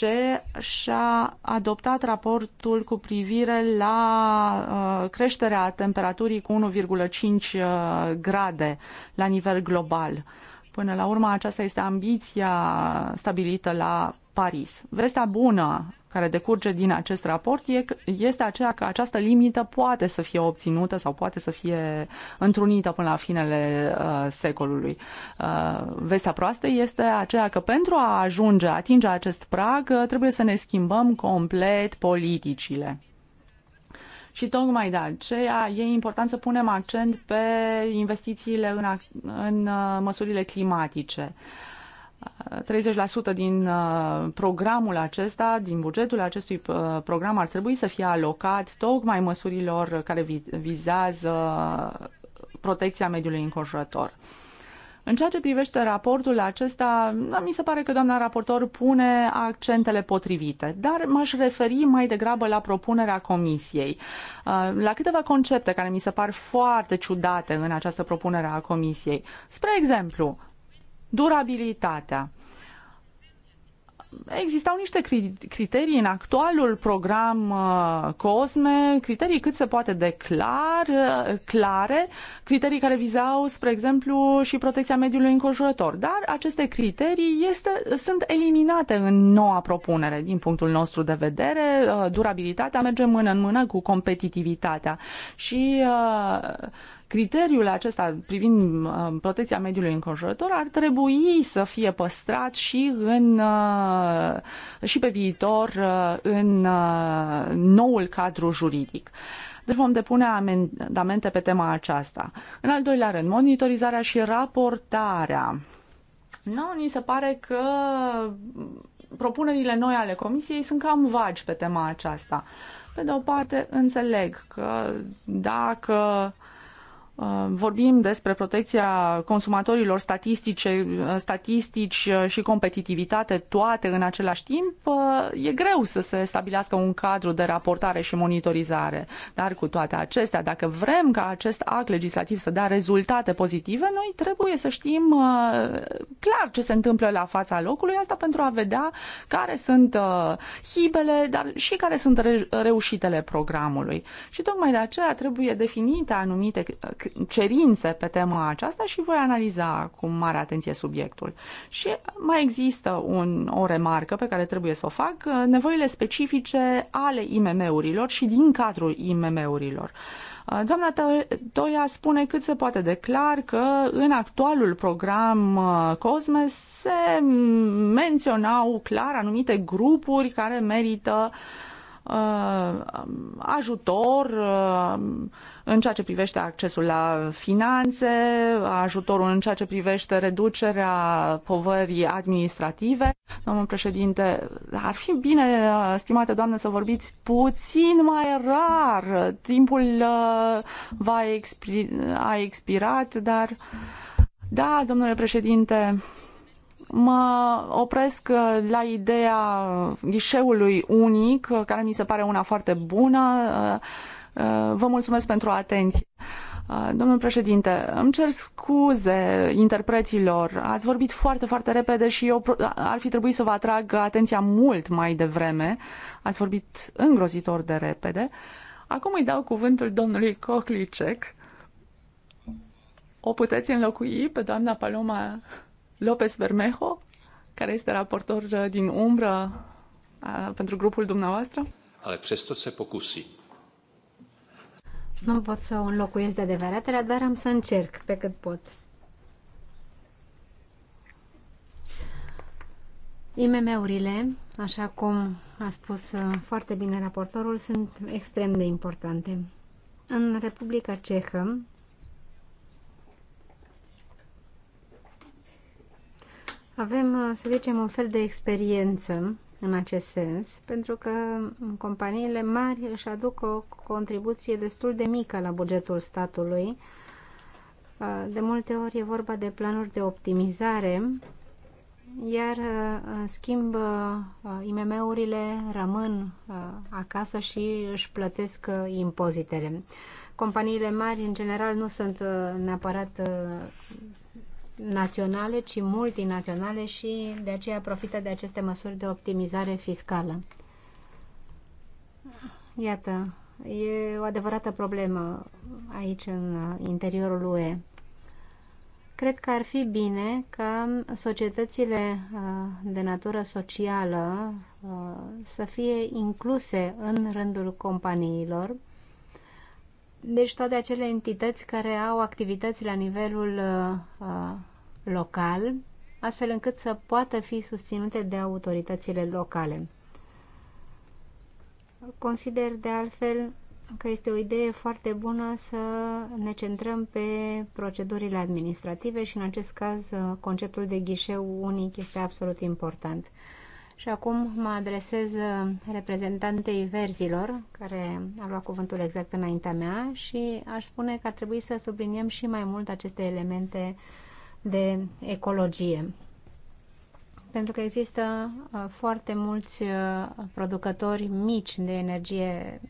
și-a adoptat raportul cu privire la uh, creșterea temperaturii cu 1,5 uh, grade la nivel global. Până la urmă, aceasta este ambiția stabilită la Paris. Vestea bună care decurge din acest raport este aceea că această limită poate să fie obținută sau poate să fie întrunită până la finele uh, secolului. Uh, vestea proastă este aceea că pentru a ajunge, atinge acest prag, uh, trebuie să ne schimbăm complet politicile. Și tocmai de aceea e important să punem accent pe investițiile în, în măsurile climatice. Uh, 30% din uh, programul acesta, din bugetul acestui uh, program ar trebui să fie alocat tocmai măsurilor care vizează protecția mediului înconjurător. În ceea ce privește raportul acesta, da, mi se pare că doamna raportor pune accentele potrivite, dar m-aș referi mai degrabă la propunerea comisiei, uh, la câteva concepte care mi se par foarte ciudate în această propunere a comisiei. Spre exemplu, durabilitatea. Existau niște criterii în actualul program uh, COSME, criterii cât se poate de clar, uh, clare, criterii care vizau, spre exemplu, și protecția mediului înconjurător. Dar aceste criterii este, sunt eliminate în noua propunere. Din punctul nostru de vedere, uh, durabilitatea merge mână în mână cu competitivitatea. Și uh, Criteriul acesta privind uh, protecția mediului înconjurător ar trebui să fie păstrat și în uh, și pe viitor uh, în noul cadru juridic. Deci vom depune amendamente pe tema aceasta. În al doilea rând, monitorizarea și raportarea. Nu, ni se pare că propunerile noi ale Comisiei sunt cam vagi pe tema aceasta. Pe de o parte, înțeleg că dacă uh, Uh, vorbim despre protecția consumatorilor, statistice, uh, statistici uh, și competitivitate toate în același timp, e greu să se stabilească un cadru de raportare și monitorizare. Dar cu toate acestea, dacă vrem ca acest act legislativ să dea rezultate pozitive, noi trebuie să știm clar ce se întâmplă la fața locului, asta pentru a vedea care sunt hibele, dar și care sunt reușitele programului. Și tocmai de aceea trebuie definite anumite cerințe pe tema aceasta și voi analiza cu mare atenție subiectul. Și mai există un, o remarcă pe care trebuie să o fac, nevoile specifice ale IMM-urilor și din cadrul IMM-urilor. Doamna Toia spune cât se poate declar că în actualul program uh, COSME se menționau clar anumite grupuri care merită uh, Uh, ajutor uh, în ceea ce privește accesul la finanțe, ajutorul în ceea ce privește reducerea povării administrative. Domnul președinte, ar fi bine, uh, stimate doamne, să vorbiți puțin mai rar. Timpul va expir- a expirat, dar... Da, domnule președinte, mă opresc uh, la ideea ghișeului unic, uh, care mi se pare una foarte bună. Uh, vă mulțumesc pentru atenție. Domnul președinte, îmi cer scuze interpreților. Ați vorbit foarte, foarte repede și eu ar fi trebuit să vă atrag atenția mult mai devreme. Ați vorbit îngrozitor de repede. Acum îi dau cuvântul domnului Cochlicek. O puteți înlocui pe doamna Paloma López Bermejo, care este raportor uh, din umbră a, uh, pentru grupul dumneavoastră. Ale presto se pocusi. Nu pot să o înlocuiesc de adevăratele, dar am să încerc pe cât pot. IMM-urile, așa cum a spus uh, foarte bine raportorul, sunt extrem de importante. În Republica Cehă Avem, să zicem, un fel de experiență în acest sens, pentru că companiile mari își aduc o contribuție destul de mică la bugetul statului. De multe ori e vorba de planuri de optimizare, iar în schimb IMM-urile rămân acasă și își plătesc impozitele. Companiile mari, în general, nu sunt neapărat naționale, ci multinaționale și de aceea profită de aceste măsuri de optimizare fiscală. Iată, e o adevărată problemă aici în interiorul UE. Cred că ar fi bine ca societățile uh, de natură socială uh, să fie incluse în rândul companiilor, deci toate acele entități care au activități la nivelul uh, local, astfel încât să poată fi susținute de autoritățile locale. Consider de altfel că este o idee foarte bună să ne centrăm pe procedurile administrative și în acest caz conceptul de ghișeu unic este absolut important. Și acum mă adresez reprezentantei verzilor, care a luat cuvântul exact înaintea mea și aș spune că ar trebui să subliniem și mai mult aceste elemente uh, de ecologie. Pentru că există uh, foarte mulți uh, producători mici de energie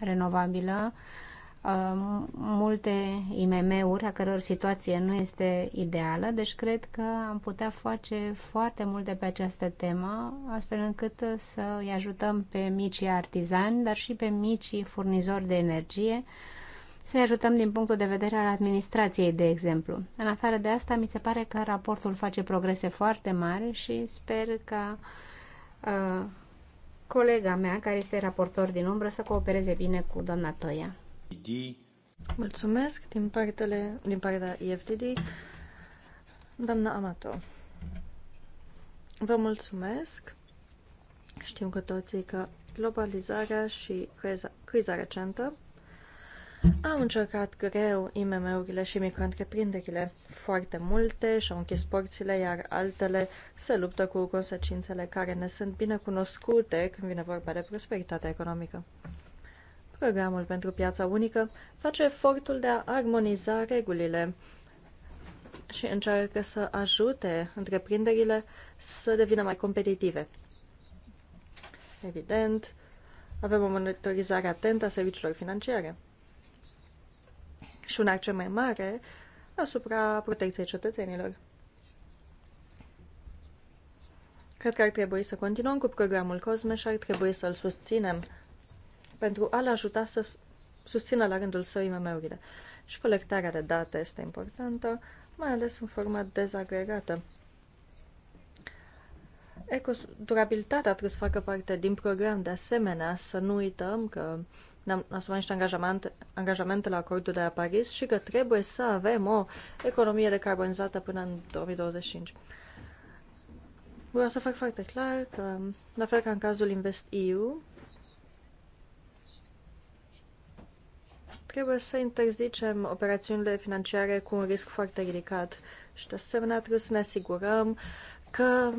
renovabilă, uh, multe IMM-uri a căror situație nu este ideală, deci cred că am putea face foarte multe pe această temă, astfel încât să îi ajutăm pe micii artizani, dar și pe micii furnizori de energie, să ne ajutăm din punctul de vedere al administrației, de exemplu. În afară de asta, mi se pare că raportul face progrese foarte mari și sper că uh, colega mea, care este raportor din umbră, să coopereze bine cu doamna Toia. Mulțumesc din, partele, din partea IFTD, doamna Amato. Vă mulțumesc. Știm cu toții că globalizarea și criza, criza recentă am încercat greu IMM-urile și microîntreprinderile. Foarte multe și-au închis porțile, iar altele se luptă cu consecințele care ne sunt bine cunoscute când vine vorba de prosperitatea economică. Programul pentru piața unică face efortul de a armoniza regulile și încearcă să ajute întreprinderile să devină mai competitive. Evident, avem o monitorizare atentă a serviciilor financiare și un accent mai mare asupra protecției cetățenilor. Cred că ar trebui să continuăm cu programul COSME și ar trebui să-l susținem pentru a-l ajuta să susțină la rândul său IMM-urile. Și colectarea de date este importantă, mai ales în formă dezagregată. durabilitatea trebuie să facă parte din program de asemenea, să nu uităm că uh, ne-am asumat niște angajamente, angajamente la acordul de la Paris și că trebuie să avem o economie decarbonizată până în 2025. Vreau să fac foarte clar că, la fel ca în cazul InvestEU, trebuie să interzicem operațiunile financiare cu un risc foarte ridicat și, de asemenea, trebuie să ne asigurăm că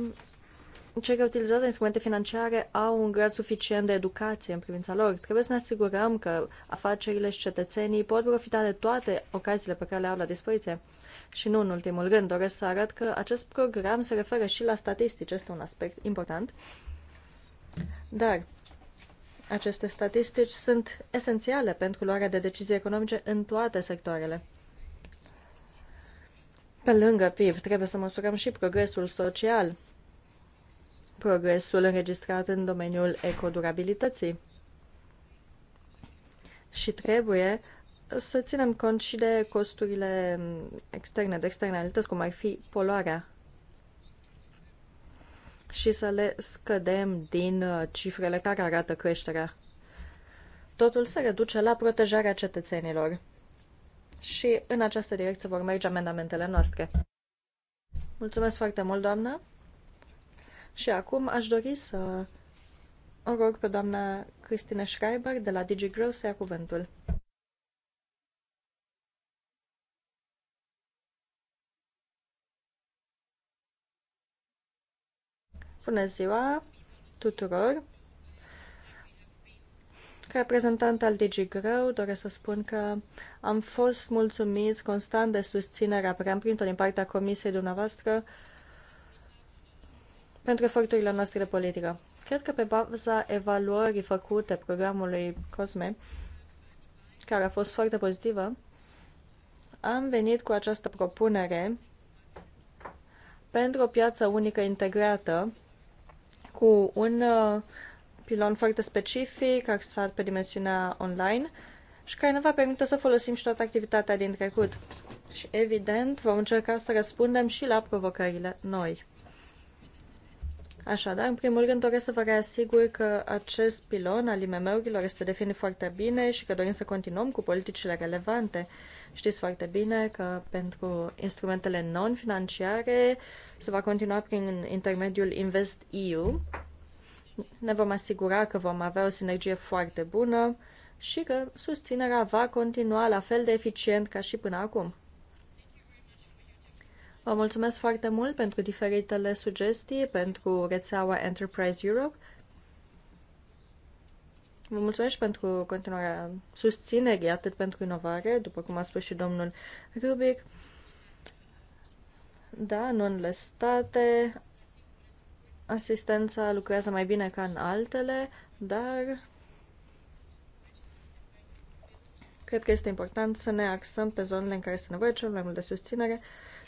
cei care utilizează instrumente financiare au un grad suficient de educație în privința lor. Trebuie să ne asigurăm că afacerile și cetățenii pot profita de toate ocaziile pe care le au la dispoziție. Și nu în ultimul rând, doresc să arăt că acest program se referă și la statistici, este un aspect important. Dar aceste statistici sunt esențiale pentru luarea de decizii economice în toate sectoarele. Pe lângă PIB, trebuie să măsurăm și progresul social, progresul înregistrat în domeniul ecodurabilității. Și trebuie să ținem cont și de costurile externe, de externalități, cum ar fi poluarea și să le scădem din uh, cifrele care arată creșterea. Totul se reduce la protejarea cetățenilor. Și în această direcție vor merge amendamentele noastre. Mulțumesc foarte mult, doamnă! Și acum aș dori să o rog pe doamna Cristina Schreiber de la DigiGrow să ia cuvântul. Bună ziua tuturor! Ca reprezentant al DigiGrow doresc să spun că am fost mulțumiți constant de susținerea prea amplintă din partea comisiei dumneavoastră uh, pentru eforturile noastre de politică. Cred că pe baza evaluării făcute programului COSME, care a fost foarte pozitivă, am venit cu această propunere pentru o piață unică integrată cu un uh, pilon foarte specific axat pe dimensiunea online și care ne va permite să folosim și toată activitatea din trecut. Și evident, vom încerca să răspundem și la provocările noi. Așadar, în primul rând doresc să vă reasigur că acest pilon al IMM-urilor este definit foarte bine și că dorim să continuăm cu politicile relevante. Știți foarte bine că pentru instrumentele non-financiare se va continua prin intermediul Invest EU. Ne vom asigura că vom avea o sinergie foarte bună și că susținerea va continua la fel de eficient ca și până acum. Vă mulțumesc foarte mult pentru diferitele sugestii, pentru rețeaua Enterprise Europe. Vă mulțumesc pentru continuarea susținerii, atât pentru inovare, după cum a spus și domnul Rubic. Da, în unele state asistența lucrează mai bine ca în altele, dar cred că este important să ne axăm pe zonele în care este nevoie cel mai mult de susținere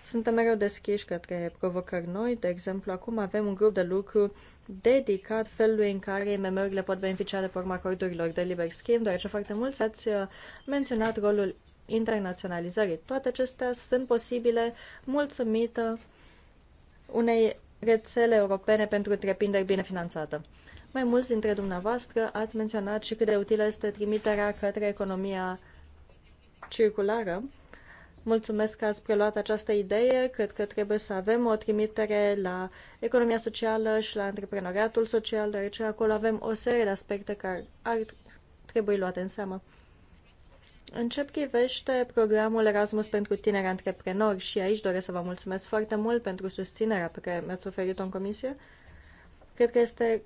suntem mereu deschiși către provocări noi. De exemplu, acum avem un grup de lucru dedicat felului în care IMM-urile pot beneficia de forma acordurilor de liber schimb, deoarece foarte mulți ați uh, menționat rolul internaționalizării. Toate acestea sunt posibile mulțumită unei rețele europene pentru întreprinderi bine finanțată. Mai mulți dintre dumneavoastră ați menționat și cât de utilă este trimiterea către economia circulară Mulțumesc că ați preluat această idee. Cred că trebuie să avem o trimitere la economia socială și la antreprenoriatul social, deoarece acolo avem o serie de aspecte care ar trebui luate în seamă. În ce privește programul Erasmus pentru tineri antreprenori și aici doresc să vă mulțumesc foarte mult pentru susținerea pe care mi-ați oferit-o în comisie. Cred că este,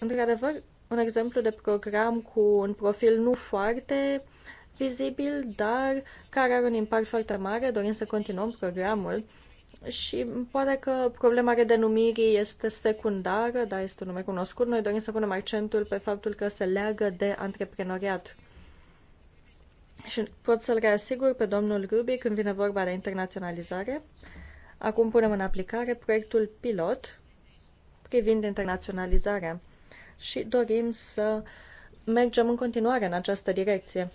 într-adevăr, un exemplu de program cu un profil nu foarte vizibil, dar care are un impact foarte mare. Dorim să continuăm programul și poate că problema redenumirii este secundară, dar este un nume cunoscut. Noi dorim să punem accentul pe faptul că se leagă de antreprenoriat. Și pot să-l reasigur pe domnul Ruby când vine vorba de internaționalizare. Acum punem în aplicare proiectul pilot privind internaționalizarea și dorim să mergem în continuare în această direcție.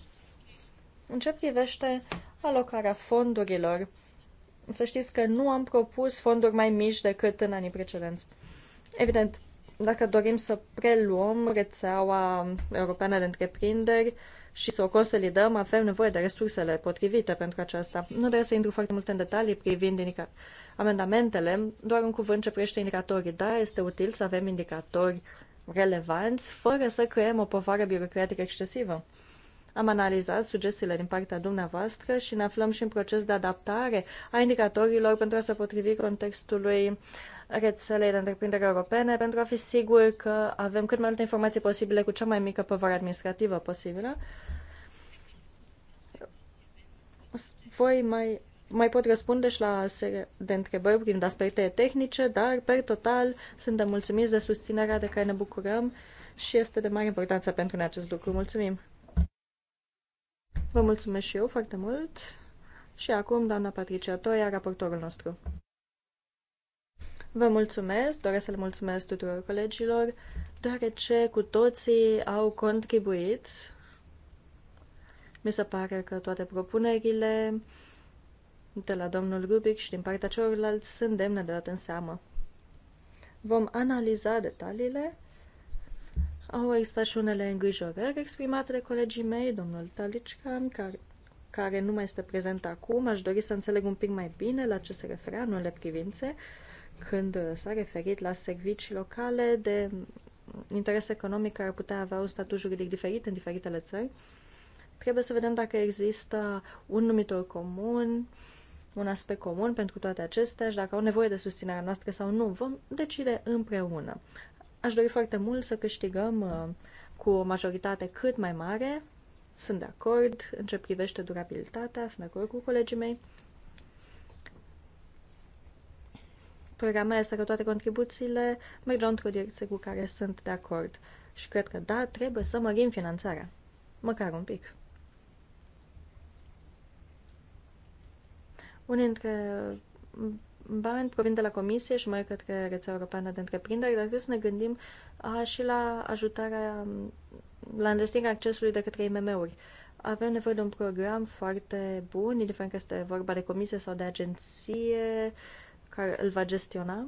În ce privește alocarea fondurilor, să știți că nu am propus fonduri mai mici decât în anii precedenți. Evident, dacă dorim să preluăm rețeaua europeană de întreprinderi și să o consolidăm, avem nevoie de resursele potrivite pentru aceasta. Nu trebuie să intru foarte multe în detalii privind amendamentele, doar un cuvânt ce privește indicatorii. Da, este util să avem indicatori relevanți fără să creăm o povară birocratică excesivă. Am analizat sugestiile din partea dumneavoastră și ne aflăm și în proces de adaptare a indicatorilor pentru a se potrivi contextului rețelei de întreprindere europene pentru a fi sigur că avem cât mai multe informații posibile cu cea mai mică povară administrativă posibilă. Voi mai, mai pot răspunde și la serie de întrebări prin aspecte tehnice, dar, pe total, suntem mulțumiți de susținerea de care ne bucurăm și este de mare importanță pentru noi acest lucru. Mulțumim! Vă mulțumesc și eu foarte mult. Și acum, doamna Patricia Toia, raportorul nostru. Vă mulțumesc, doresc să le mulțumesc tuturor colegilor, deoarece cu toții au contribuit. Mi se pare că toate propunerile de la domnul Rubic și din partea celorlalți sunt demne de dat în seamă. Vom analiza detaliile au existat și unele îngrijorări exprimate de colegii mei, domnul Talician, care, care nu mai este prezent acum. Aș dori să înțeleg un pic mai bine la ce se referea în unele privințe când s-a referit la servicii locale de interes economic care ar putea avea un statut juridic diferit în diferitele țări. Trebuie să vedem dacă există un numitor comun, un aspect comun pentru toate acestea și dacă au nevoie de susținerea noastră sau nu. Vom decide împreună. Aș dori foarte mult să câștigăm uh, cu o majoritate cât mai mare. Sunt de acord în ce privește durabilitatea, sunt de acord cu colegii mei. Părerea mea este că toate contribuțiile mergeau într-o direcție cu care sunt de acord. Și cred că, da, trebuie să mărim finanțarea. Măcar un pic. Unii dintre bani provin de la Comisie și mai către rețeaua europeană de întreprinderi, dar trebuie să ne gândim a, și la ajutarea, la înlesnirea accesului de către IMM-uri. Avem nevoie de un program foarte bun, indiferent că este vorba de comisie sau de agenție care îl va gestiona.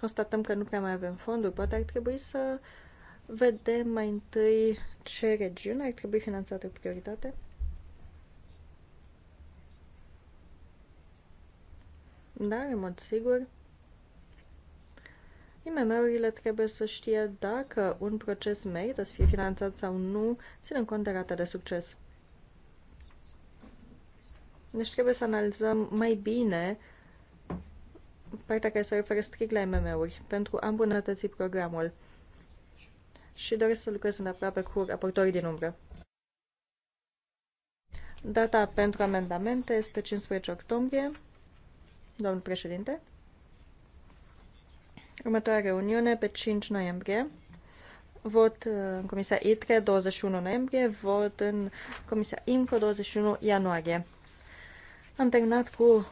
Constatăm că nu prea mai avem fonduri, poate ar trebui să vedem mai întâi ce regiune ar trebui finanțată cu prioritate. Dar, în mod sigur, IMM-urile trebuie să știe dacă un proces merită să fie finanțat sau nu, ținând cont de rata de succes. Deci trebuie să analizăm mai bine partea care se referă strict la MMM-uri pentru a îmbunătăți programul și doresc să lucrez îndeaproape cu raportorii din umbră. Data pentru amendamente este 15 octombrie domnul președinte. Următoarea reuniune pe 5 uh, noiembrie. Vot în Comisia ITRE 21 noiembrie, vot în Comisia IMCO 21 ianuarie. Am terminat cu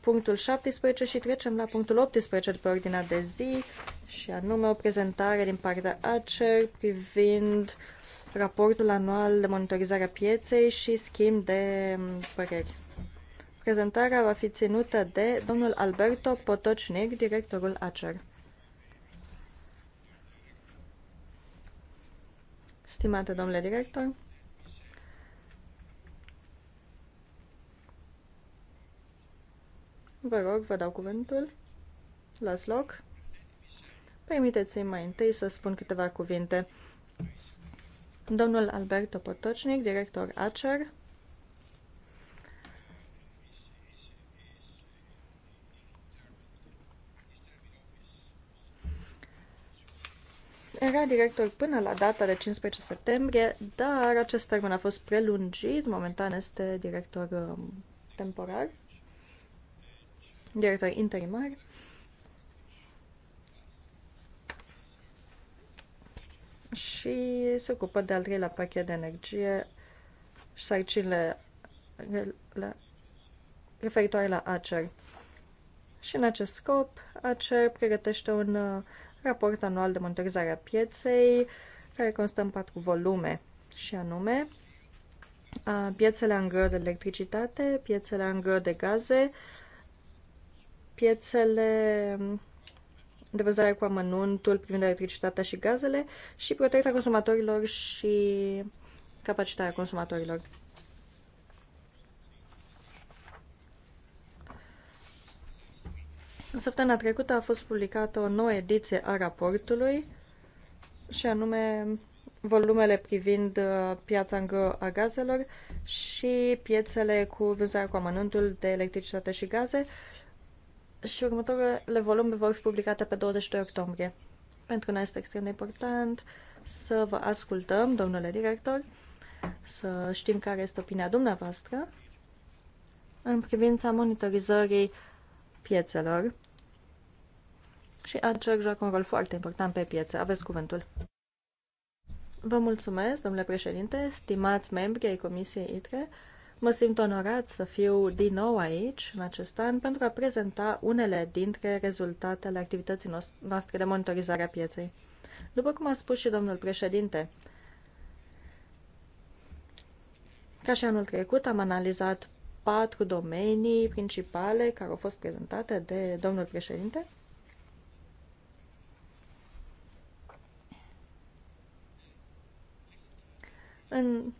punctul 17 și trecem la punctul 18 de pe ordinea de zi și anume o prezentare din partea ACER privind raportul anual de monitorizare a pieței și schimb de um, păreri. Prezentarea va fi ținută de domnul Alberto Potocnic, directorul ACER. Stimate domnule director, vă rog, vă dau cuvântul. Las loc. Permiteți-mi mai întâi să spun câteva cuvinte. Domnul Alberto Potocnic, director ACER, era director până la data de 15 septembrie, dar acest termen a fost prelungit, momentan este director um, temporar, director interimar. Și se ocupă de al treilea pachet de energie și sarcinile referitoare la ACER. Și în acest scop, ACER pregătește un uh, raport anual de monitorizare a pieței, care constă în patru volume, și anume piețele în de electricitate, piețele în de gaze, piețele de vânzare cu amănuntul privind electricitatea și gazele și protecția consumatorilor și capacitatea consumatorilor. În săptămâna trecută a fost publicată o nouă ediție a raportului, și anume volumele privind uh, piața în a gazelor și piețele cu vânzarea cu amănântul de electricitate și gaze și următoarele volume vor fi publicate pe 22 octombrie. Pentru noi este extrem de important să vă ascultăm, domnule director, să știm care este opinia dumneavoastră în privința monitorizării piețelor și AdTrack joacă un rol foarte important pe piață. Aveți cuvântul. Vă mulțumesc, domnule președinte, stimați membri ai Comisiei ITRE. Mă simt onorat să fiu din nou aici, în acest an, pentru a prezenta unele dintre rezultatele activității noastre de monitorizare a pieței. După cum a spus și domnul președinte, ca și anul trecut, am analizat patru domenii principale care au fost prezentate de domnul președinte În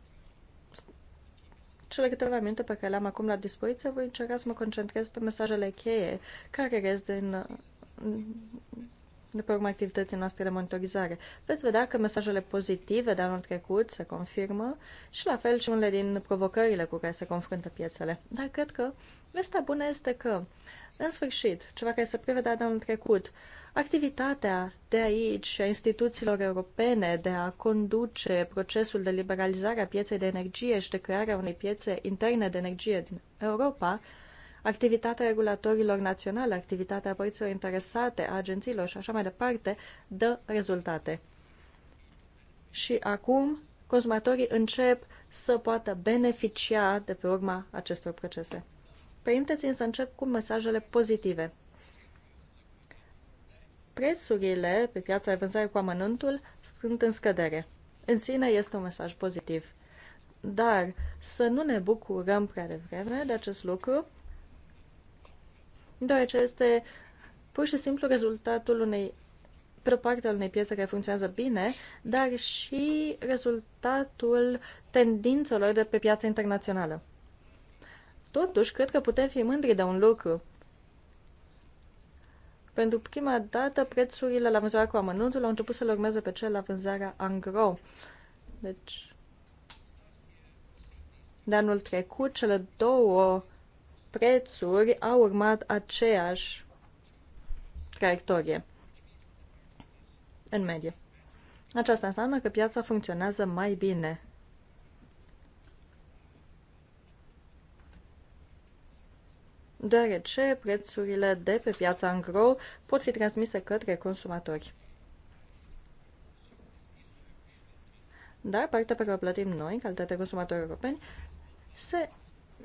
cele câteva minute pe care le-am acum la dispoziție, voi încerca să mă concentrez pe mesajele cheie care rez din de pe urmă activității noastre de monitorizare. Veți vedea că mesajele pozitive de anul trecut se confirmă și la fel și unele din provocările cu care se confruntă piețele. Dar cred că vestea bună este că, în sfârșit, ceva care se prevedea de anul trecut, uh, Activitatea de aici a instituțiilor europene de a conduce procesul de liberalizare a pieței de energie și de crearea unei piețe interne de energie din Europa, activitatea regulatorilor naționale, activitatea părților interesate, a agențiilor și așa mai departe, dă rezultate. Și acum consumatorii încep să poată beneficia de pe urma acestor procese. Permiteți-mi să încep cu mesajele pozitive prețurile pe piața de vânzare cu amănântul sunt în scădere. În sine este un mesaj pozitiv. Dar să nu ne bucurăm prea devreme de acest lucru, deoarece este pur și simplu rezultatul unei prăparte al unei piețe care funcționează bine, dar și rezultatul tendințelor de pe piața internațională. Totuși, cred că putem fi mândri de un lucru, pentru prima dată, prețurile la vânzarea cu amănuntul au început să l urmeze pe cel la vânzarea angro. Deci, de anul trecut, cele două prețuri au urmat aceeași traiectorie în medie. Aceasta înseamnă că piața funcționează mai bine deoarece prețurile de pe piața Angro pot fi transmise către consumatori. Dar partea pe care o plătim noi, în calitate de consumatori europeni, se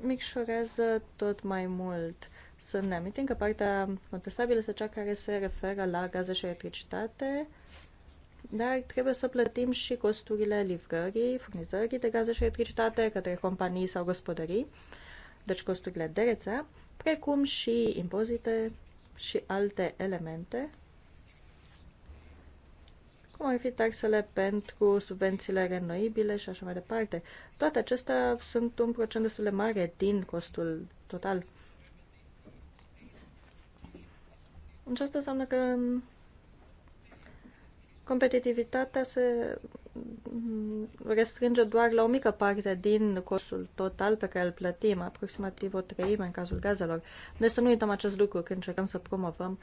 micșorează tot mai mult. Să ne amintim că partea contestabilă este cea care se referă la gaze și electricitate, dar trebuie să plătim și costurile livrării, furnizării de gaze și electricitate către companii sau gospodării, deci costurile de rețea, precum și impozite și alte elemente, cum ar fi taxele pentru subvențiile renoibile și așa mai departe. Toate acestea sunt un procent destul de mare din costul total. asta înseamnă că competitivitatea se Mm, restrânge doar la o mică parte din costul total pe care îl plătim, aproximativ o treime în cazul gazelor. Deci să nu uităm acest lucru când încercăm să promovăm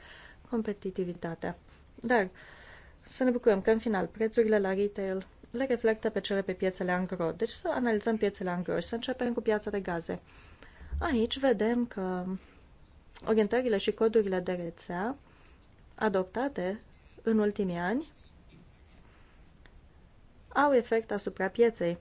competitivitatea. Dar să ne bucurăm că, în final, prețurile la retail le reflectă pe cele pe piețele angro. Deci să analizăm piețele angro și să începem cu piața de gaze. Aici vedem că orientările și codurile de rețea adoptate în ultimii ani au efect asupra pieței.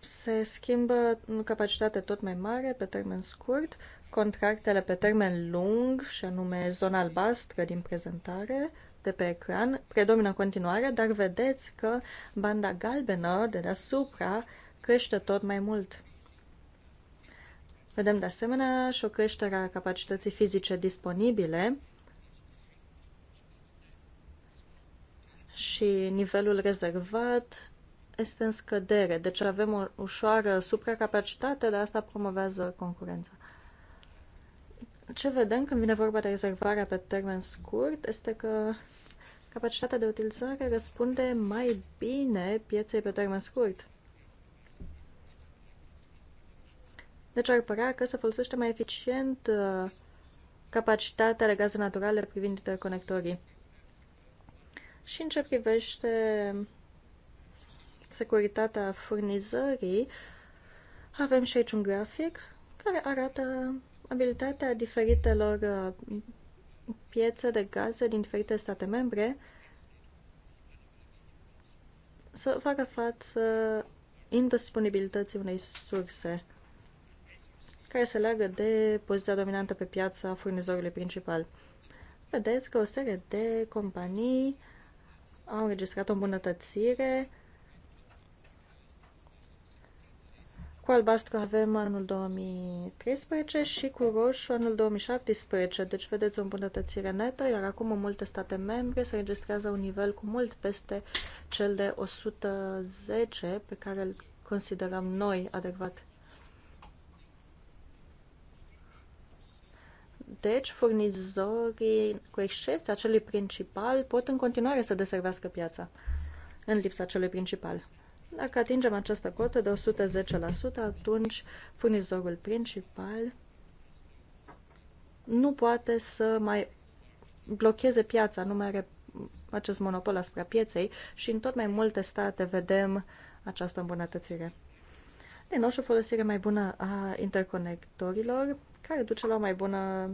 Se schimbă în capacitate tot mai mare pe termen scurt, contractele pe termen lung, și anume zona albastră din prezentare, de pe ecran, predomină în continuare, dar vedeți că banda galbenă de deasupra crește tot mai mult. Vedem de asemenea și o creștere a capacității fizice disponibile, și nivelul rezervat este în scădere. Deci avem o ușoară supracapacitate, dar asta promovează concurența. Ce vedem când vine vorba de rezervarea pe termen scurt este că capacitatea de utilizare răspunde mai bine pieței pe termen scurt. Deci ar părea că se folosește mai eficient uh, capacitatea de gaze naturale privind interconectorii. Și în ce privește securitatea furnizării, avem și aici un grafic care arată abilitatea diferitelor uh, piețe de gaze din diferite state membre să facă față indisponibilității unei surse care se leagă de poziția dominantă pe piața furnizorului principal. Vedeți că o serie de companii uh, am înregistrat o îmbunătățire. Cu albastru avem anul 2013 și cu roșu anul 2017, deci vedeți o îmbunătățire netă, iar acum în multe state membre se registrează un nivel cu mult peste cel de 110 pe care îl considerăm noi adecvat Deci, furnizorii, cu excepția celui principal, pot în continuare să deservească piața în lipsa celui principal. Dacă atingem această cotă de 110%, atunci furnizorul principal nu poate să mai blocheze piața, nu mai are acest monopol asupra pieței și în tot mai multe state vedem această îmbunătățire. Din nou și o folosire mai bună a interconectorilor, care duce la o mai bună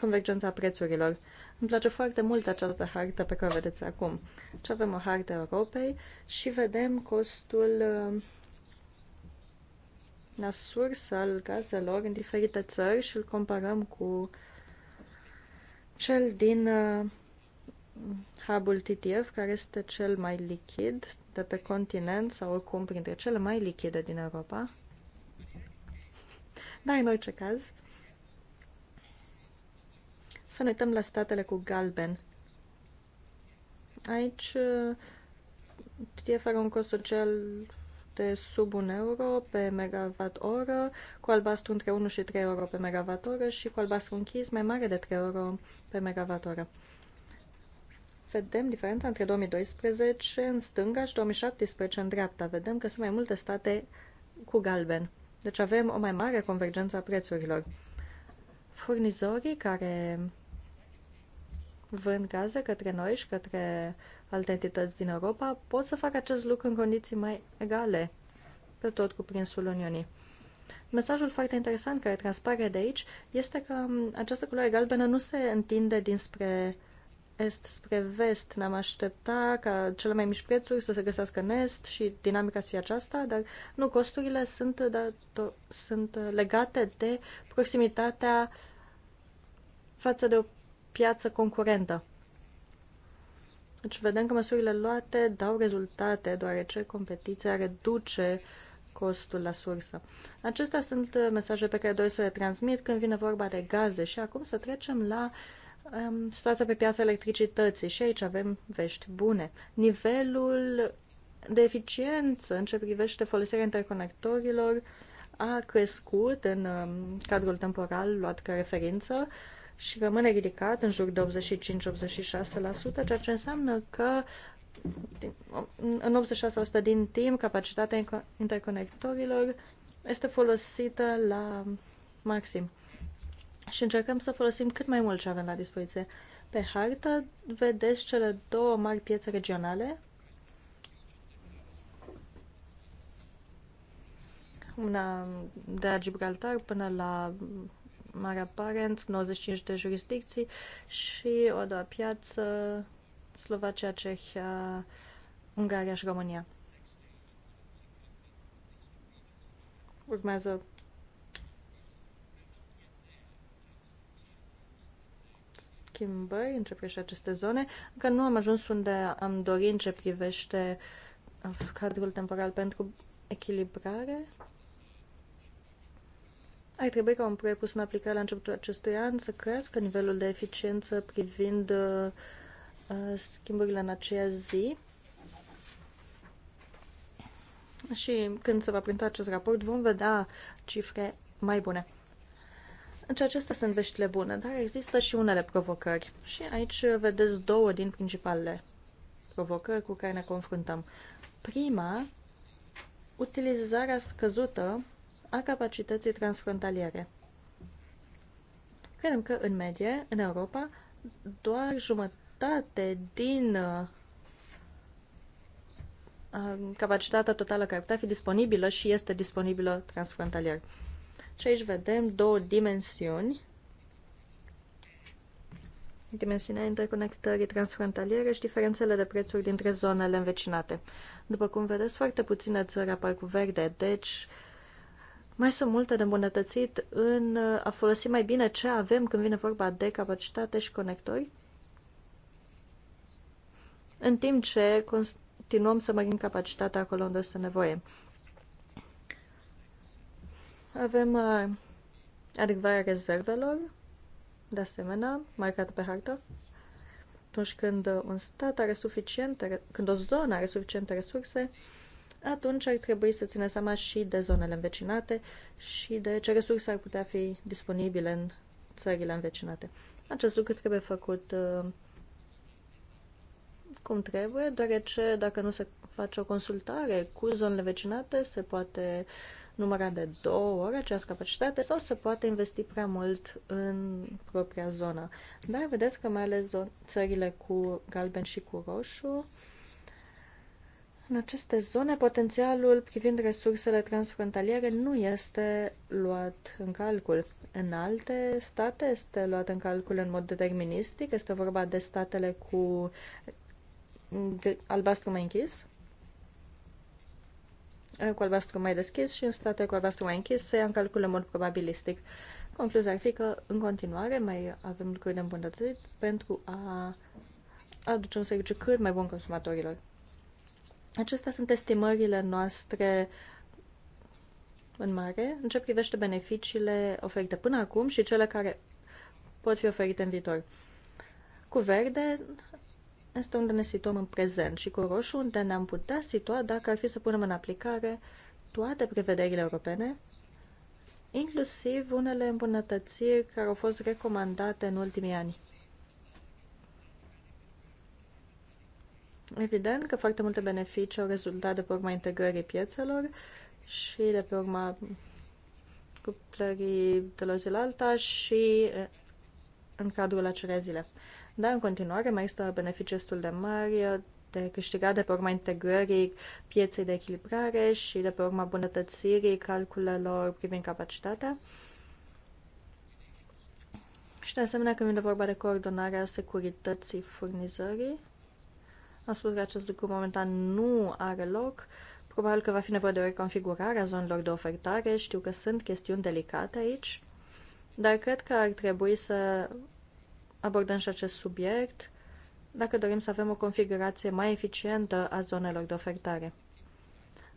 convergență a prețurilor. Îmi place foarte mult această hartă pe care o vedeți acum. Ce deci avem o hartă Europei și vedem costul uh, la sursă al gazelor în diferite țări și îl comparăm cu cel din uh, hubul TTF, care este cel mai lichid de pe continent sau oricum printre cele mai lichide din Europa. Dar în orice caz, să ne uităm la statele cu galben. Aici oferă un cost social de sub 1 euro pe megawatt oră, cu albastru între 1 și 3 euro pe megawatt oră și cu albastru închis mai mare de 3 euro pe megawatt oră. Vedem diferența între 2012 în stânga și 2017 în dreapta. Vedem că sunt mai multe state cu galben. Deci avem o mai mare convergență a prețurilor. Furnizorii care vând gaze către noi și către alte entități din Europa, pot să facă acest lucru în condiții mai egale pe tot cuprinsul Uniunii. Mesajul foarte interesant care transpare de aici este că um, această culoare galbenă nu se întinde dinspre est spre vest. n am aștepta ca cele mai mici prețuri să se găsească în est și dinamica să fie aceasta, dar nu, costurile sunt, da, sunt legate de proximitatea față de o piață concurentă. Deci vedem că măsurile luate dau rezultate, deoarece competiția reduce costul la sursă. Acestea sunt mesaje pe care doresc să le transmit când vine vorba de gaze și acum să trecem la um, situația pe piața electricității și aici avem vești bune. Nivelul de eficiență în ce privește folosirea interconectorilor a crescut în um, cadrul temporal luat ca referință. Uh, și rămâne ridicat în jur de 85-86%, ceea ce înseamnă că în 86% din timp capacitatea interconectorilor este folosită la maxim. Și încercăm să folosim cât mai mult ce avem la dispoziție. Pe hartă vedeți cele două mari piețe regionale, una de la Gibraltar până la mare aparent, 95 de jurisdicții și o a doua piață, Slovacia, Cehia, Ungaria și România. Urmează schimbări în ce privește aceste zone. Încă nu am ajuns unde am dorit în ce privește cadrul temporal pentru echilibrare. Ar trebui ca un proiect pus în aplicare la începutul acestui an să crească nivelul de eficiență privind uh, uh, schimbările în aceea zi. Și când se va printa acest raport, vom vedea cifre mai bune. Deci acestea sunt veștile bune, dar există și unele provocări. Și aici vedeți două din principalele provocări cu care ne confruntăm. Prima, utilizarea scăzută a capacității transfrontaliere. Credem că, în medie, în Europa, doar jumătate din uh, uh, capacitatea totală care putea fi disponibilă și este disponibilă transfrontalier. Și aici vedem două dimensiuni. Dimensiunea interconectării transfrontaliere și diferențele de prețuri dintre zonele învecinate. După cum vedeți, foarte puține țări apar cu verde, deci uh, mai sunt multe de îmbunătățit în a folosi mai bine ce avem când vine vorba de capacitate și conectori, în timp ce continuăm să mărim capacitatea acolo unde este nevoie. Avem uh, adecvarea rezervelor, de asemenea, marcată pe hartă. Atunci când un stat are suficiente, când o zonă are suficiente resurse, atunci ar trebui să ține seama și de zonele învecinate și de ce resurse ar putea fi disponibile în țările învecinate. Acest lucru trebuie făcut uh, cum trebuie, deoarece dacă nu se face o consultare cu zonele vecinate, se poate număra de două ori această capacitate sau se poate investi prea mult în propria zonă. Dar vedeți că mai ales țările cu galben și cu roșu în aceste zone, potențialul privind resursele transfrontaliere nu este luat în calcul. În alte state este luat în calcul în mod deterministic, este vorba de statele cu albastru mai închis, cu albastru mai deschis și în state cu albastru mai închis se ia în calcul în mod probabilistic. Concluzia ar fi că, în continuare, mai avem lucruri de îmbunătățit pentru a aduce un serviciu cât mai bun consumatorilor. Acestea sunt estimările noastre în mare în ce privește beneficiile oferite până acum și cele care pot fi oferite în viitor. Cu verde este unde ne situăm în prezent și cu roșu unde ne-am putea situa dacă ar fi să punem în aplicare toate prevederile europene, inclusiv unele îmbunătățiri care au fost recomandate în ultimii ani. Evident că foarte multe beneficii au rezultat de pe urma integrării piețelor și de pe urma cuplării de la zi la alta și în cadrul acelea zile. Dar, în continuare, mai există beneficii destul de mari de câștigat de pe urma integrării pieței de echilibrare și de pe urma bunătățirii calculelor privind capacitatea. Și, de asemenea, când vine vorba de coordonarea securității furnizării, am spus că acest lucru momentan nu are loc. Probabil că va fi nevoie de o reconfigurare a zonelor de ofertare. Știu că sunt chestiuni delicate aici, dar cred că ar trebui să abordăm și acest subiect dacă dorim să avem o configurație mai eficientă a zonelor de ofertare.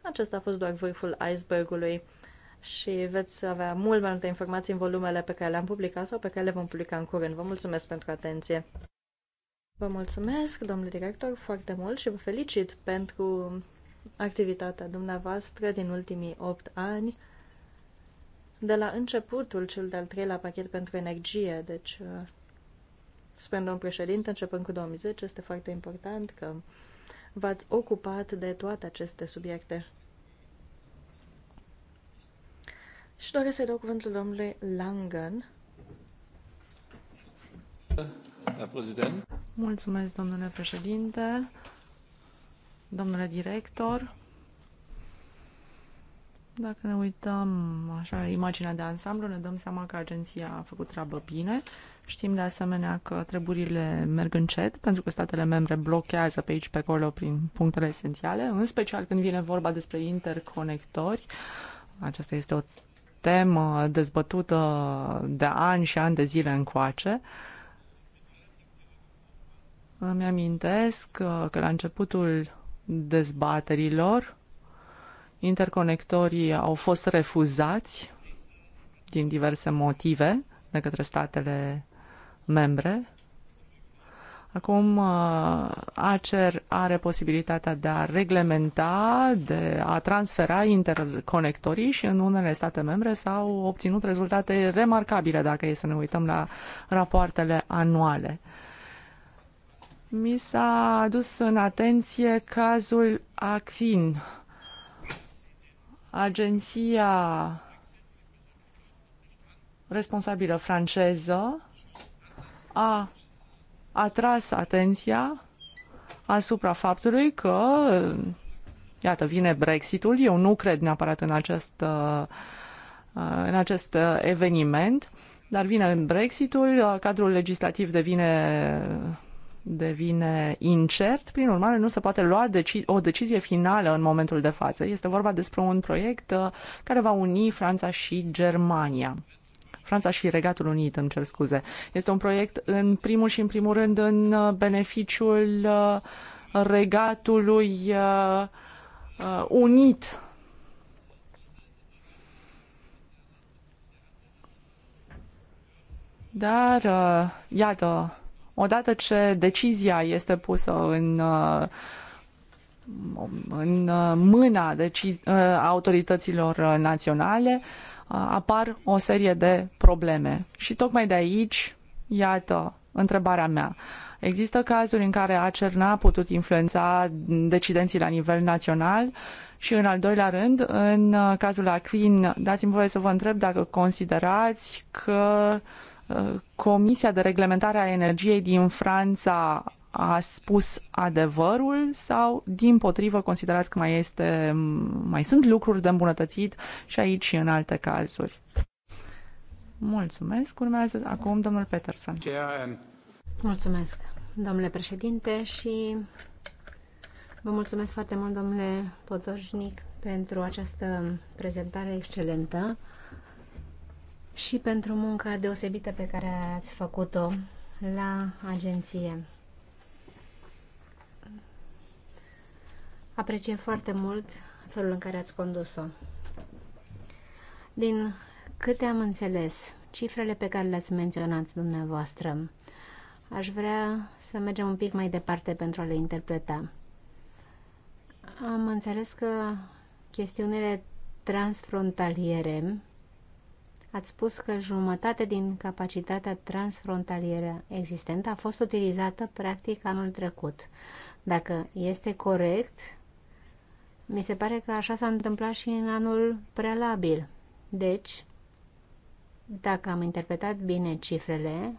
Acesta a fost doar vârful icebergului și veți avea mult mai multe informații în volumele pe care le-am publicat sau pe care le vom publica în curând. Vă mulțumesc pentru atenție! Vă mulțumesc, domnule director, foarte mult și vă felicit pentru activitatea dumneavoastră din ultimii 8 ani, de la începutul cel de-al treilea pachet pentru energie, deci uh, spre domn președinte, începând cu 2010, este foarte important că v-ați ocupat de toate aceste subiecte. Și doresc să-i dau cuvântul domnului Langen. Mulțumesc, domnule președinte, domnule director. Dacă ne uităm așa imaginea de ansamblu, ne dăm seama că agenția a făcut treabă bine. Știm de asemenea că treburile merg încet, pentru că statele membre blochează pe aici, pe acolo, prin punctele esențiale, în special când vine vorba despre interconectori. Aceasta este o temă dezbătută de ani și ani de zile încoace. Uh, îmi amintesc uh, că la începutul dezbaterilor interconectorii au fost refuzați din diverse motive de către statele membre. Acum uh, ACER are posibilitatea de a reglementa, de a transfera interconectorii și în unele state membre s-au obținut rezultate remarcabile dacă e să ne uităm la rapoartele anuale mi s-a adus în atenție cazul Acfin. Agenția responsabilă franceză a atras atenția asupra faptului că, iată, vine Brexitul. Eu nu cred neapărat în acest, uh, în acest eveniment, dar vine Brexitul, uh, cadrul legislativ devine devine incert, prin urmare nu se poate lua deci- o decizie finală în momentul de față. Este vorba despre un proiect uh, care va uni Franța și Germania. Franța și Regatul Unit, îmi cer scuze. Este un proiect în primul și în primul rând în uh, beneficiul uh, Regatului Unit. Dar, iată, Odată ce decizia este pusă în uh, în uh, mâna decizi- uh, autorităților naționale apar o serie de probleme. Și tocmai de aici, iată, întrebarea mea. Există cazuri în care ACER n-a putut influența decidenții la nivel național și în al doilea rând, în cazul Aquin, dați-mi voie să vă întreb dacă considerați că uh, Comisia de Reglementare a Energiei din Franța a spus adevărul sau, din potrivă, considerați că mai, este, mai sunt lucruri de îmbunătățit și aici și în alte cazuri? Mulțumesc. Urmează acum domnul Peterson. Mulțumesc, domnule președinte, și vă mulțumesc foarte mult, domnule Podoșnic, pentru această prezentare excelentă și pentru munca deosebită pe care ați făcut-o la agenție. Apreciem foarte mult felul în care ați condus-o. Din câte am înțeles, cifrele pe care le-ați menționat dumneavoastră, aș vrea să mergem un pic mai departe pentru a le interpreta. Am înțeles că chestiunile transfrontaliere Ați spus că jumătate din capacitatea transfrontalieră existentă a fost utilizată practic anul trecut. Dacă este corect, mi se pare că așa s-a întâmplat și în anul prealabil. Deci, dacă am interpretat bine cifrele,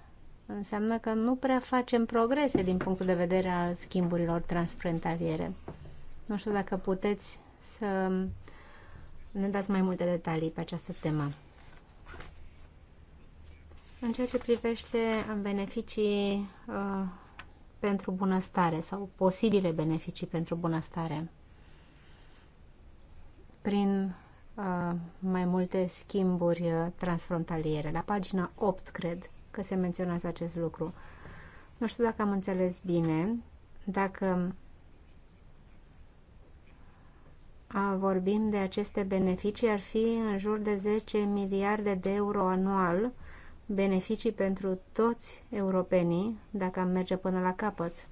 înseamnă că nu prea facem progrese din punctul de vedere al schimburilor transfrontaliere. Nu știu dacă puteți să ne dați mai multe detalii pe această temă. În ceea ce privește beneficii uh, pentru bunăstare sau posibile beneficii pentru bunăstare prin uh, mai multe schimburi uh, transfrontaliere. La pagina 8, cred că se menționează acest lucru. Nu știu dacă am înțeles bine, dacă vorbim de aceste beneficii, ar fi în jur de 10 miliarde de euro anual beneficii pentru toți europenii dacă am merge până la capăt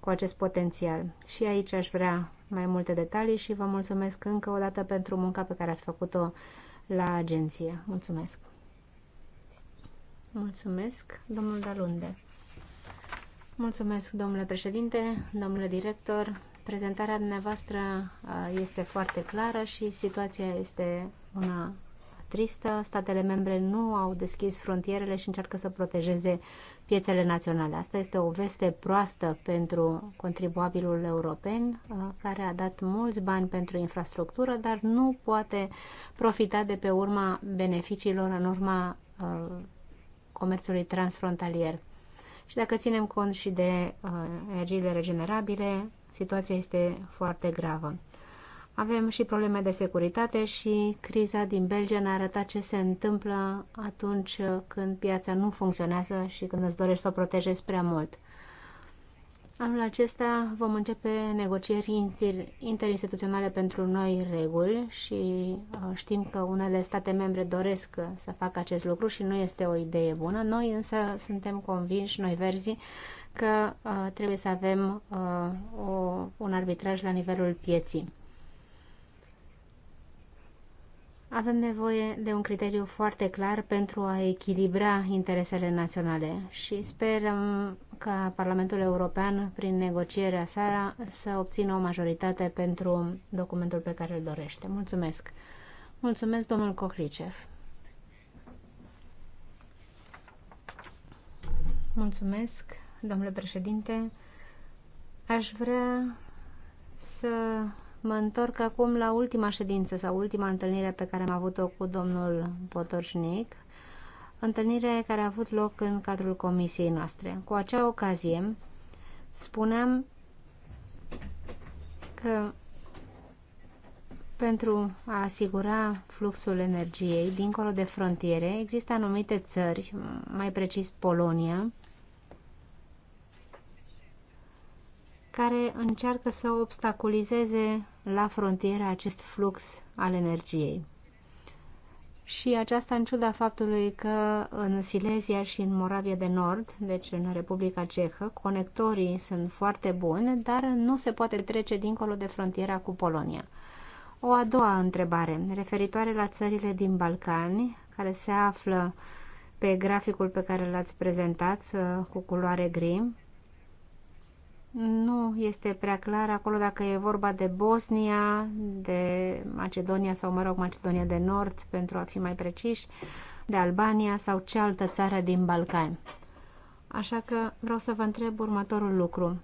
cu acest potențial. Și aici aș vrea mai multe detalii și vă mulțumesc încă o dată pentru munca pe care ați făcut-o la agenție. Mulțumesc! Mulțumesc, domnul Dalunde. Mulțumesc, domnule președinte, domnule director. Prezentarea dumneavoastră uh, este foarte clară și situația este una tristă, statele membre nu au deschis frontierele și încearcă să protejeze piețele naționale. Asta este o veste proastă pentru contribuabilul european, uh, care a dat mulți bani pentru infrastructură, dar nu poate profita de pe urma beneficiilor în urma uh, comerțului transfrontalier. Și dacă ținem cont și de uh, energiile regenerabile, situația este foarte gravă. Avem și probleme de securitate și criza din Belgia ne-a arătat ce se întâmplă atunci când piața nu funcționează și când îți dorești să o protejezi prea mult. Anul acesta vom începe negocieri inter, interinstituționale pentru noi reguli și uh, știm că unele state membre doresc să facă acest lucru și nu este o idee bună. Noi însă suntem convinși, noi verzi, că uh, trebuie să avem uh, o, un arbitraj la nivelul pieții. Avem nevoie de un criteriu foarte clar pentru a echilibra interesele naționale și sperăm ca Parlamentul European, prin negocierea sa, să obțină o majoritate pentru documentul pe care îl dorește. Mulțumesc! Mulțumesc, domnul Cochlicev! Mulțumesc, domnule președinte! Aș vrea să Mă întorc acum la ultima ședință sau ultima întâlnire pe care am avut-o cu domnul Potoșnic, întâlnire care a avut loc în cadrul comisiei noastre. Cu acea ocazie spuneam că pentru a asigura fluxul energiei dincolo de frontiere, există anumite țări, mai precis Polonia, care încearcă să obstaculizeze la frontieră acest flux al energiei. Și aceasta în ciuda faptului că în Silesia și în Moravia de Nord, deci în Republica Cehă, conectorii sunt foarte buni, dar nu se poate trece dincolo de frontiera cu Polonia. O a doua întrebare, referitoare la țările din Balcani, care se află pe graficul pe care l-ați prezentat uh, cu culoare gri, nu este prea clar acolo dacă e vorba de Bosnia, de Macedonia sau, mă rog, Macedonia de Nord, pentru a fi mai preciși, de Albania sau ce altă țară din Balcani. Așa că vreau să vă întreb următorul lucru.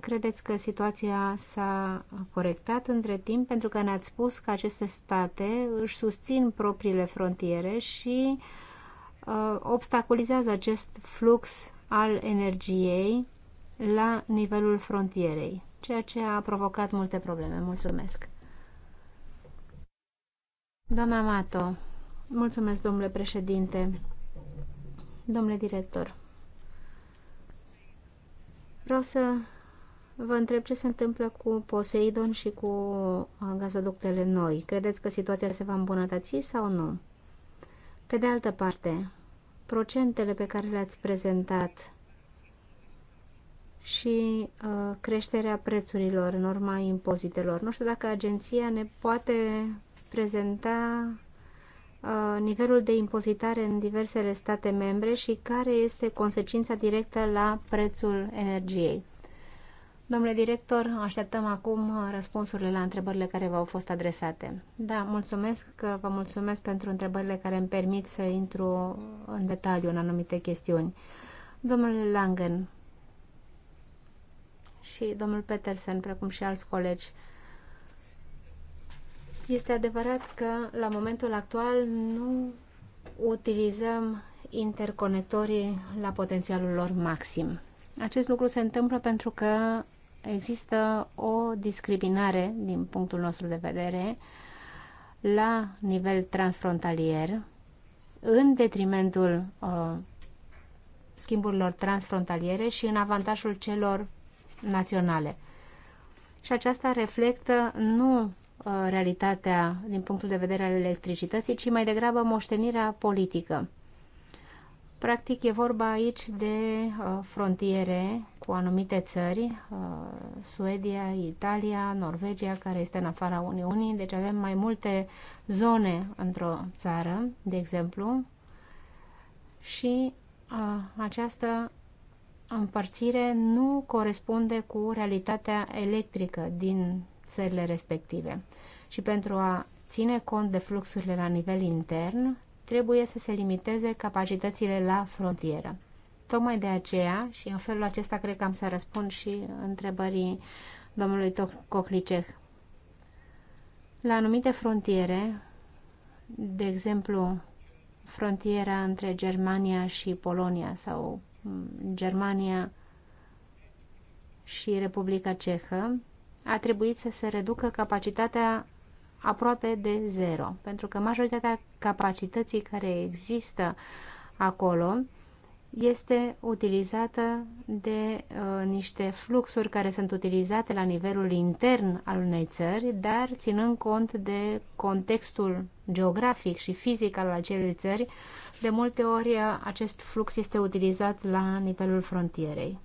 Credeți că situația s-a corectat între timp pentru că ne-ați spus că aceste state își susțin propriile frontiere și uh, obstaculizează acest flux al energiei la nivelul frontierei, ceea ce a provocat multe probleme. Mulțumesc! Doamna Mato, mulțumesc, domnule președinte, domnule director. Vreau să vă întreb ce se întâmplă cu Poseidon și cu uh, gazoductele noi. Credeți că situația se va îmbunătăți sau nu? Pe de altă parte, procentele pe care le-ați prezentat și uh, creșterea prețurilor în urma impozitelor. Nu știu dacă agenția ne poate prezenta uh, nivelul de impozitare în diversele state membre și care este consecința directă la prețul energiei. Domnule director, așteptăm acum uh, răspunsurile la întrebările care v-au fost adresate. Da, mulțumesc că vă mulțumesc pentru întrebările care îmi permit să intru în detaliu în anumite chestiuni. Domnule Langen, și domnul Petersen, precum și alți colegi. Este adevărat că la momentul actual nu utilizăm interconectorii la potențialul lor maxim. Acest lucru se întâmplă pentru că există o discriminare din punctul nostru de vedere la nivel transfrontalier în detrimentul uh, schimburilor transfrontaliere și în avantajul celor naționale. Și aceasta reflectă nu uh, realitatea din punctul de vedere al electricității, ci mai degrabă moștenirea politică. Practic e vorba aici de uh, frontiere cu anumite țări, uh, Suedia, Italia, Norvegia, care este în afara Uniunii, deci avem mai multe zone într-o țară, de exemplu, și această împărțire nu corespunde cu realitatea electrică din țările respective. Și pentru a ține cont de fluxurile la nivel intern, trebuie să se limiteze capacitățile la frontieră. Tocmai de aceea, și în felul acesta cred că am să răspund și întrebării domnului Cocliceh. La anumite frontiere, de exemplu, frontiera între Germania și Polonia sau Germania și Republica Cehă, a trebuit să se reducă capacitatea aproape de zero, pentru că majoritatea capacității care există acolo este utilizată de uh, niște fluxuri care sunt utilizate la nivelul intern al unei țări, dar ținând cont de contextul geografic și fizic al acelei țări, de multe ori uh, acest flux este utilizat la nivelul frontierei.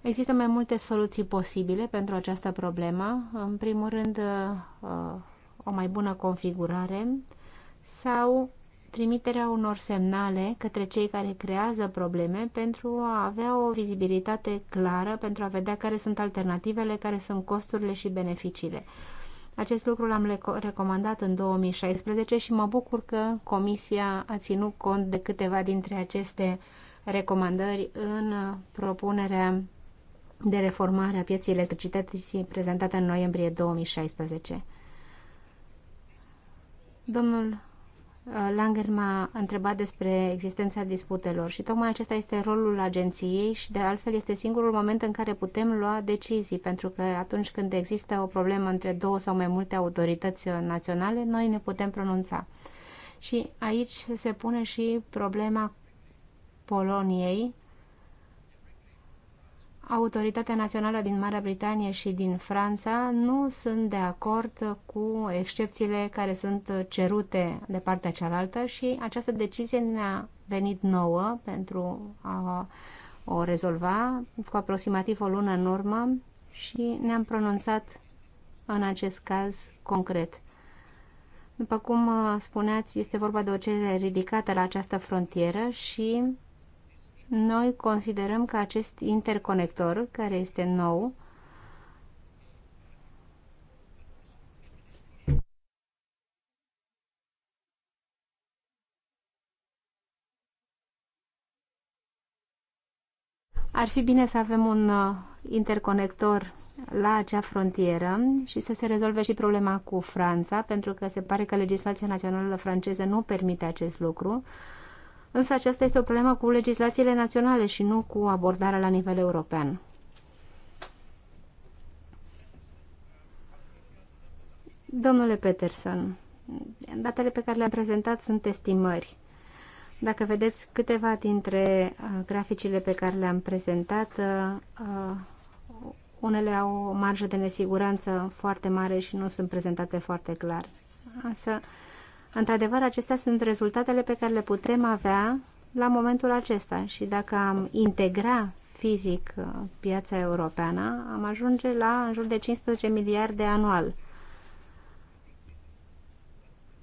Există mai multe soluții posibile pentru această problemă. În primul rând, uh, uh o mai bună configurare, sau trimiterea unor semnale către cei care creează probleme pentru a avea o vizibilitate clară, pentru a vedea care sunt alternativele, care sunt costurile și beneficiile. Acest lucru l-am recomandat în 2016 și mă bucur că Comisia a ținut cont de câteva dintre aceste recomandări în propunerea de reformare a pieței electricității prezentată în noiembrie 2016. Domnul Uh, Langer m-a întrebat despre existența disputelor și tocmai acesta este rolul agenției și de altfel este singurul moment în care putem lua decizii, pentru că atunci când există o problemă între două sau mai multe autorități uh, naționale, noi ne putem pronunța. Și aici se pune și problema Poloniei, Autoritatea Națională din Marea Britanie și din Franța nu sunt de acord cu excepțiile care sunt cerute de partea cealaltă și această decizie ne-a venit nouă pentru a o rezolva cu aproximativ o lună în urmă și ne-am pronunțat în acest caz concret. După cum uh, spuneați, este vorba de o cerere ridicată la această frontieră și noi considerăm că acest interconector, care este nou, ar fi bine să avem un uh, interconector la acea frontieră și să se rezolve și problema cu Franța, pentru că se pare că legislația națională franceză nu permite acest lucru. Însă aceasta este o problemă cu legislațiile naționale și nu cu abordarea la nivel european. Domnule Peterson, datele pe care le-am prezentat sunt estimări. Dacă vedeți câteva dintre uh, graficile pe care le-am prezentat, uh, uh, unele au o marjă de nesiguranță foarte mare și nu sunt prezentate foarte clar. Însă, Într-adevăr, acestea sunt rezultatele pe care le putem avea la momentul acesta și dacă am integra fizic uh, piața europeană, am ajunge la în jur de 15 miliarde anual.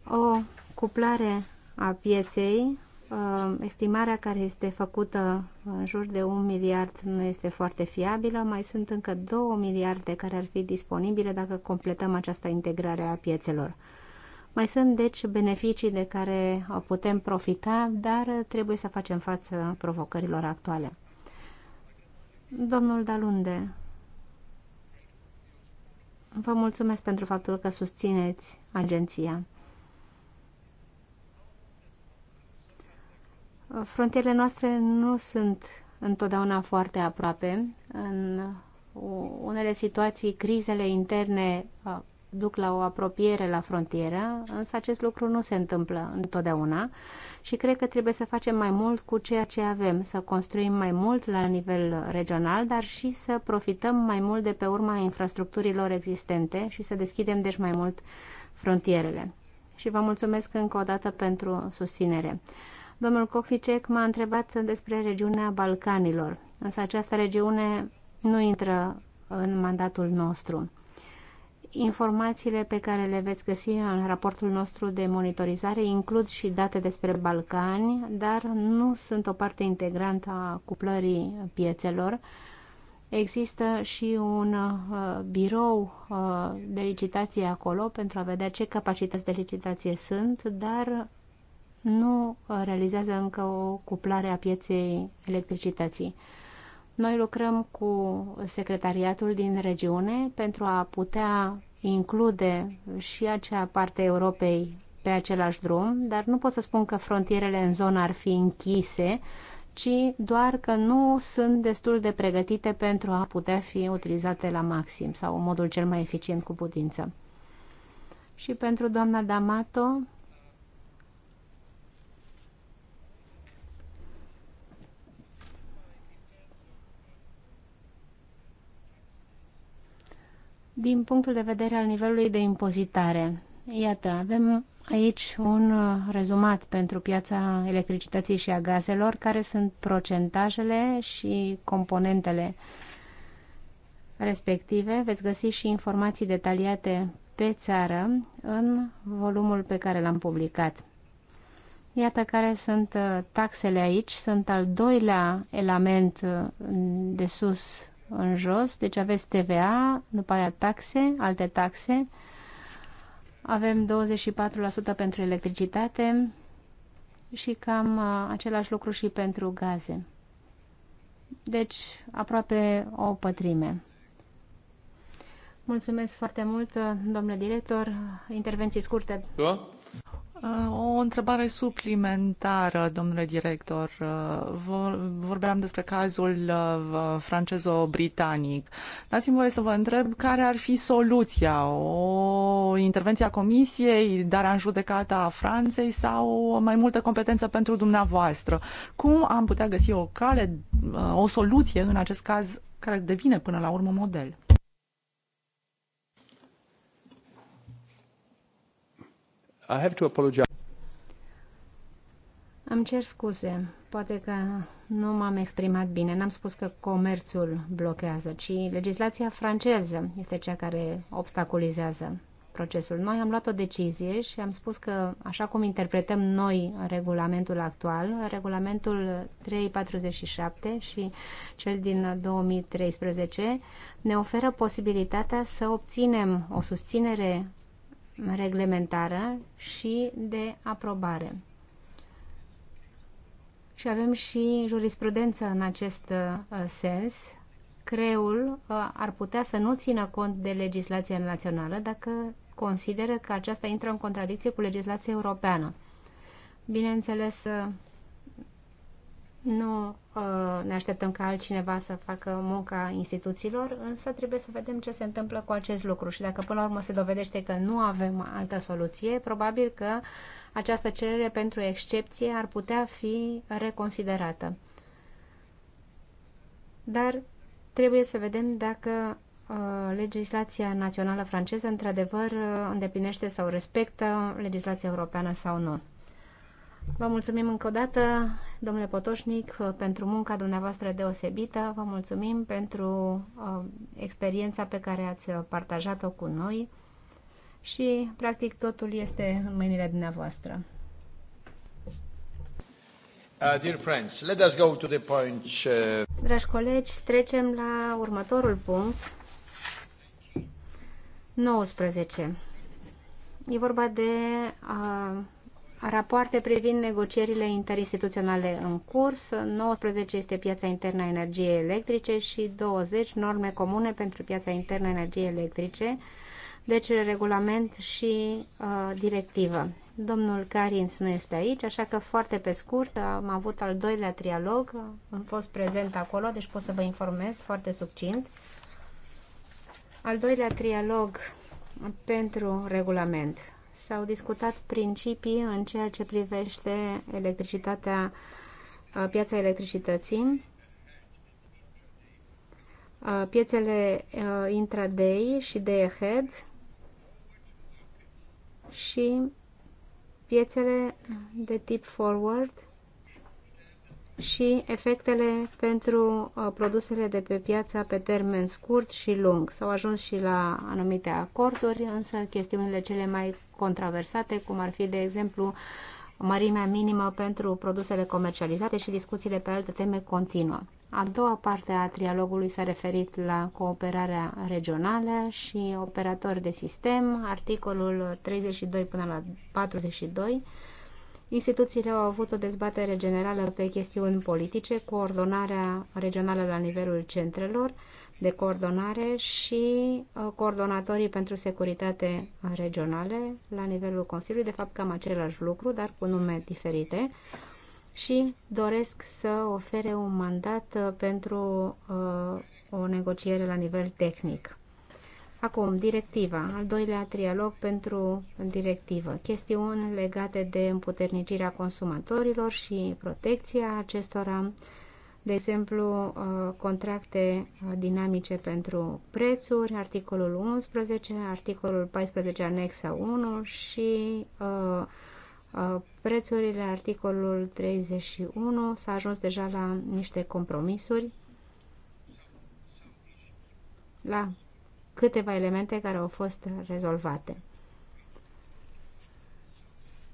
O cuplare a pieței, uh, estimarea care este făcută în jur de 1 miliard nu este foarte fiabilă, mai sunt încă 2 miliarde care ar fi disponibile dacă completăm această integrare a piețelor. Mai sunt, deci, beneficii de care putem profita, dar trebuie să facem față provocărilor actuale. Domnul Dalunde, vă mulțumesc pentru faptul că susțineți agenția. Frontierele noastre nu sunt întotdeauna foarte aproape. În unele situații, crizele interne uh, duc la o apropiere la frontieră, însă acest lucru nu se întâmplă întotdeauna și cred că trebuie să facem mai mult cu ceea ce avem, să construim mai mult la nivel regional, dar și să profităm mai mult de pe urma infrastructurilor existente și să deschidem deci mai mult frontierele. Și vă mulțumesc încă o dată pentru susținere. Domnul Cochlicek m-a întrebat despre regiunea Balcanilor, însă această regiune nu intră în mandatul nostru. Informațiile pe care le veți găsi în raportul nostru de monitorizare includ și date despre Balcani, dar nu sunt o parte integrantă a cuplării piețelor. Există și un uh, birou uh, de licitație acolo pentru a vedea ce capacități de licitație sunt, dar nu realizează încă o cuplare a pieței electricității. Noi lucrăm cu secretariatul din regiune pentru a putea include și acea parte a Europei pe același drum, dar nu pot să spun că frontierele în zonă ar fi închise, ci doar că nu sunt destul de pregătite pentru a putea fi utilizate la maxim sau în modul cel mai eficient cu putință. Și pentru doamna D'Amato, din punctul de vedere al nivelului de impozitare. Iată, avem aici un uh, rezumat pentru piața electricității și a gazelor, care sunt procentajele și componentele respective. Veți găsi și informații detaliate pe țară în volumul pe care l-am publicat. Iată care sunt uh, taxele aici. Sunt al doilea element uh, de sus în jos, deci aveți TVA, după aia taxe, alte taxe, avem 24% pentru electricitate și cam uh, același lucru și pentru gaze. Deci, aproape o pătrime. Mulțumesc foarte mult, uh, domnule director. Intervenții scurte. Da? Uh, o întrebare suplimentară, domnule director. Uh, vorbeam despre cazul uh, francezo-britanic. Dați-mi voie să vă întreb care ar fi soluția? O intervenție a Comisiei, dar în judecata a Franței sau mai multă competență pentru dumneavoastră? Cum am putea găsi o cale, o soluție în acest caz care devine până la urmă model? I have to apologize. Îmi cer scuze, poate că nu m-am exprimat bine. N-am spus că comerțul blochează, ci legislația franceză este cea care obstaculizează procesul. Noi am luat o decizie și am spus că, așa cum interpretăm noi regulamentul actual, regulamentul 347 și cel din 2013, ne oferă posibilitatea să obținem o susținere reglementară și de aprobare. Și avem și jurisprudență în acest uh, sens. Creul uh, ar putea să nu țină cont de legislația națională dacă consideră că aceasta intră în contradicție cu legislația europeană. Bineînțeles, uh, nu uh, ne așteptăm ca altcineva să facă munca instituțiilor, însă trebuie să vedem ce se întâmplă cu acest lucru și dacă până la urmă se dovedește că nu avem altă soluție, probabil că această cerere pentru excepție ar putea fi reconsiderată. Dar trebuie să vedem dacă uh, legislația națională franceză într-adevăr uh, îndeplinește sau respectă legislația europeană sau nu. Vă mulțumim încă o dată, domnule Potoșnic, pentru munca dumneavoastră deosebită. Vă mulțumim pentru uh, experiența pe care ați partajat-o cu noi și, practic, totul este în mâinile dumneavoastră. Uh, dear friends, let us go to the point, uh... Dragi colegi, trecem la următorul punct, 19. E vorba de uh, Rapoarte privind negocierile interinstituționale în curs, 19 este piața internă a energiei electrice și 20 norme comune pentru piața internă a energiei electrice, deci regulament și uh, directivă. Domnul Carinț nu este aici, așa că foarte pe scurt am avut al doilea trialog, am fost prezent acolo, deci pot să vă informez foarte succint. Al doilea trialog pentru regulament. S-au discutat principii în ceea ce privește electricitatea, uh, piața electricității, uh, piețele uh, intraday și day ahead și piețele de tip forward și efectele pentru produsele de pe piața pe termen scurt și lung. S-au ajuns și la anumite acorduri, însă chestiunile cele mai controversate, cum ar fi, de exemplu, mărimea minimă pentru produsele comercializate și discuțiile pe alte teme continuă. A doua parte a trialogului s-a referit la cooperarea regională și operatori de sistem, articolul 32 până la 42. Instituțiile au avut o dezbatere generală pe chestiuni politice, coordonarea regională la nivelul centrelor, de coordonare și uh, coordonatorii pentru securitate regionale la nivelul Consiliului, de fapt cam același lucru, dar cu nume diferite și doresc să ofere un mandat uh, pentru uh, o negociere la nivel tehnic. Acum, directiva, al doilea trialog pentru directivă, chestiuni legate de împuternicirea consumatorilor și protecția acestora, uh, de exemplu, uh, contracte uh, dinamice pentru prețuri, articolul 11, articolul 14, anexa 1 și uh, prețurile, articolul 31, s-a ajuns deja la niște compromisuri, la câteva elemente care au fost rezolvate.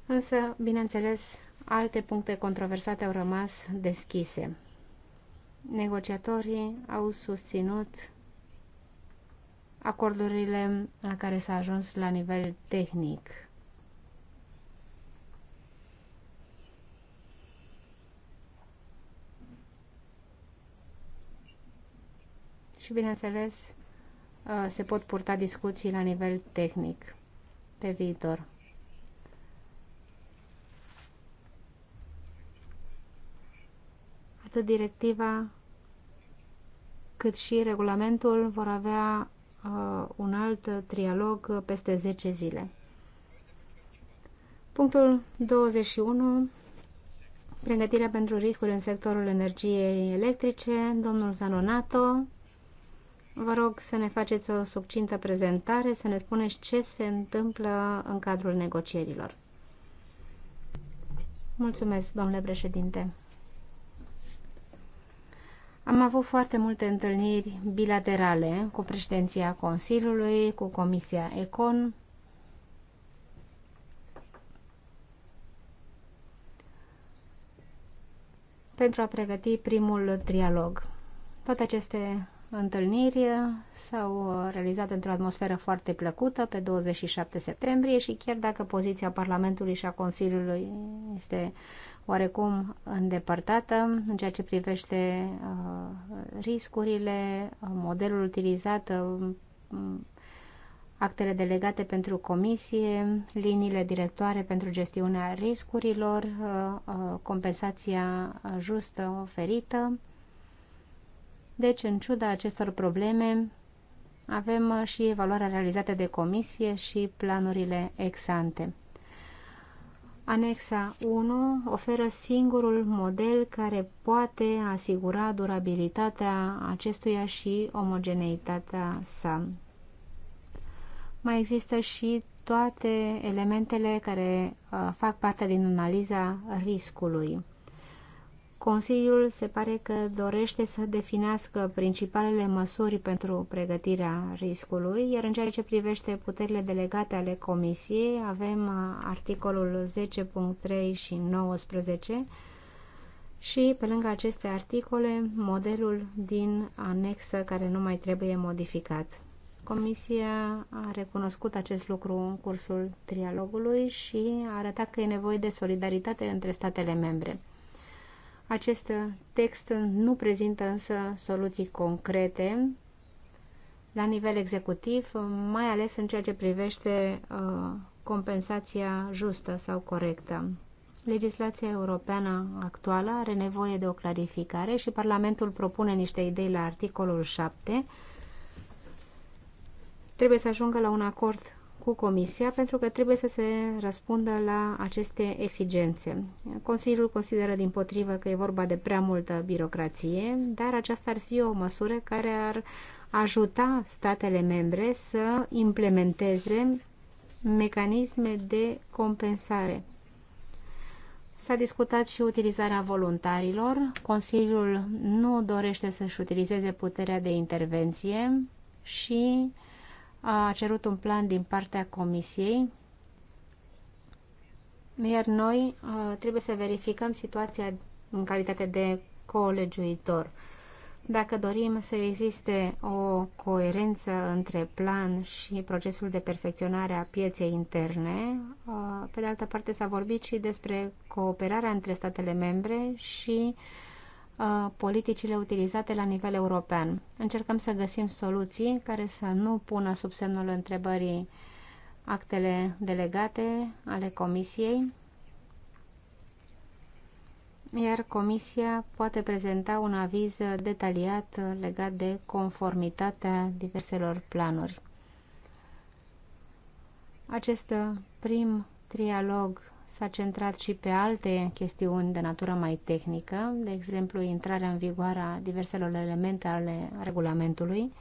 Însă, bineînțeles, alte puncte controversate au rămas deschise negociatorii au susținut acordurile la care s-a ajuns la nivel tehnic. Și, bineînțeles, uh, se pot purta discuții la nivel tehnic pe viitor. Atât directiva cât și regulamentul vor avea uh, un alt trialog uh, peste 10 zile. Punctul 21. Pregătirea pentru riscuri în sectorul energiei electrice. Domnul Zanonato, vă rog să ne faceți o subcintă prezentare, să ne spuneți ce se întâmplă în cadrul negocierilor. Mulțumesc, domnule președinte. Am avut foarte multe întâlniri bilaterale cu președinția Consiliului, cu Comisia Econ. pentru a pregăti primul trialog. Toate aceste întâlniri s-au realizat într-o atmosferă foarte plăcută pe 27 septembrie și chiar dacă poziția Parlamentului și a Consiliului este oarecum îndepărtată în ceea ce privește uh, riscurile, uh, modelul utilizat, uh, actele delegate pentru comisie, liniile directoare pentru gestiunea riscurilor, compensația justă oferită. Deci, în ciuda acestor probleme, avem și evaluarea realizată de comisie și planurile ex ante. Anexa 1 oferă singurul model care poate asigura durabilitatea acestuia și omogeneitatea sa. Mai există și toate elementele care uh, fac parte din analiza riscului. Consiliul se pare că dorește să definească principalele măsuri pentru pregătirea riscului, iar în ceea ce privește puterile delegate ale Comisiei, avem uh, articolul 10.3 și 19 și, pe lângă aceste articole, modelul din anexă care nu mai trebuie modificat. Comisia a recunoscut acest lucru în cursul trialogului și a arătat că e nevoie de solidaritate între statele membre. Acest text nu prezintă însă soluții concrete la nivel executiv, mai ales în ceea ce privește uh, compensația justă sau corectă. Legislația europeană actuală are nevoie de o clarificare și Parlamentul propune niște idei la articolul 7. Trebuie să ajungă la un acord cu Comisia pentru că trebuie să se răspundă la aceste exigențe. Consiliul consideră din potrivă că e vorba de prea multă birocrație, dar aceasta ar fi o măsură care ar ajuta statele membre să implementeze mecanisme de compensare. S-a discutat și utilizarea voluntarilor. Consiliul nu dorește să-și utilizeze puterea de intervenție și a cerut un plan din partea Comisiei, iar noi trebuie să verificăm situația în calitate de colegiuitor. Dacă dorim să existe o coerență între plan și procesul de perfecționare a pieței interne, pe de altă parte s-a vorbit și despre cooperarea între statele membre și uh, politicile utilizate la nivel european. Încercăm să găsim soluții care să nu pună sub semnul întrebării actele delegate ale Comisiei, iar Comisia poate prezenta un aviz detaliat legat de conformitatea diverselor planuri. Acest prim trialog s-a centrat și pe alte chestiuni de natură mai tehnică, de exemplu intrarea în vigoare a diverselor elemente ale regulamentului.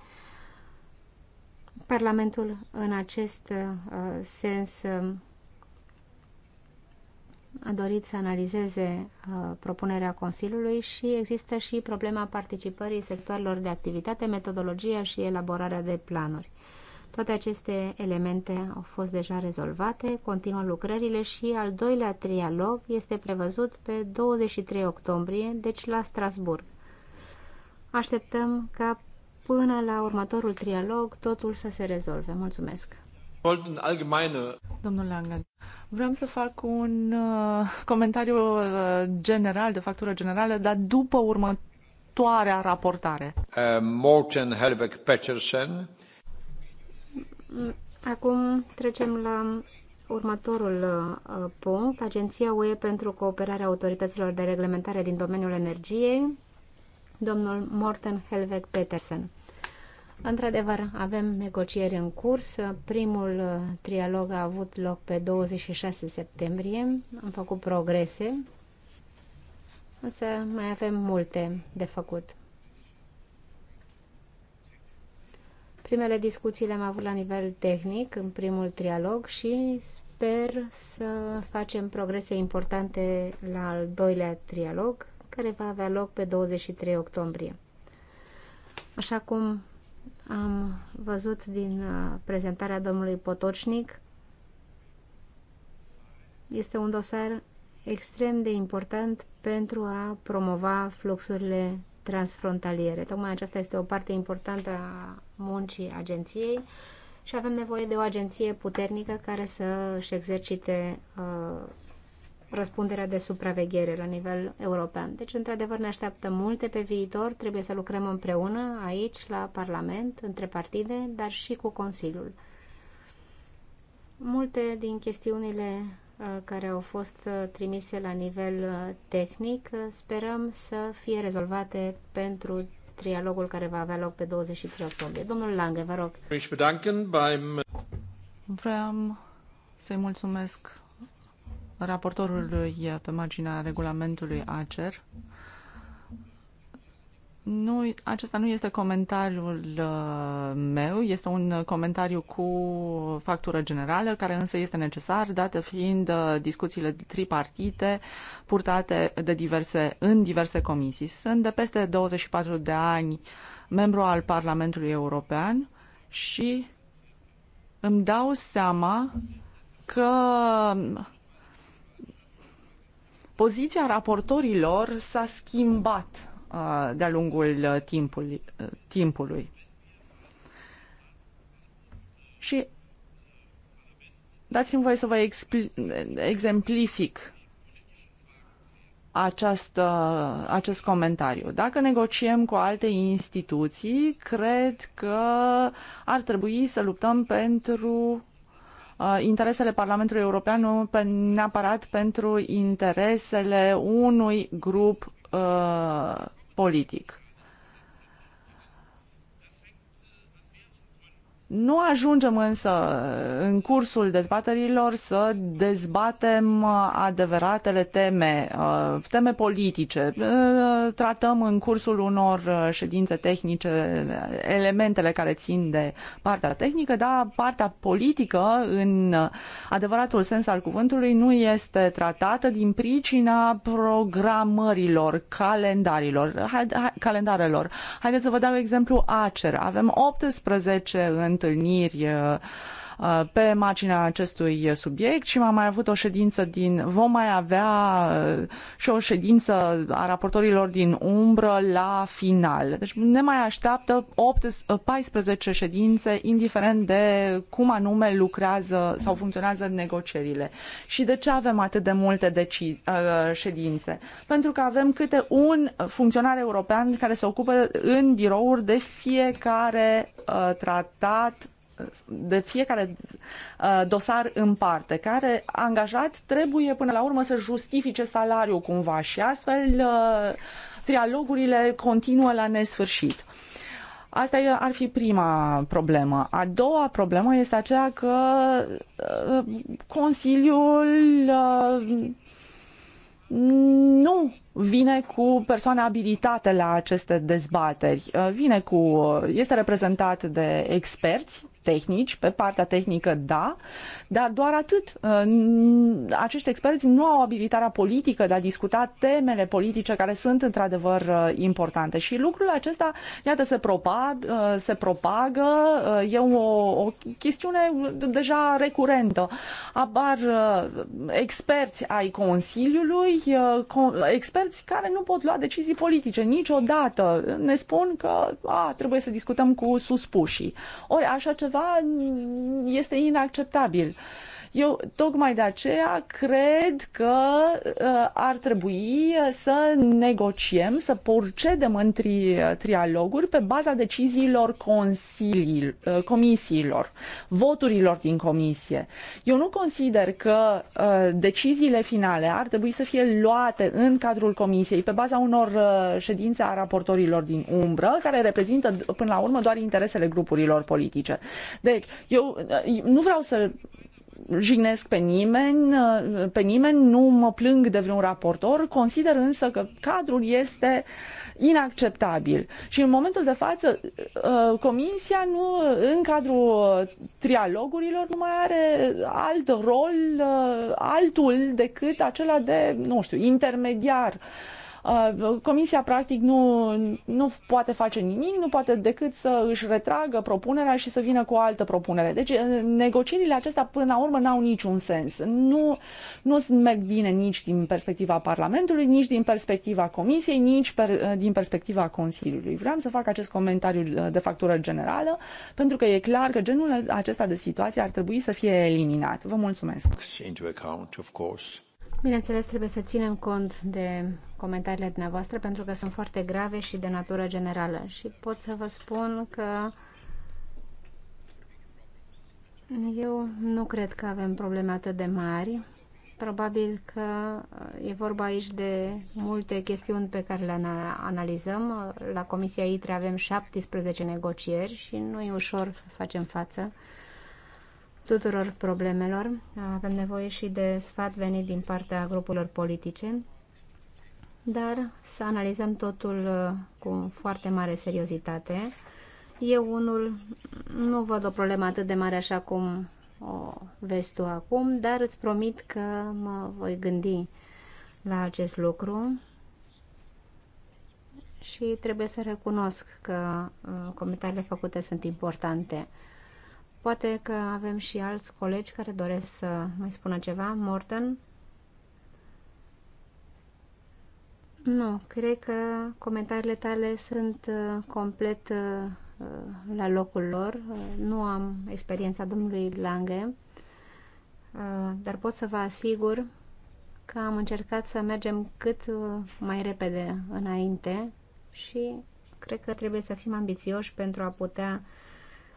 Parlamentul în acest uh, sens uh, a dorit să analizeze uh, propunerea Consiliului și există și problema participării sectoarelor de activitate, metodologia și elaborarea de planuri. Toate aceste elemente au fost deja rezolvate, continuă lucrările și al doilea trialog este prevăzut pe 23 octombrie, deci la Strasburg. Așteptăm ca până la următorul trialog totul să se rezolve. Mulțumesc! Domnul Langă, vreau să fac un uh, comentariu uh, general, de factură generală, dar după următoarea raportare. Uh, Morten helvek Petersen Acum trecem la următorul uh, punct, Agenția UE pentru Cooperarea Autorităților de Reglementare din domeniul energiei, domnul Morten Helveg Petersen. Într-adevăr, avem negocieri în curs. Primul uh, trialog a avut loc pe 26 septembrie. Am făcut progrese, însă mai avem multe de făcut. Primele discuții le-am avut la nivel tehnic în primul trialog și sper să facem progrese importante la al doilea trialog, care va avea loc pe 23 octombrie. Așa cum am văzut din uh, prezentarea domnului Potocnic, este un dosar extrem de important pentru a promova fluxurile transfrontaliere. Tocmai aceasta este o parte importantă a muncii agenției și avem nevoie de o agenție puternică care să își exercite uh, răspunderea de supraveghere la nivel european. Deci, într-adevăr, ne așteaptă multe pe viitor. Trebuie să lucrăm împreună aici, la Parlament, între partide, dar și cu Consiliul. Multe din chestiunile Uh, care au fost uh, trimise la nivel uh, tehnic sperăm să fie rezolvate pentru trialogul care va avea loc pe 23 octombrie. Domnul Lange, vă rog. Vreau să-i mulțumesc raportorului pe marginea regulamentului ACER nu, acesta nu este comentariul uh, meu, este un comentariu cu factură generală, care însă este necesar, dată fiind uh, discuțiile tripartite purtate de diverse, în diverse comisii. Sunt de peste 24 de ani membru al Parlamentului European și îmi dau seama că poziția raportorilor s-a schimbat Uh, de-a lungul uh, timpul, uh, timpului. Și dați-mi voie să vă exemplific această, acest comentariu. Dacă negociem cu alte instituții, cred că ar trebui să luptăm pentru interesele Parlamentului European, nu pe, neapărat pentru interesele unui grup uh, politic. Nu ajungem însă în cursul dezbaterilor să dezbatem uh, adevăratele teme, uh, teme politice. Uh, tratăm în cursul unor ședințe tehnice elementele care țin de partea tehnică, dar partea politică, în adevăratul sens al cuvântului, nu este tratată din pricina programărilor, calendarilor, calendarelor. Haideți să vă dau exemplu Acer. Avem 18 în întâlniri uh, Uh, pe marginea acestui subiect și am mai avut o ședință din, vom mai avea uh, și o ședință a raportorilor din umbră la final. Deci ne mai așteaptă 8, 14 uh, ședințe, indiferent de cum anume lucrează sau funcționează negocierile. Și de ce avem atât de multe deci ședințe? Pentru că avem câte un funcționar european care se ocupă în birouri de fiecare tratat de fiecare uh, dosar în parte. Care angajat trebuie până la urmă să justifice salariul cumva și astfel uh, trialogurile continuă la nesfârșit. Asta ar fi prima problemă. A doua problemă este aceea că uh, Consiliul nu vine cu persoane abilitate la aceste dezbateri. Vine cu, este reprezentat de experți tehnici, pe partea tehnică da, dar doar atât. Uh, acești experți nu au abilitarea politică de a discuta temele politice care sunt într-adevăr uh, importante și lucrul acesta, iată, se, propag, uh, se propagă, e o, o chestiune deja recurentă. Abar, experți ai Consiliului, experți care nu pot lua decizii politice niciodată. Ne spun că a, trebuie să discutăm cu suspușii. Ori așa ce ceva este inacceptabil. Uh, eu tocmai de aceea cred că uh, ar trebui să negociem, să procedem în tri, trialoguri pe baza deciziilor consilii, uh, comisiilor, voturilor din comisie. Eu nu consider că uh, deciziile finale ar trebui să fie luate în cadrul comisiei pe baza unor uh, ședințe a raportorilor din umbră, care reprezintă până la urmă doar interesele grupurilor politice. Deci, eu uh, nu vreau să jignesc pe nimeni, pe nimeni, nu mă plâng de vreun raportor, consider însă că cadrul este inacceptabil. Și în momentul de față, uh, Comisia nu, în cadrul trialogurilor nu mai are alt rol, uh, altul decât acela de, nu știu, intermediar Uh, comisia practic nu, nu poate face nimic, nu poate decât să își retragă propunerea și să vină cu o altă propunere. Deci uh, negocierile acestea până la urmă n-au niciun sens. Nu, nu merg bine nici din perspectiva Parlamentului, nici din perspectiva Comisiei, nici per, uh, din perspectiva Consiliului. Vreau să fac acest comentariu de factură generală, pentru că e clar că genul acesta de situație ar trebui să fie eliminat. Vă mulțumesc. Bineînțeles, trebuie să ținem cont de comentariile dumneavoastră pentru că sunt foarte grave și de natură generală și pot să vă spun că eu nu cred că avem probleme atât de mari. Probabil că uh, e vorba aici de multe chestiuni pe care le analizăm. La Comisia ITRE avem 17 negocieri și nu e ușor să facem față tuturor problemelor. Avem nevoie și de sfat venit din partea grupurilor politice, dar să analizăm totul uh, cu foarte mare seriozitate. Eu unul nu văd o problemă atât de mare așa cum o vezi tu acum, dar îți promit că mă voi gândi la acest lucru și trebuie să recunosc că uh, comentariile făcute sunt importante. Poate că avem și alți colegi care doresc să mai spună ceva. Morten? Nu, cred că comentariile tale sunt uh, complet uh, uh, la locul lor. Nu am experiența domnului Lange, dar pot să vă asigur că am încercat să mergem cât mai repede înainte și cred că trebuie să fim ambițioși pentru a putea uh,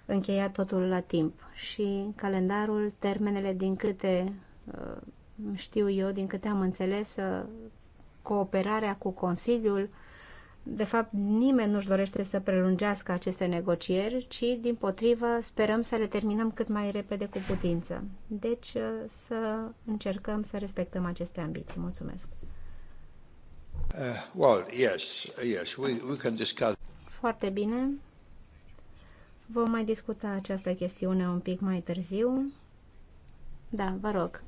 încheia totul la timp. Și calendarul, termenele, din câte uh, știu eu, din câte am înțeles, uh, cooperarea cu Consiliul, de fapt, nimeni nu-și dorește să prelungească aceste negocieri, ci, din potrivă, sperăm să le terminăm cât mai repede cu putință. Deci, uh, să încercăm să respectăm aceste ambiții. Mulțumesc! Uh, well, yes, yes, we, we can discuss. Foarte bine, Vom mai discuta această chestiune un pic mai târziu. Da, vă rog.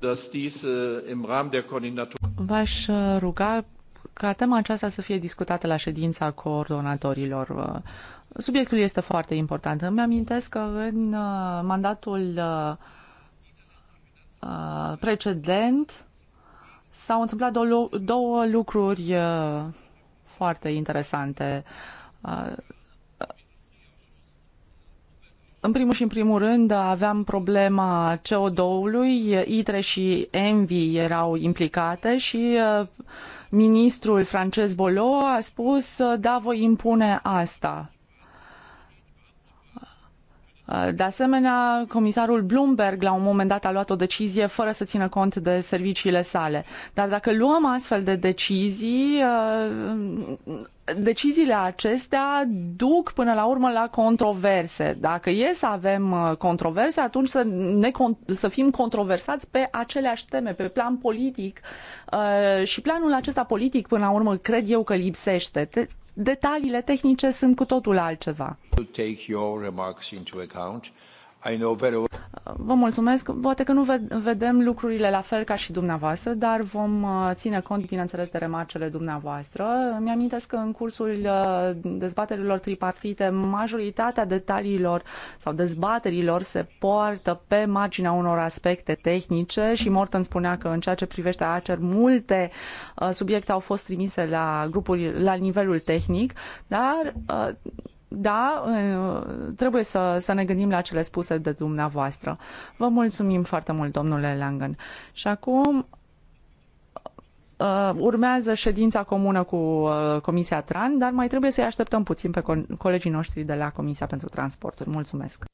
Äh, V-aș äh, ruga ca tema aceasta să fie discutată la ședința coordonatorilor. Subiectul este foarte important. Îmi amintesc că în uh, mandatul uh, uh, precedent s-au întâmplat două lucruri foarte interesante. În primul și în primul rând aveam problema CO2-ului, ITRE și ENVI erau implicate și uh, ministrul francez Bolo a spus uh, da, voi impune asta. Uh, de asemenea, comisarul Bloomberg la un moment dat a luat o decizie fără să țină cont de serviciile sale. Dar dacă luăm astfel de decizii, uh, deciziile acestea duc până la urmă la controverse. Dacă e să avem uh, controverse, atunci să, ne, să fim controversați pe aceleași teme, pe plan politic. Și planul acesta politic, până la urmă, cred eu că lipsește detaliile tehnice sunt cu totul altceva. Vă mulțumesc. Poate că nu vedem lucrurile la fel ca și dumneavoastră, dar vom uh, ține cont, bineînțeles, de remarcele dumneavoastră. Mi-amintesc că în cursul uh, dezbaterilor tripartite, majoritatea detaliilor sau dezbaterilor se poartă pe marginea unor aspecte tehnice și Morton spunea că în ceea ce privește Acer, multe uh, subiecte au fost trimise la grupuri la nivelul tehnic, dar da, trebuie să, să ne gândim la cele spuse de dumneavoastră. Vă mulțumim foarte mult, domnule Langen. Și acum uh, urmează ședința comună cu uh, Comisia Tran, dar mai trebuie să-i așteptăm puțin pe colegii noștri de la Comisia pentru Transporturi. Mulțumesc!